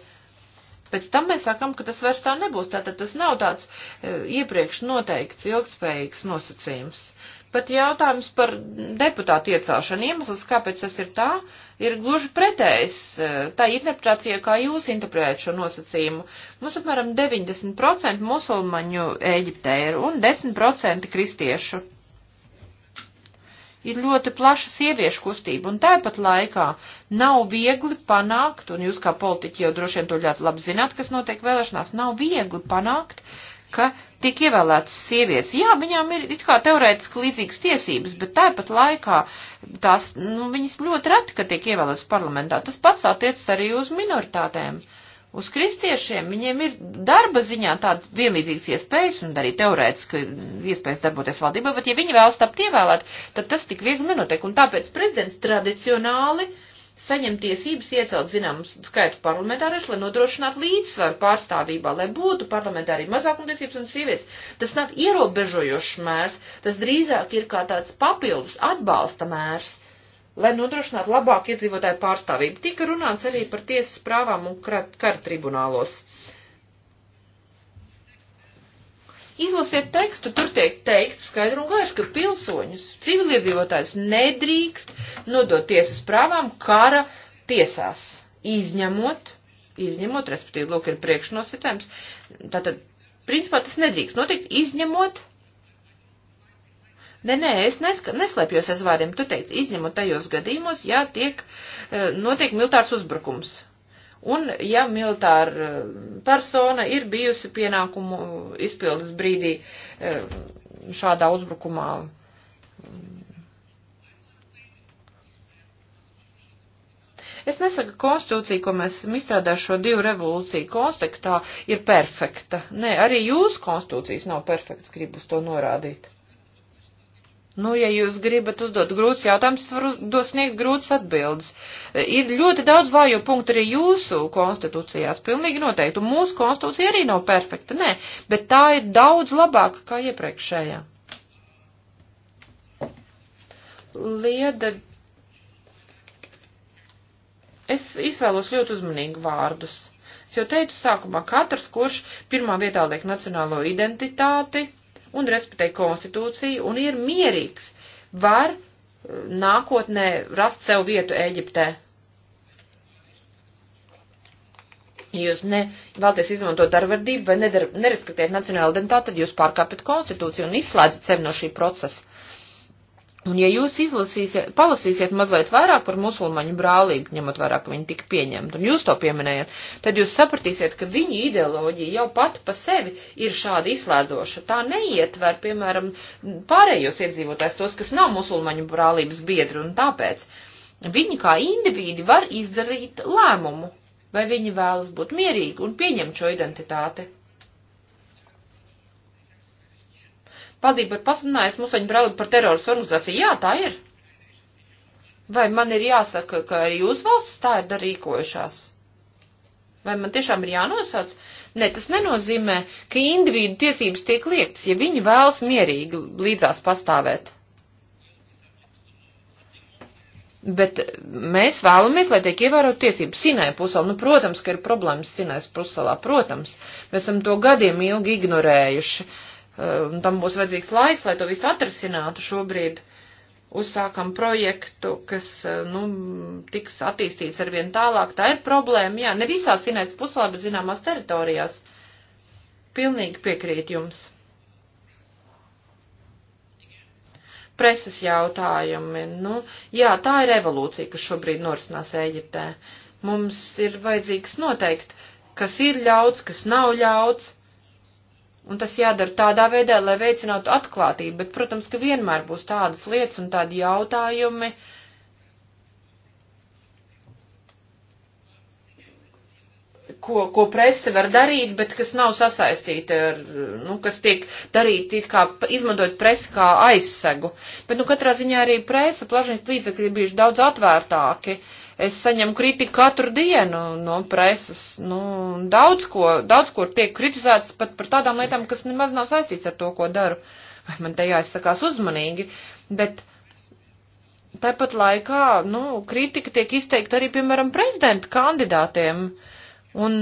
Pēc tam mēs sakam, ka tas vairs tā nebūs, tātad tas nav tāds e, iepriekš noteikts ilgspējīgs nosacījums. Pat jautājums par deputātu iecelšanu iemesls, kāpēc tas ir tā, ir gluži pretējs e, tā interpretācija, kā jūs interpretējat šo nosacījumu. Mums apmēram 90% musulmaņu Ēģiptē ir un 10% kristiešu. Ir ļoti plaša sieviešu kustība, un tāpat laikā nav viegli panākt, un jūs kā politiķi jau droši vien to ļoti labi zināt, kas notiek vēlēšanās, nav viegli panākt uh, ka tiek ievēlētas sievietes. Jā, viņām ir it kā teorētiski līdzīgas tiesības, bet tāpat laikā tās, nu, viņas ļoti reti, ka tiek ievēlētas parlamentā. Tas pats attiecas arī uz minoritātēm. Uz kristiešiem viņiem ir darba ziņā tādas vienlīdzīgas iespējas un arī teorētiski iespējas darboties valdībā, bet ja viņi vēlas tapt ievēlēt, tad tas tik viegli nenotiek. Un tāpēc prezidents tradicionāli uh, saņem tiesības iecelt zināmu skaitu parlamentāriešu, lai nodrošinātu līdzsvaru pārstāvībā, lai būtu parlamentāri mazākumtiesības un sievietes. Tas nav ierobežojošs mērs, tas drīzāk ir kā tāds papildus atbalsta mērs, lai nodrošinātu labāku iedzīvotāju pārstāvību. Tika runāts arī par tiesas prāvām un kara tribunālos. Kar Izlasiet tekstu, tur tiek teikt skaidru un gaišu, ka pilsoņus, civiliedzīvotājus nedrīkst nodot tiesas prāvām kara tiesās, izņemot, izņemot, respektīvi, lūk, ir priekšnositājums. Tātad, principā, tas nedrīkst notikt, izņemot Nē, nē, es neska, neslēpjos aiz vārdiem. Tu teici, izņemot tajos gadījumos, ja tiek, eh, notiek militārs uzbrukums un ja militāra eh, persona ir bijusi pienākumu izpildes brīdī eh, šādā uzbrukumā. Mm. Es nesaku, ka konstitūcija, ko mēs esam izstrādājuši šo divu revolūciju kontekstā, ir perfekta. Nē, arī jūsu konstitūcijas nav perfekts, gribu to norādīt. Nu, ja jūs gribat uzdot grūts jautājums, es varu dosniegt grūts atbildes. E, ir ļoti daudz vājo punktu arī jūsu konstitūcijās, pilnīgi noteikti. Un mūsu konstitūcija arī nav perfekta, nē, bet tā ir daudz labāka kā iepriekšējā. Lieda. Es izvēlos ļoti uzmanīgi vārdus. Es jau teicu sākumā, katrs, kurš pirmā vietā liek nacionālo identitāti, un respektē konstitūciju un ir mierīgs, var eh, nākotnē rast sev vietu Eģiptē. Ja jūs ne, vēlaties izmantot darbvardību vai nedar, nerespektēt nacionālu identitāti, tad jūs pārkāpjat konstitūciju un izslēdzat sevi no šī procesa. Un ja jūs izlasīsiet, palasīsiet mazliet vairāk par musulmaņu brālību, ņemot vairāk, ka viņi tika pieņemti, un jūs to pieminējat, tad jūs sapratīsiet, ka viņu ideoloģija jau pati pa sevi ir šāda izslēdzoša. Tā neietver, piemēram, pārējos iedzīvotājs, tos, kas nav musulmaņu brālības biedri, un tāpēc viņi kā individi var izdarīt lēmumu, vai viņi vēlas būt mierīgi un pieņemt šo identitāti. Valdība ir pasludinājusi musoņu braudu par teroras organizāciju. Jā, tā ir. Vai man ir jāsaka, ka arī jūs valsts tā ir darīkojušās? Vai man tiešām ir jānosauc? Nē, tas nenozīmē, ka individu tiesības tiek liektas, ja viņi vēlas mierīgi līdzās pastāvēt. Bet mēs vēlamies, lai tiek ievērot tiesības Sinai puselā. Nu, protams, ka ir problēmas Sinais puselā, protams. Mēs esam to gadiem ilgi ignorējuši. Uh, un tam būs vajadzīgs laiks, lai to visu atrasinātu šobrīd. Uzsākam projektu, kas, nu, tiks attīstīts arvien tālāk. Tā ir problēma, jā, ne visās Sinais puslā, bet zināmās teritorijās. Pilnīgi piekrīt jums. Preses jautājumi, nu, jā, tā ir evolūcija, kas šobrīd norisinās Ēģiptē. Mums ir vajadzīgs noteikt, kas ir ļauts, kas nav ļauts Un tas jādara tādā veidā, lai veicinātu atklātību, bet, protams, ka vienmēr būs tādas lietas un tādi jautājumi, ko, ko prese var darīt, bet kas nav sasaistīti ar, nu, kas tiek darīti, it kā izmantojot presi kā aizsegu. Bet, nu, katrā ziņā arī presa, plašiņas līdzekļi ir bijuši daudz atvērtāki. Uh, Es saņemu kritiku katru dienu no preses. Nu, daudz, ko, daudz ko tiek kritizēts pat par tādām lietām, kas nemaz nav saistīts ar to, ko daru. Vai man te jāizsakās uzmanīgi, bet tāpat laikā, nu, kritika tiek izteikta arī, piemēram, prezidenta kandidātiem. Un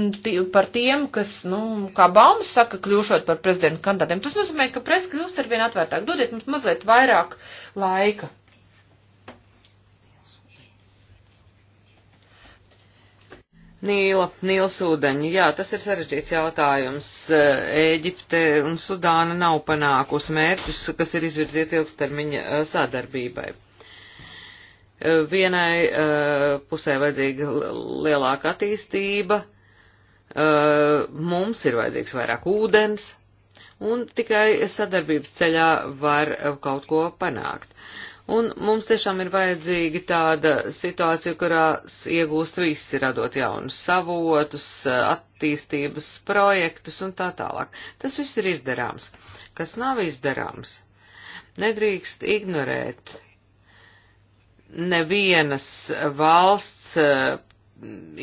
par tiem, kas, nu, kā Baumas saka, kļūšot par prezidenta kandidātiem, tas nozīmē, ka presa kļūst arvien atvērtāk. Dodiet mums mazliet vairāk laika. Nīla, Nīls ūdeņi, jā, tas ir sarežģīts jautājums. E, Ēģipte un Sudāna nav panākusi mērķus, kas ir izvirzīti ilgstermiņa e, sadarbībai. E, vienai pusē vajadzīga lielāka attīstība, mums ir vajadzīgs vairāk ūdens, un tikai sadarbības ceļā var kaut ko panākt. Un mums tiešām ir vajadzīga tāda situācija, kurās iegūst visi, radot jaunus savotus, attīstības projektus un tā tālāk. Tas viss ir izdarāms. Kas nav izdarāms, nedrīkst ignorēt nevienas valsts eh,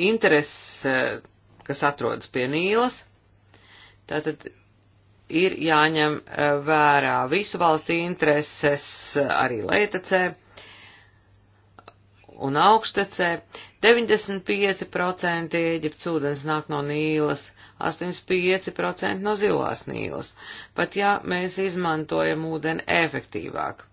intereses, eh, kas atrodas pie Nīlas. Tātad ir jāņem eh, vērā visu valstu intereses arī leitacē un augštecē. 95% Eģiptes ūdens nāk no Nīlas, 85% no zilās Nīlas, pat ja mēs izmantojam ūdeni efektīvāk.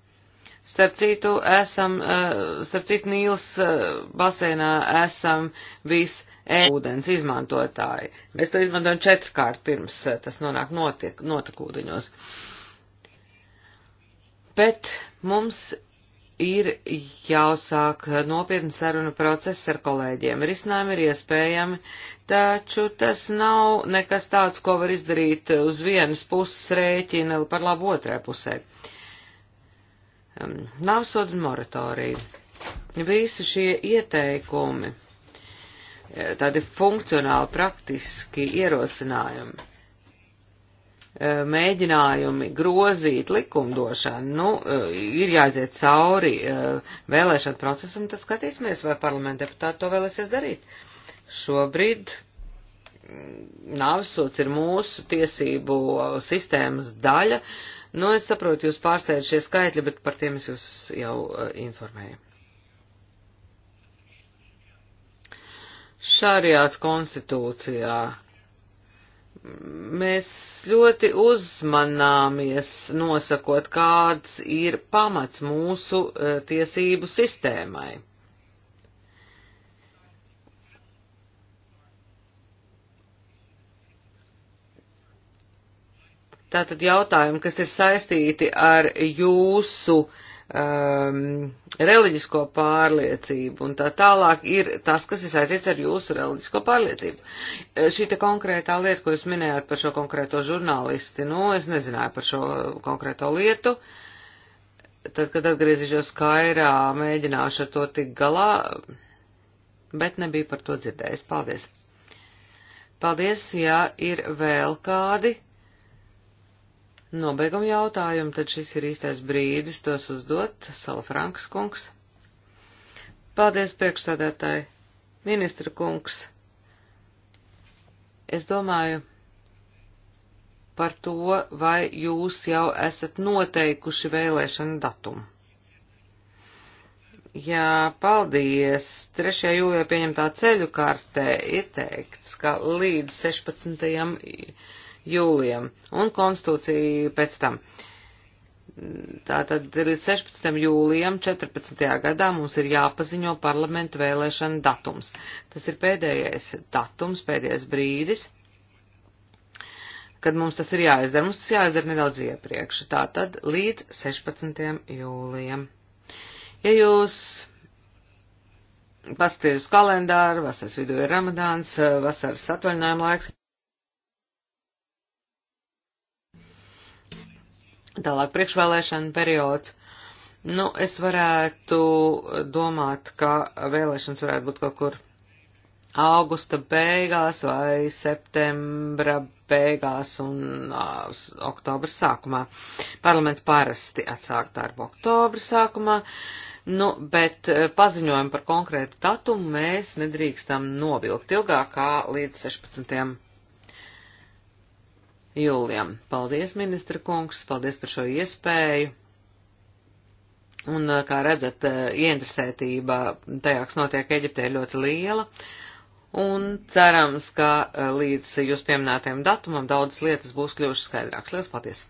Starp citu, esam, eh, starp citu Nīlas eh, basēnā esam viss ūdens izmantotāji. Mēs to izmantojam četrkārt pirms eh, tas nonāk notiek, notekūdeņos. Bet mums ir jāsāk nopietna saruna process ar kolēģiem. Risinājumi ir iespējami, taču tas nav nekas tāds, ko var izdarīt uz vienas puses rēķina par labu otrai pusē. Ehm, nav sodu moratorija. Visi šie ieteikumi tādi funkcionāli, praktiski ierosinājumi, e, mēģinājumi grozīt likumdošanu, nu, e, ir jāiziet cauri e, vēlēšanu procesam, tad skatīsimies, vai parlamenta deputāti to vēlēsies darīt. Šobrīd mm, nāvisots ir mūsu tiesību sistēmas daļa. Nu, es saprotu, jūs pārsteidz šie skaitļi, bet par tiem es jūs jau informēju. šāriāts konstitūcijā. Mēs ļoti uzmanāmies nosakot, kāds ir pamats mūsu e, tiesību sistēmai. Tātad jautājumi, kas ir saistīti ar jūsu uh, um, reliģisko pārliecību un tā tālāk ir tas, kas ir saistīts ar jūsu reliģisko pārliecību. Uh, šī te konkrētā lieta, ko jūs minējāt par šo konkrēto žurnālisti, nu, es nezināju par šo konkrēto lietu. Tad, kad atgriezīšos Kairā, mēģināšu ar to tik galā, bet nebija par to dzirdējis. Paldies! Paldies, ja ir vēl kādi Nobeigumu jautājumu, tad šis ir īstais brīdis tos uzdot, Salafrankas kungs. Paldies, priekšsādētāji, ministra kungs. Es domāju par to, vai jūs jau esat noteikuši vēlēšanu datumu. Jā, paldies. 3. jūlijā pieņemtā ceļu kartē ir teikts, ka līdz 16 jūlijam un konstitūciju pēc tam. Tātad līdz 16. jūlijam 14. gadā mums ir jāpaziņo parlamentu vēlēšana datums. Tas ir pēdējais datums, pēdējais brīdis, kad mums tas ir jāizdara. Mums tas jāizdara nedaudz iepriekš. Tātad līdz 16. jūlijam. Ja jūs paskatieties uz kalendāru, vasaras vidū ir ramadāns, vasaras atvaļinājuma laiks. Tālāk priekšvēlēšana periods. Nu, es varētu domāt, ka vēlēšanas varētu būt kaut kur augusta beigās vai septembra beigās un uh, oktobra sākumā. Parlaments parasti atsāk darbu oktobra sākumā, nu, bet uh, paziņojumu par konkrētu datumu mēs nedrīkstam novilkt ilgāk kā līdz 16 jūlijam. Paldies, ministra kungs, paldies par šo iespēju. Un, eh, kā redzat, eh, ieinteresētība tajā, kas notiek Eģiptē, ir ļoti liela. Un cerams, ka eh, līdz jūs pieminētajam datumam daudzas lietas būs kļuvušas skaidrākas. Lielas paldies!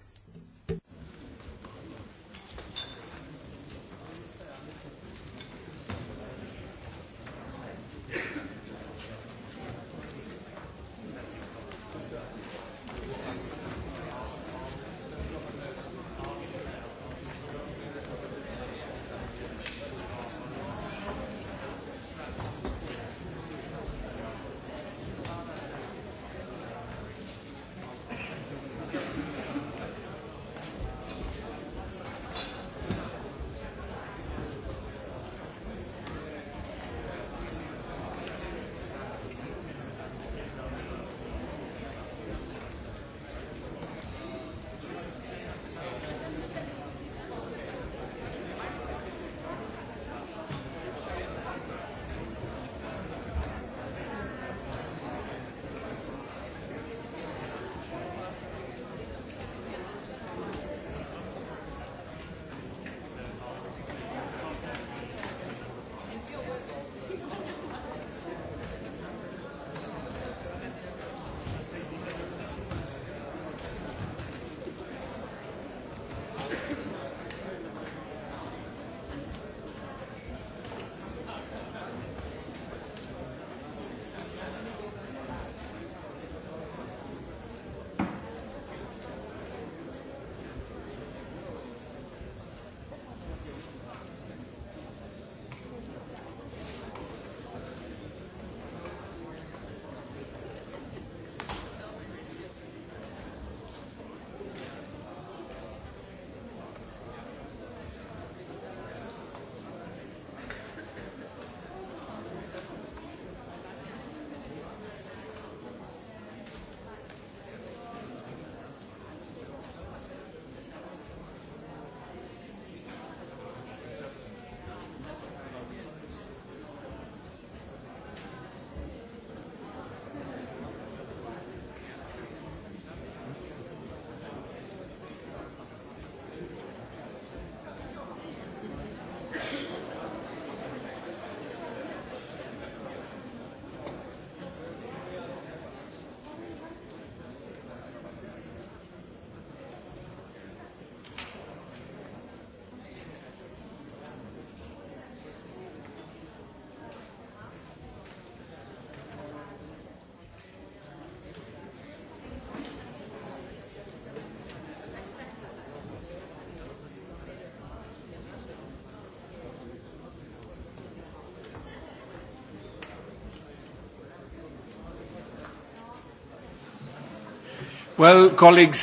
Well, colleagues.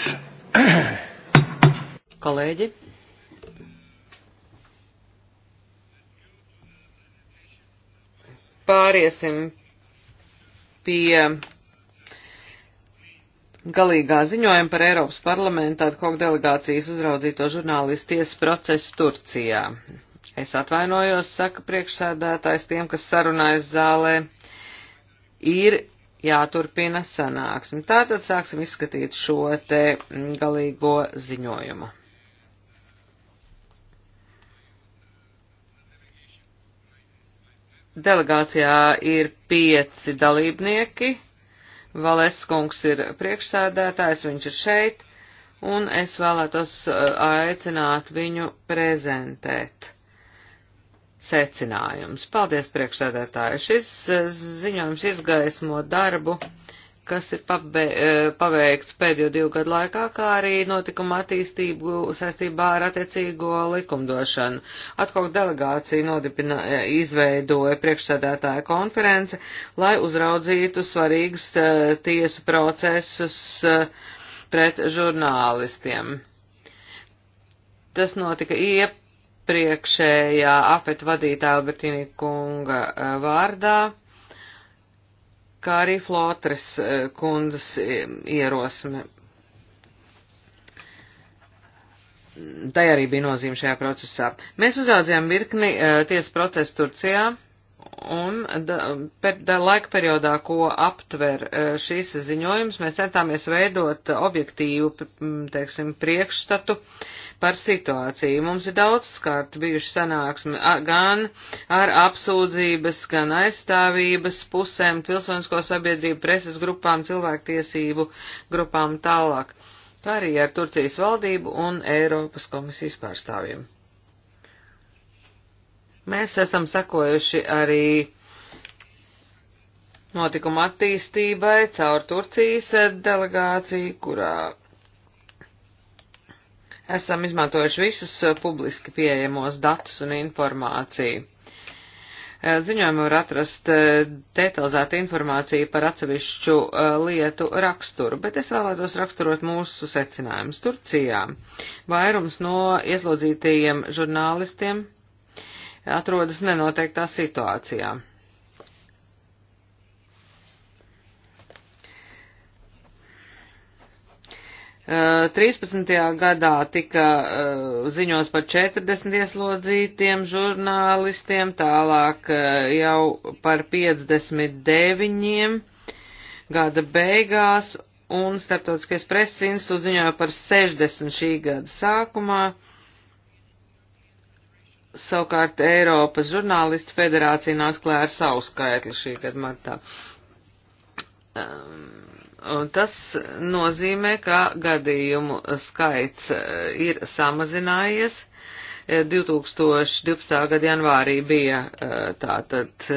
Kolēģi. Pāriesim pie galīgā ziņojuma par Eiropas parlamenta ad hoc delegācijas uzraudzīto žurnālistu tiesu procesu Turcijā. Es atvainojos, saka priekšsēdētājs tiem, kas sarunājas zālē, ir jāturpina sanāksme. Tātad sāksim izskatīt šo te galīgo ziņojumu. Delegācijā ir pieci dalībnieki. Valeskungs ir priekšsēdētājs, viņš ir šeit, un es vēlētos aicināt viņu prezentēt secinājums. Paldies, priekšsēdētāji. Šis e, ziņojums izgaismo darbu, kas ir pabe, e, paveikts pēdējo divu gadu laikā, kā arī notikuma attīstību saistībā ar attiecīgo likumdošanu. Atkal delegācija nodipina, e, izveidoja priekšsēdētāja konferenci, lai uzraudzītu svarīgus tiesu procesus pret žurnālistiem. Tas notika iep iepriekšējā afeta vadītāja Albertīni kunga eh, vārdā, kā arī Flotres eh, kundzes eh, ierosme. Tai arī bija nozīme šajā procesā. Mēs uzraudzījām virkni tiesas procesu Turcijā Un da, per, da, laika periodā, ko aptver e, šīs ziņojums, mēs centāmies veidot objektīvu, teiksim, priekšstatu par situāciju. Mums ir daudzkārt bijuši sanāksmi gan ar apsūdzības, gan aizstāvības pusēm, pilsonisko sabiedrību, preses grupām, cilvēktiesību grupām tālāk, kā arī ar Turcijas valdību un Eiropas komisijas pārstāvjiem. Mēs esam sekojuši arī notikuma attīstībai caur Turcijas delegāciju, kurā esam izmantojuši visus publiski pieejamos datus un informāciju. Eh, Ziņojumā var atrast eh, detalizētu informāciju par atsevišķu eh, lietu raksturu, bet es vēlētos raksturot mūsu secinājumus Turcijā. Vairums no ieslodzītajiem žurnālistiem atrodas nenoteiktā situācijā. Uh, 13. gadā tika uh, ziņos par 40 ieslodzītiem žurnālistiem, tālāk uh, jau par 59 gada beigās, un Startautiskais preses institūts ziņoja par 60 šī gada sākumā. Savukārt Eiropas žurnālistu federācija nāca klē ar savu skaitli šī gada martā. Um, un tas nozīmē, ka gadījumu skaits uh, ir samazinājies. 2012. Uh, gada janvārī bija uh, tātad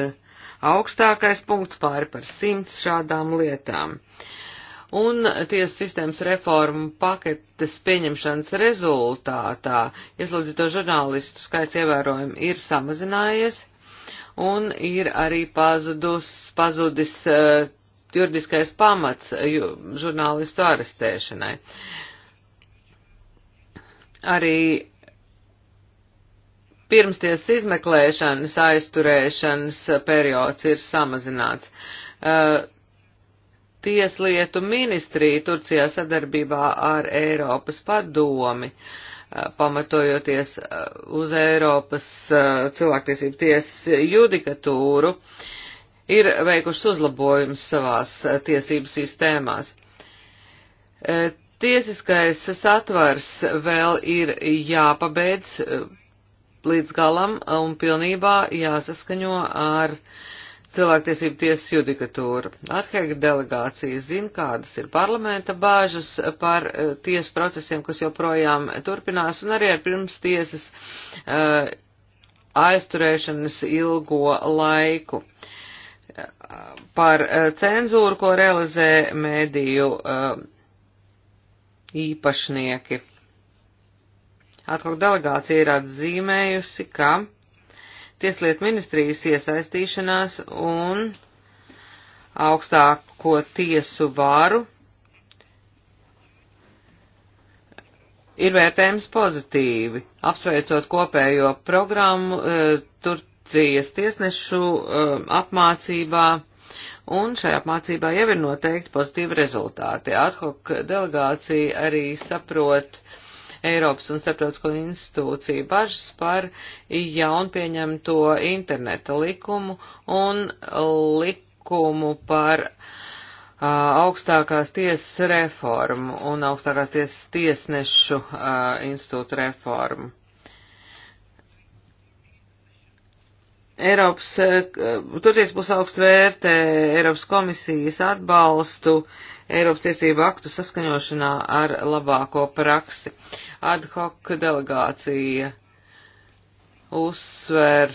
augstākais punkts pāri par simts šādām lietām. Uh, un tiesas sistēmas reformu paketes pieņemšanas rezultātā ieslodzīto žurnālistu skaits ievērojami ir samazinājies un ir arī pazudus, pazudis uh, juridiskais pamats ju, žurnālistu arestēšanai. Arī pirmstiesas izmeklēšanas aizturēšanas periods ir samazināts. Uh, Tieslietu ministrija Turcijā sadarbībā ar Eiropas padomi, pamatojoties uz Eiropas cilvēktiesību tiesas judikatūru, ir veikušas uzlabojumus savās tiesību sistēmās. Tiesiskais satvars vēl ir jāpabeidz līdz galam un pilnībā jāsaskaņo ar uh, cilvēktiesību tiesas judikatūru. Arhēga delegācija zina, kādas ir parlamenta bāžas par eh, tiesu procesiem, kas joprojām turpinās, un arī ar pirms tiesas uh, aizturēšanas ilgo laiku eh, par cenzūru, ko realizē mēdīju uh, īpašnieki. Atkal delegācija ir atzīmējusi, ka Tieslietu ministrijas iesaistīšanās un augstāko tiesu vāru ir vērtējums pozitīvi. Apsveicot kopējo programmu e, Turcijas tiesnešu e, apmācībā, un šajā apmācībā jau ir noteikti pozitīvi rezultāti. Ad hoc delegācija arī saprot, uh, Eiropas un starptautisko institūciju bažas par jaunpieņemto interneta likumu un likumu par uh, augstākās tiesas reformu un augstākās tiesas tiesnešu uh, institūtu reformu. Eiropas, Turcijas būs augst vērtē Eiropas komisijas atbalstu Eiropas tiesību aktu saskaņošanā ar labāko praksi ad hoc delegācija uzsver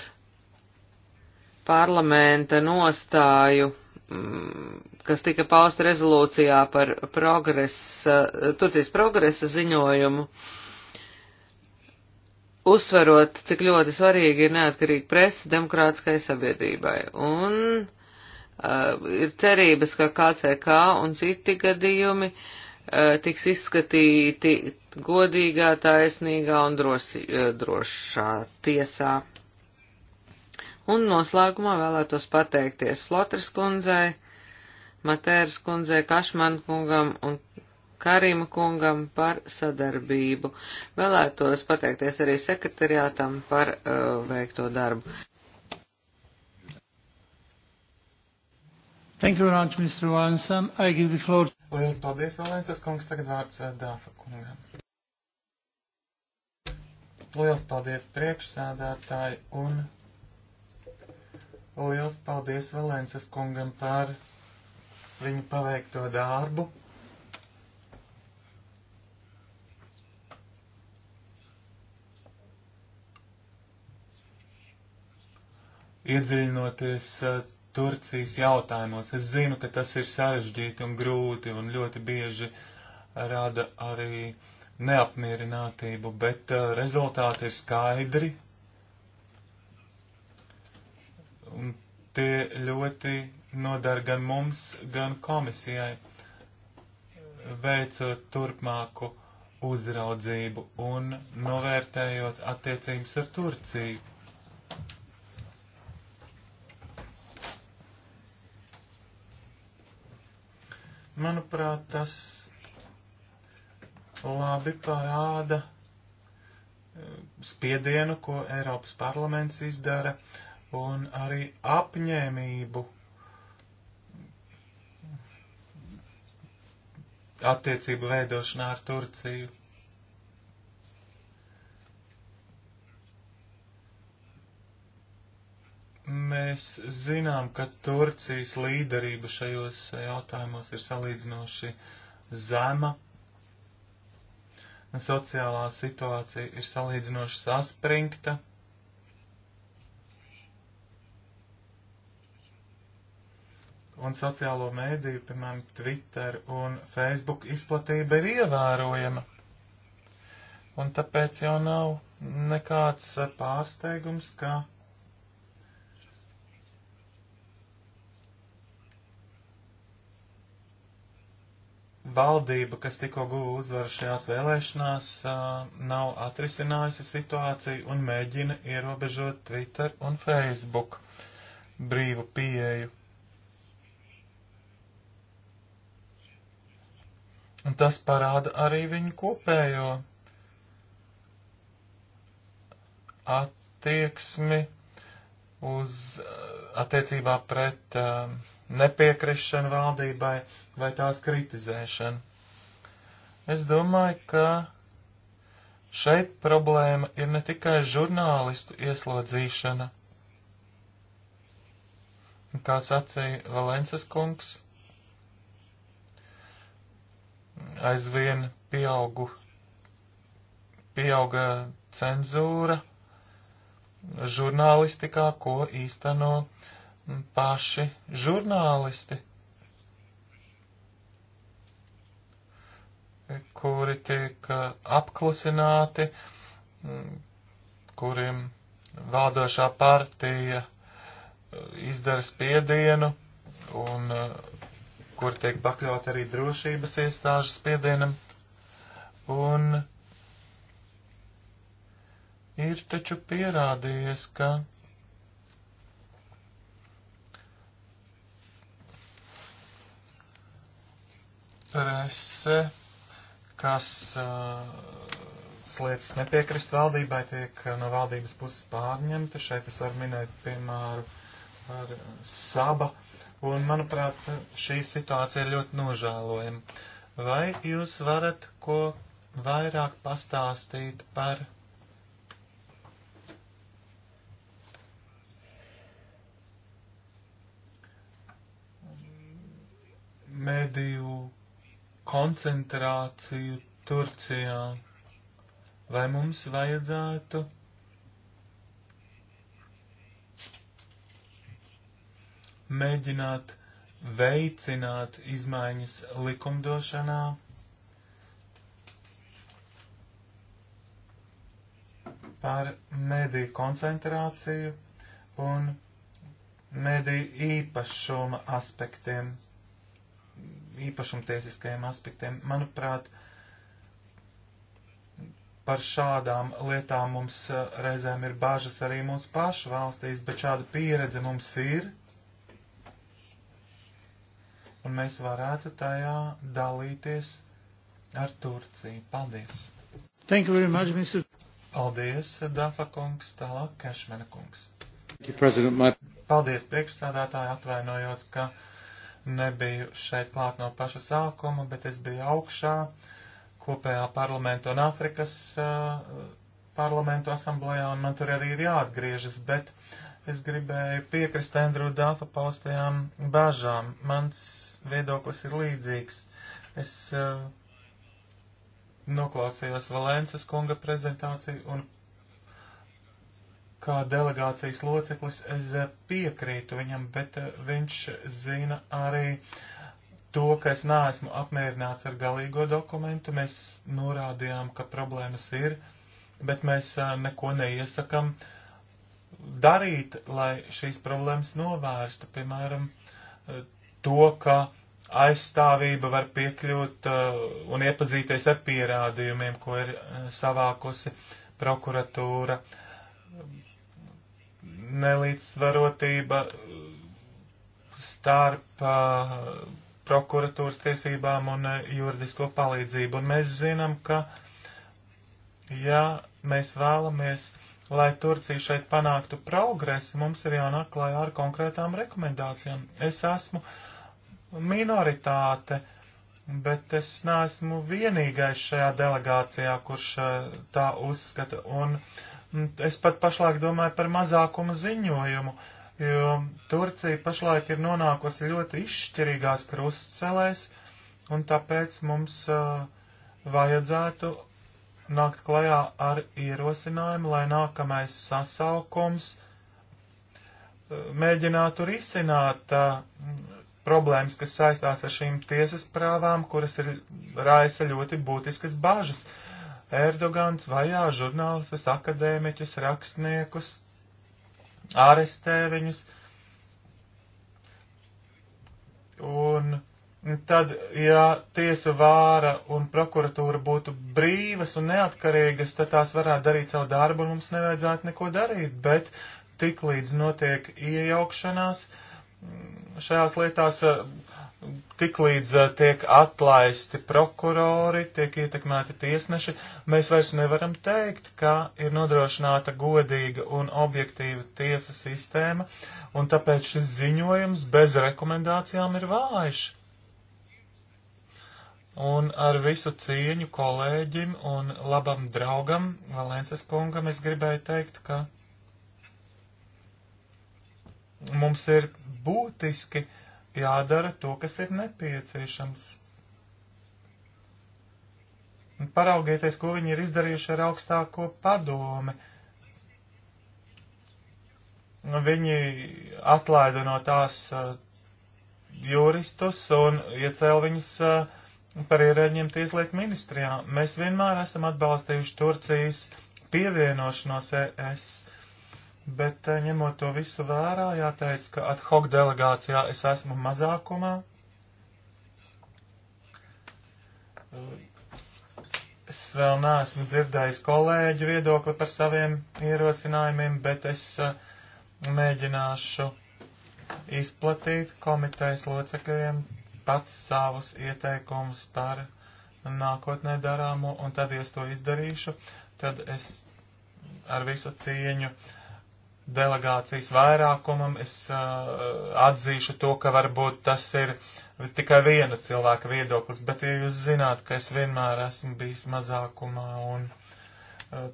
parlamenta nostāju, mm, kas tika pausta rezolūcijā par progresa, Turcijas progresa ziņojumu, uzsverot, cik ļoti svarīgi ir neatkarīga presa demokrātiskai sabiedrībai. Un uh, ir cerības, ka KCK un citi gadījumi uh, Eh, tiks izskatīti godīgā, taisnīgā un drosi, eh, drošā tiesā. Un noslēgumā vēlētos pateikties Flotras kundzei, Matēras kundzei, Kašman kungam un Karima kungam par sadarbību. Vēlētos pateikties arī sekretariātam par uh, veikto darbu. Thank you very much, Mr. Wanson. I give the floor. Lielas paldies, Valences kungs, tagad vārds eh, Dāfa kungam. Lielas paldies priekšsēdētāji un liels paldies Valences kungam par viņu paveikto darbu. Iedziļinoties eh, Turcijas jautājumos. Es zinu, ka tas ir sarežģīti un grūti un ļoti bieži rada arī neapmierinātību, bet uh, rezultāti ir skaidri. Un tie ļoti nodara gan mums, gan komisijai, veicot turpmāku uzraudzību un novērtējot attiecības ar Turciju Manuprāt, tas labi parāda e, spiedienu, ko Eiropas parlaments izdara, un arī apņēmību attiecību veidošanā ar Turciju. Mēs zinām, ka Turcijas līderība šajos jautājumos ir salīdzinoši zema. Sociālā situācija ir salīdzinoši saspringta. Un sociālo mēdīju, piemēram, Twitter un Facebook izplatība ir ievērojama. Un tāpēc jau nav nekāds pārsteigums, ka. Kā valdība, kas tikko guva uzvaru šajās vēlēšanās, nav atrisinājusi situāciju un mēģina ierobežot Twitter un Facebook brīvu pieeju. Un tas parāda arī viņu kopējo attieksmi uz attiecībā pret uh, nepiekrišana valdībai vai tās kritizēšana. Es domāju, ka šeit problēma ir ne tikai žurnālistu ieslodzīšana, kā sacīja Valences kungs, aizvien pieaugu, pieauga cenzūra žurnālistikā, ko īsteno uh, paši žurnālisti, kuri tiek uh, apklusināti, mm, kuriem valdošā partija uh, izdara spiedienu un uh, kur tiek pakļaut arī drošības iestāžu spiedienam. Un ir taču pierādījies, ka Prese, kas uh, lietas nepiekrist valdībai, tiek no valdības puses pārņemta. Šeit es varu minēt piemēru ar saba. Un, manuprāt, šī situācija ir ļoti nožēlojama. Vai jūs varat ko vairāk pastāstīt par mediju koncentrāciju Turcijā. Vai mums vajadzētu mēģināt veicināt izmaiņas likumdošanā? par mediju koncentrāciju un mediju īpašuma aspektiem īpašumtiesiskajiem aspektiem. Manuprāt, par šādām lietām mums uh, reizēm ir bažas arī mūsu pašu valstīs, bet šāda pieredze mums ir. Un mēs varētu tajā dalīties ar Turciju. Paldies! Thank you very much, Mr. Paldies, Dafa kungs, tālāk Kešmena kungs. You, My... Paldies, priekšsādātāji, atvainojos, ka nebiju šeit klāt no paša sākuma, bet es biju augšā kopējā parlamenta un Afrikas uh, parlamentu asamblējā, un man tur arī ir jāatgriežas, bet es gribēju piekrist Andrew Dāfa paustajām bažām. Mans viedoklis ir līdzīgs. Es uh, noklausījos Valences kunga prezentāciju un kā delegācijas loceklis es eh, piekrītu viņam, bet eh, viņš zina arī to, ka es neesmu apmierināts ar galīgo dokumentu. Mēs norādījām, ka problēmas ir, bet mēs eh, neko neiesakam darīt, lai šīs problēmas novērstu. Piemēram, to, ka aizstāvība var piekļūt uh, un iepazīties ar pierādījumiem, ko ir savākusi prokuratūra nelīdzsvarotība eh, starp eh, prokuratūras tiesībām un eh, juridisko palīdzību. Un mēs zinām, ka, ja mēs vēlamies, lai Turcija šeit panāktu progresu, mums ir jānāk klājā ar konkrētām rekomendācijām. Es esmu minoritāte, bet es neesmu vienīgais šajā delegācijā, kurš tā uzskata. Un Mm, es pat pašlaik domāju par mazākumu ziņojumu, jo Turcija pašlaik ir nonākusi ļoti izšķirīgās krustcelēs, un tāpēc mums uh, vajadzētu nākt klajā ar ierosinājumu, lai nākamais sasaukums uh, mēģinātu risināt uh, problēmas, kas saistās ar šīm tiesas prāvām, kuras ir raisa ļoti būtiskas bažas. Uh, Erdogans vajā žurnālistus, akadēmiķus, rakstniekus, ārestē viņus, un tad, ja tiesu vāra un prokuratūra būtu brīvas un neatkarīgas, tad tās varētu darīt savu darbu un mums nevajadzētu neko darīt, bet tik līdz notiek iejaukšanās šajās lietās, tiklīdz eh, tiek atlaisti prokurori, tiek ietekmēti tiesneši, mēs vairs nevaram teikt, ka ir nodrošināta godīga un objektīva tiesa sistēma, un tāpēc šis ziņojums bez rekomendācijām ir vājš. Un ar visu cieņu kolēģim un labam draugam Valences kungam es gribēju teikt, ka mums ir būtiski uh, jādara to, kas ir nepieciešams. Un paraugieties, ko viņi ir izdarījuši ar augstāko padomi. Nu, viņi atlaida no tās uh, juristus un iecēla viņus uh, par ierēģiem tieslietu ministrijā. Mēs vienmēr esam atbalstījuši Turcijas pievienošanos ES. Uh, bet eh, ņemot to visu vērā, jāteic, ka ad hoc delegācijā es esmu mazākumā. Eh, es vēl neesmu dzirdējis kolēģu viedokli par saviem ierosinājumiem, bet es eh, mēģināšu izplatīt komitejas locekļiem pats savus ieteikumus par nākotnē darāmo, un tad, ja es to izdarīšu, tad es ar visu cieņu uh, delegācijas vairākumam, es uh, atzīšu to, ka varbūt tas ir tikai viena cilvēka viedoklis, bet ja jūs zināt, ka es vienmēr esmu bijis mazākumā un uh,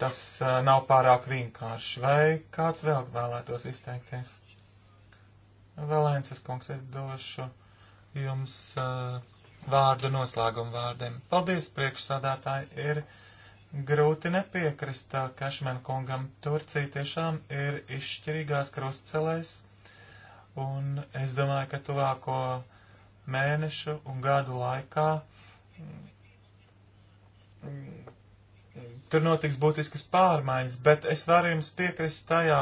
tas uh, nav pārāk vienkārši, vai kāds vēl vēlētos izteikties? Valēnces kungs, es došu jums uh, vārdu noslēgumu vārdiem. Paldies, priekšsādātāji, ir Grūti nepiekrist tā Kašmēn kungam. Turcija tiešām ir izšķirīgās krustcelēs, un es domāju, ka tuvāko mēnešu un gadu laikā tur notiks būtiskas pārmaiņas, bet es varu jums piekrist tajā,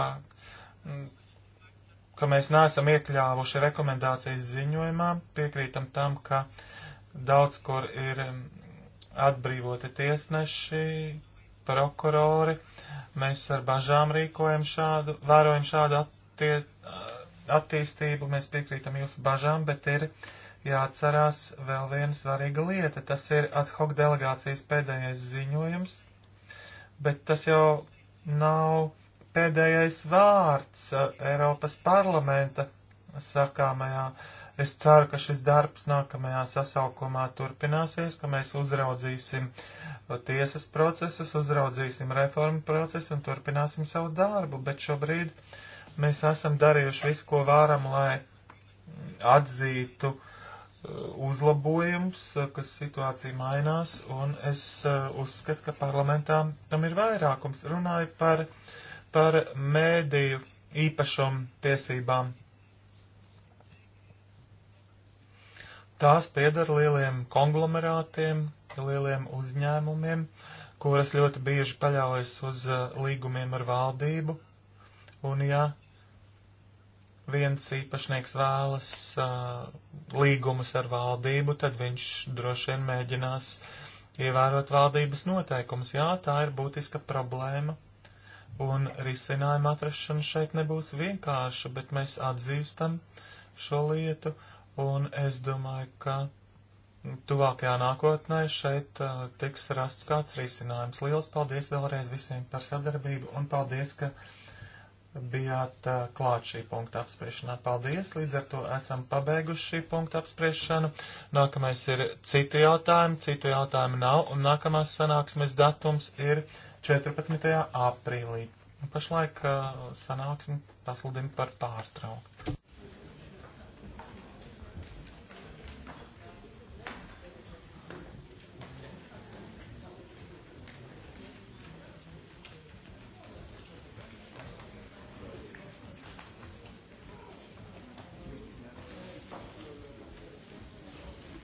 ka mēs neesam iekļāvuši rekomendācijas ziņojumā, piekrītam tam, ka daudz kur ir atbrīvoti tiesneši, prokurori. Mēs ar bažām rīkojam šādu, vērojam šādu attie, attīstību, mēs piekrītam jūsu bažām, bet ir jāatcerās vēl viena svarīga lieta. Tas ir ad hoc delegācijas pēdējais ziņojums, bet tas jau nav pēdējais vārds uh, Eiropas parlamenta sakāmajā. Ja Es ceru, ka šis darbs nākamajā sasaukumā turpināsies, ka mēs uzraudzīsim tiesas procesus, uzraudzīsim reformu procesu un turpināsim savu darbu, bet šobrīd mēs esam darījuši visu, ko varam, lai atzītu uh, uzlabojums, uh, kas situācija mainās, un es uh, uzskatu, ka parlamentā tam ir vairākums. Runāju par, par mēdīju īpašumu tiesībām Tās piedar lieliem konglomerātiem, lieliem uzņēmumiem, kuras ļoti bieži paļaujas uz uh, līgumiem ar valdību. Un ja viens īpašnieks vēlas uh, līgumus ar valdību, tad viņš droši vien mēģinās ievērot valdības noteikumus. Jā, tā ir būtiska problēma, un risinājuma atrašana šeit nebūs vienkārša, bet mēs atzīstam šo lietu un es domāju, ka tuvākajā nākotnē šeit uh, tiks rasts kāds risinājums. Liels paldies vēlreiz visiem par sadarbību un paldies, ka bijāt uh, klāt šī punkta apspriešanā. Paldies, līdz ar to esam pabeiguši šī punkta apspriešanu. Nākamais ir citi jautājumi, citu jautājumu nav, un nākamās sanāksmes datums ir 14. aprīlī. Pašlaik uh, sanāksmi pasludina par pārtrauktu.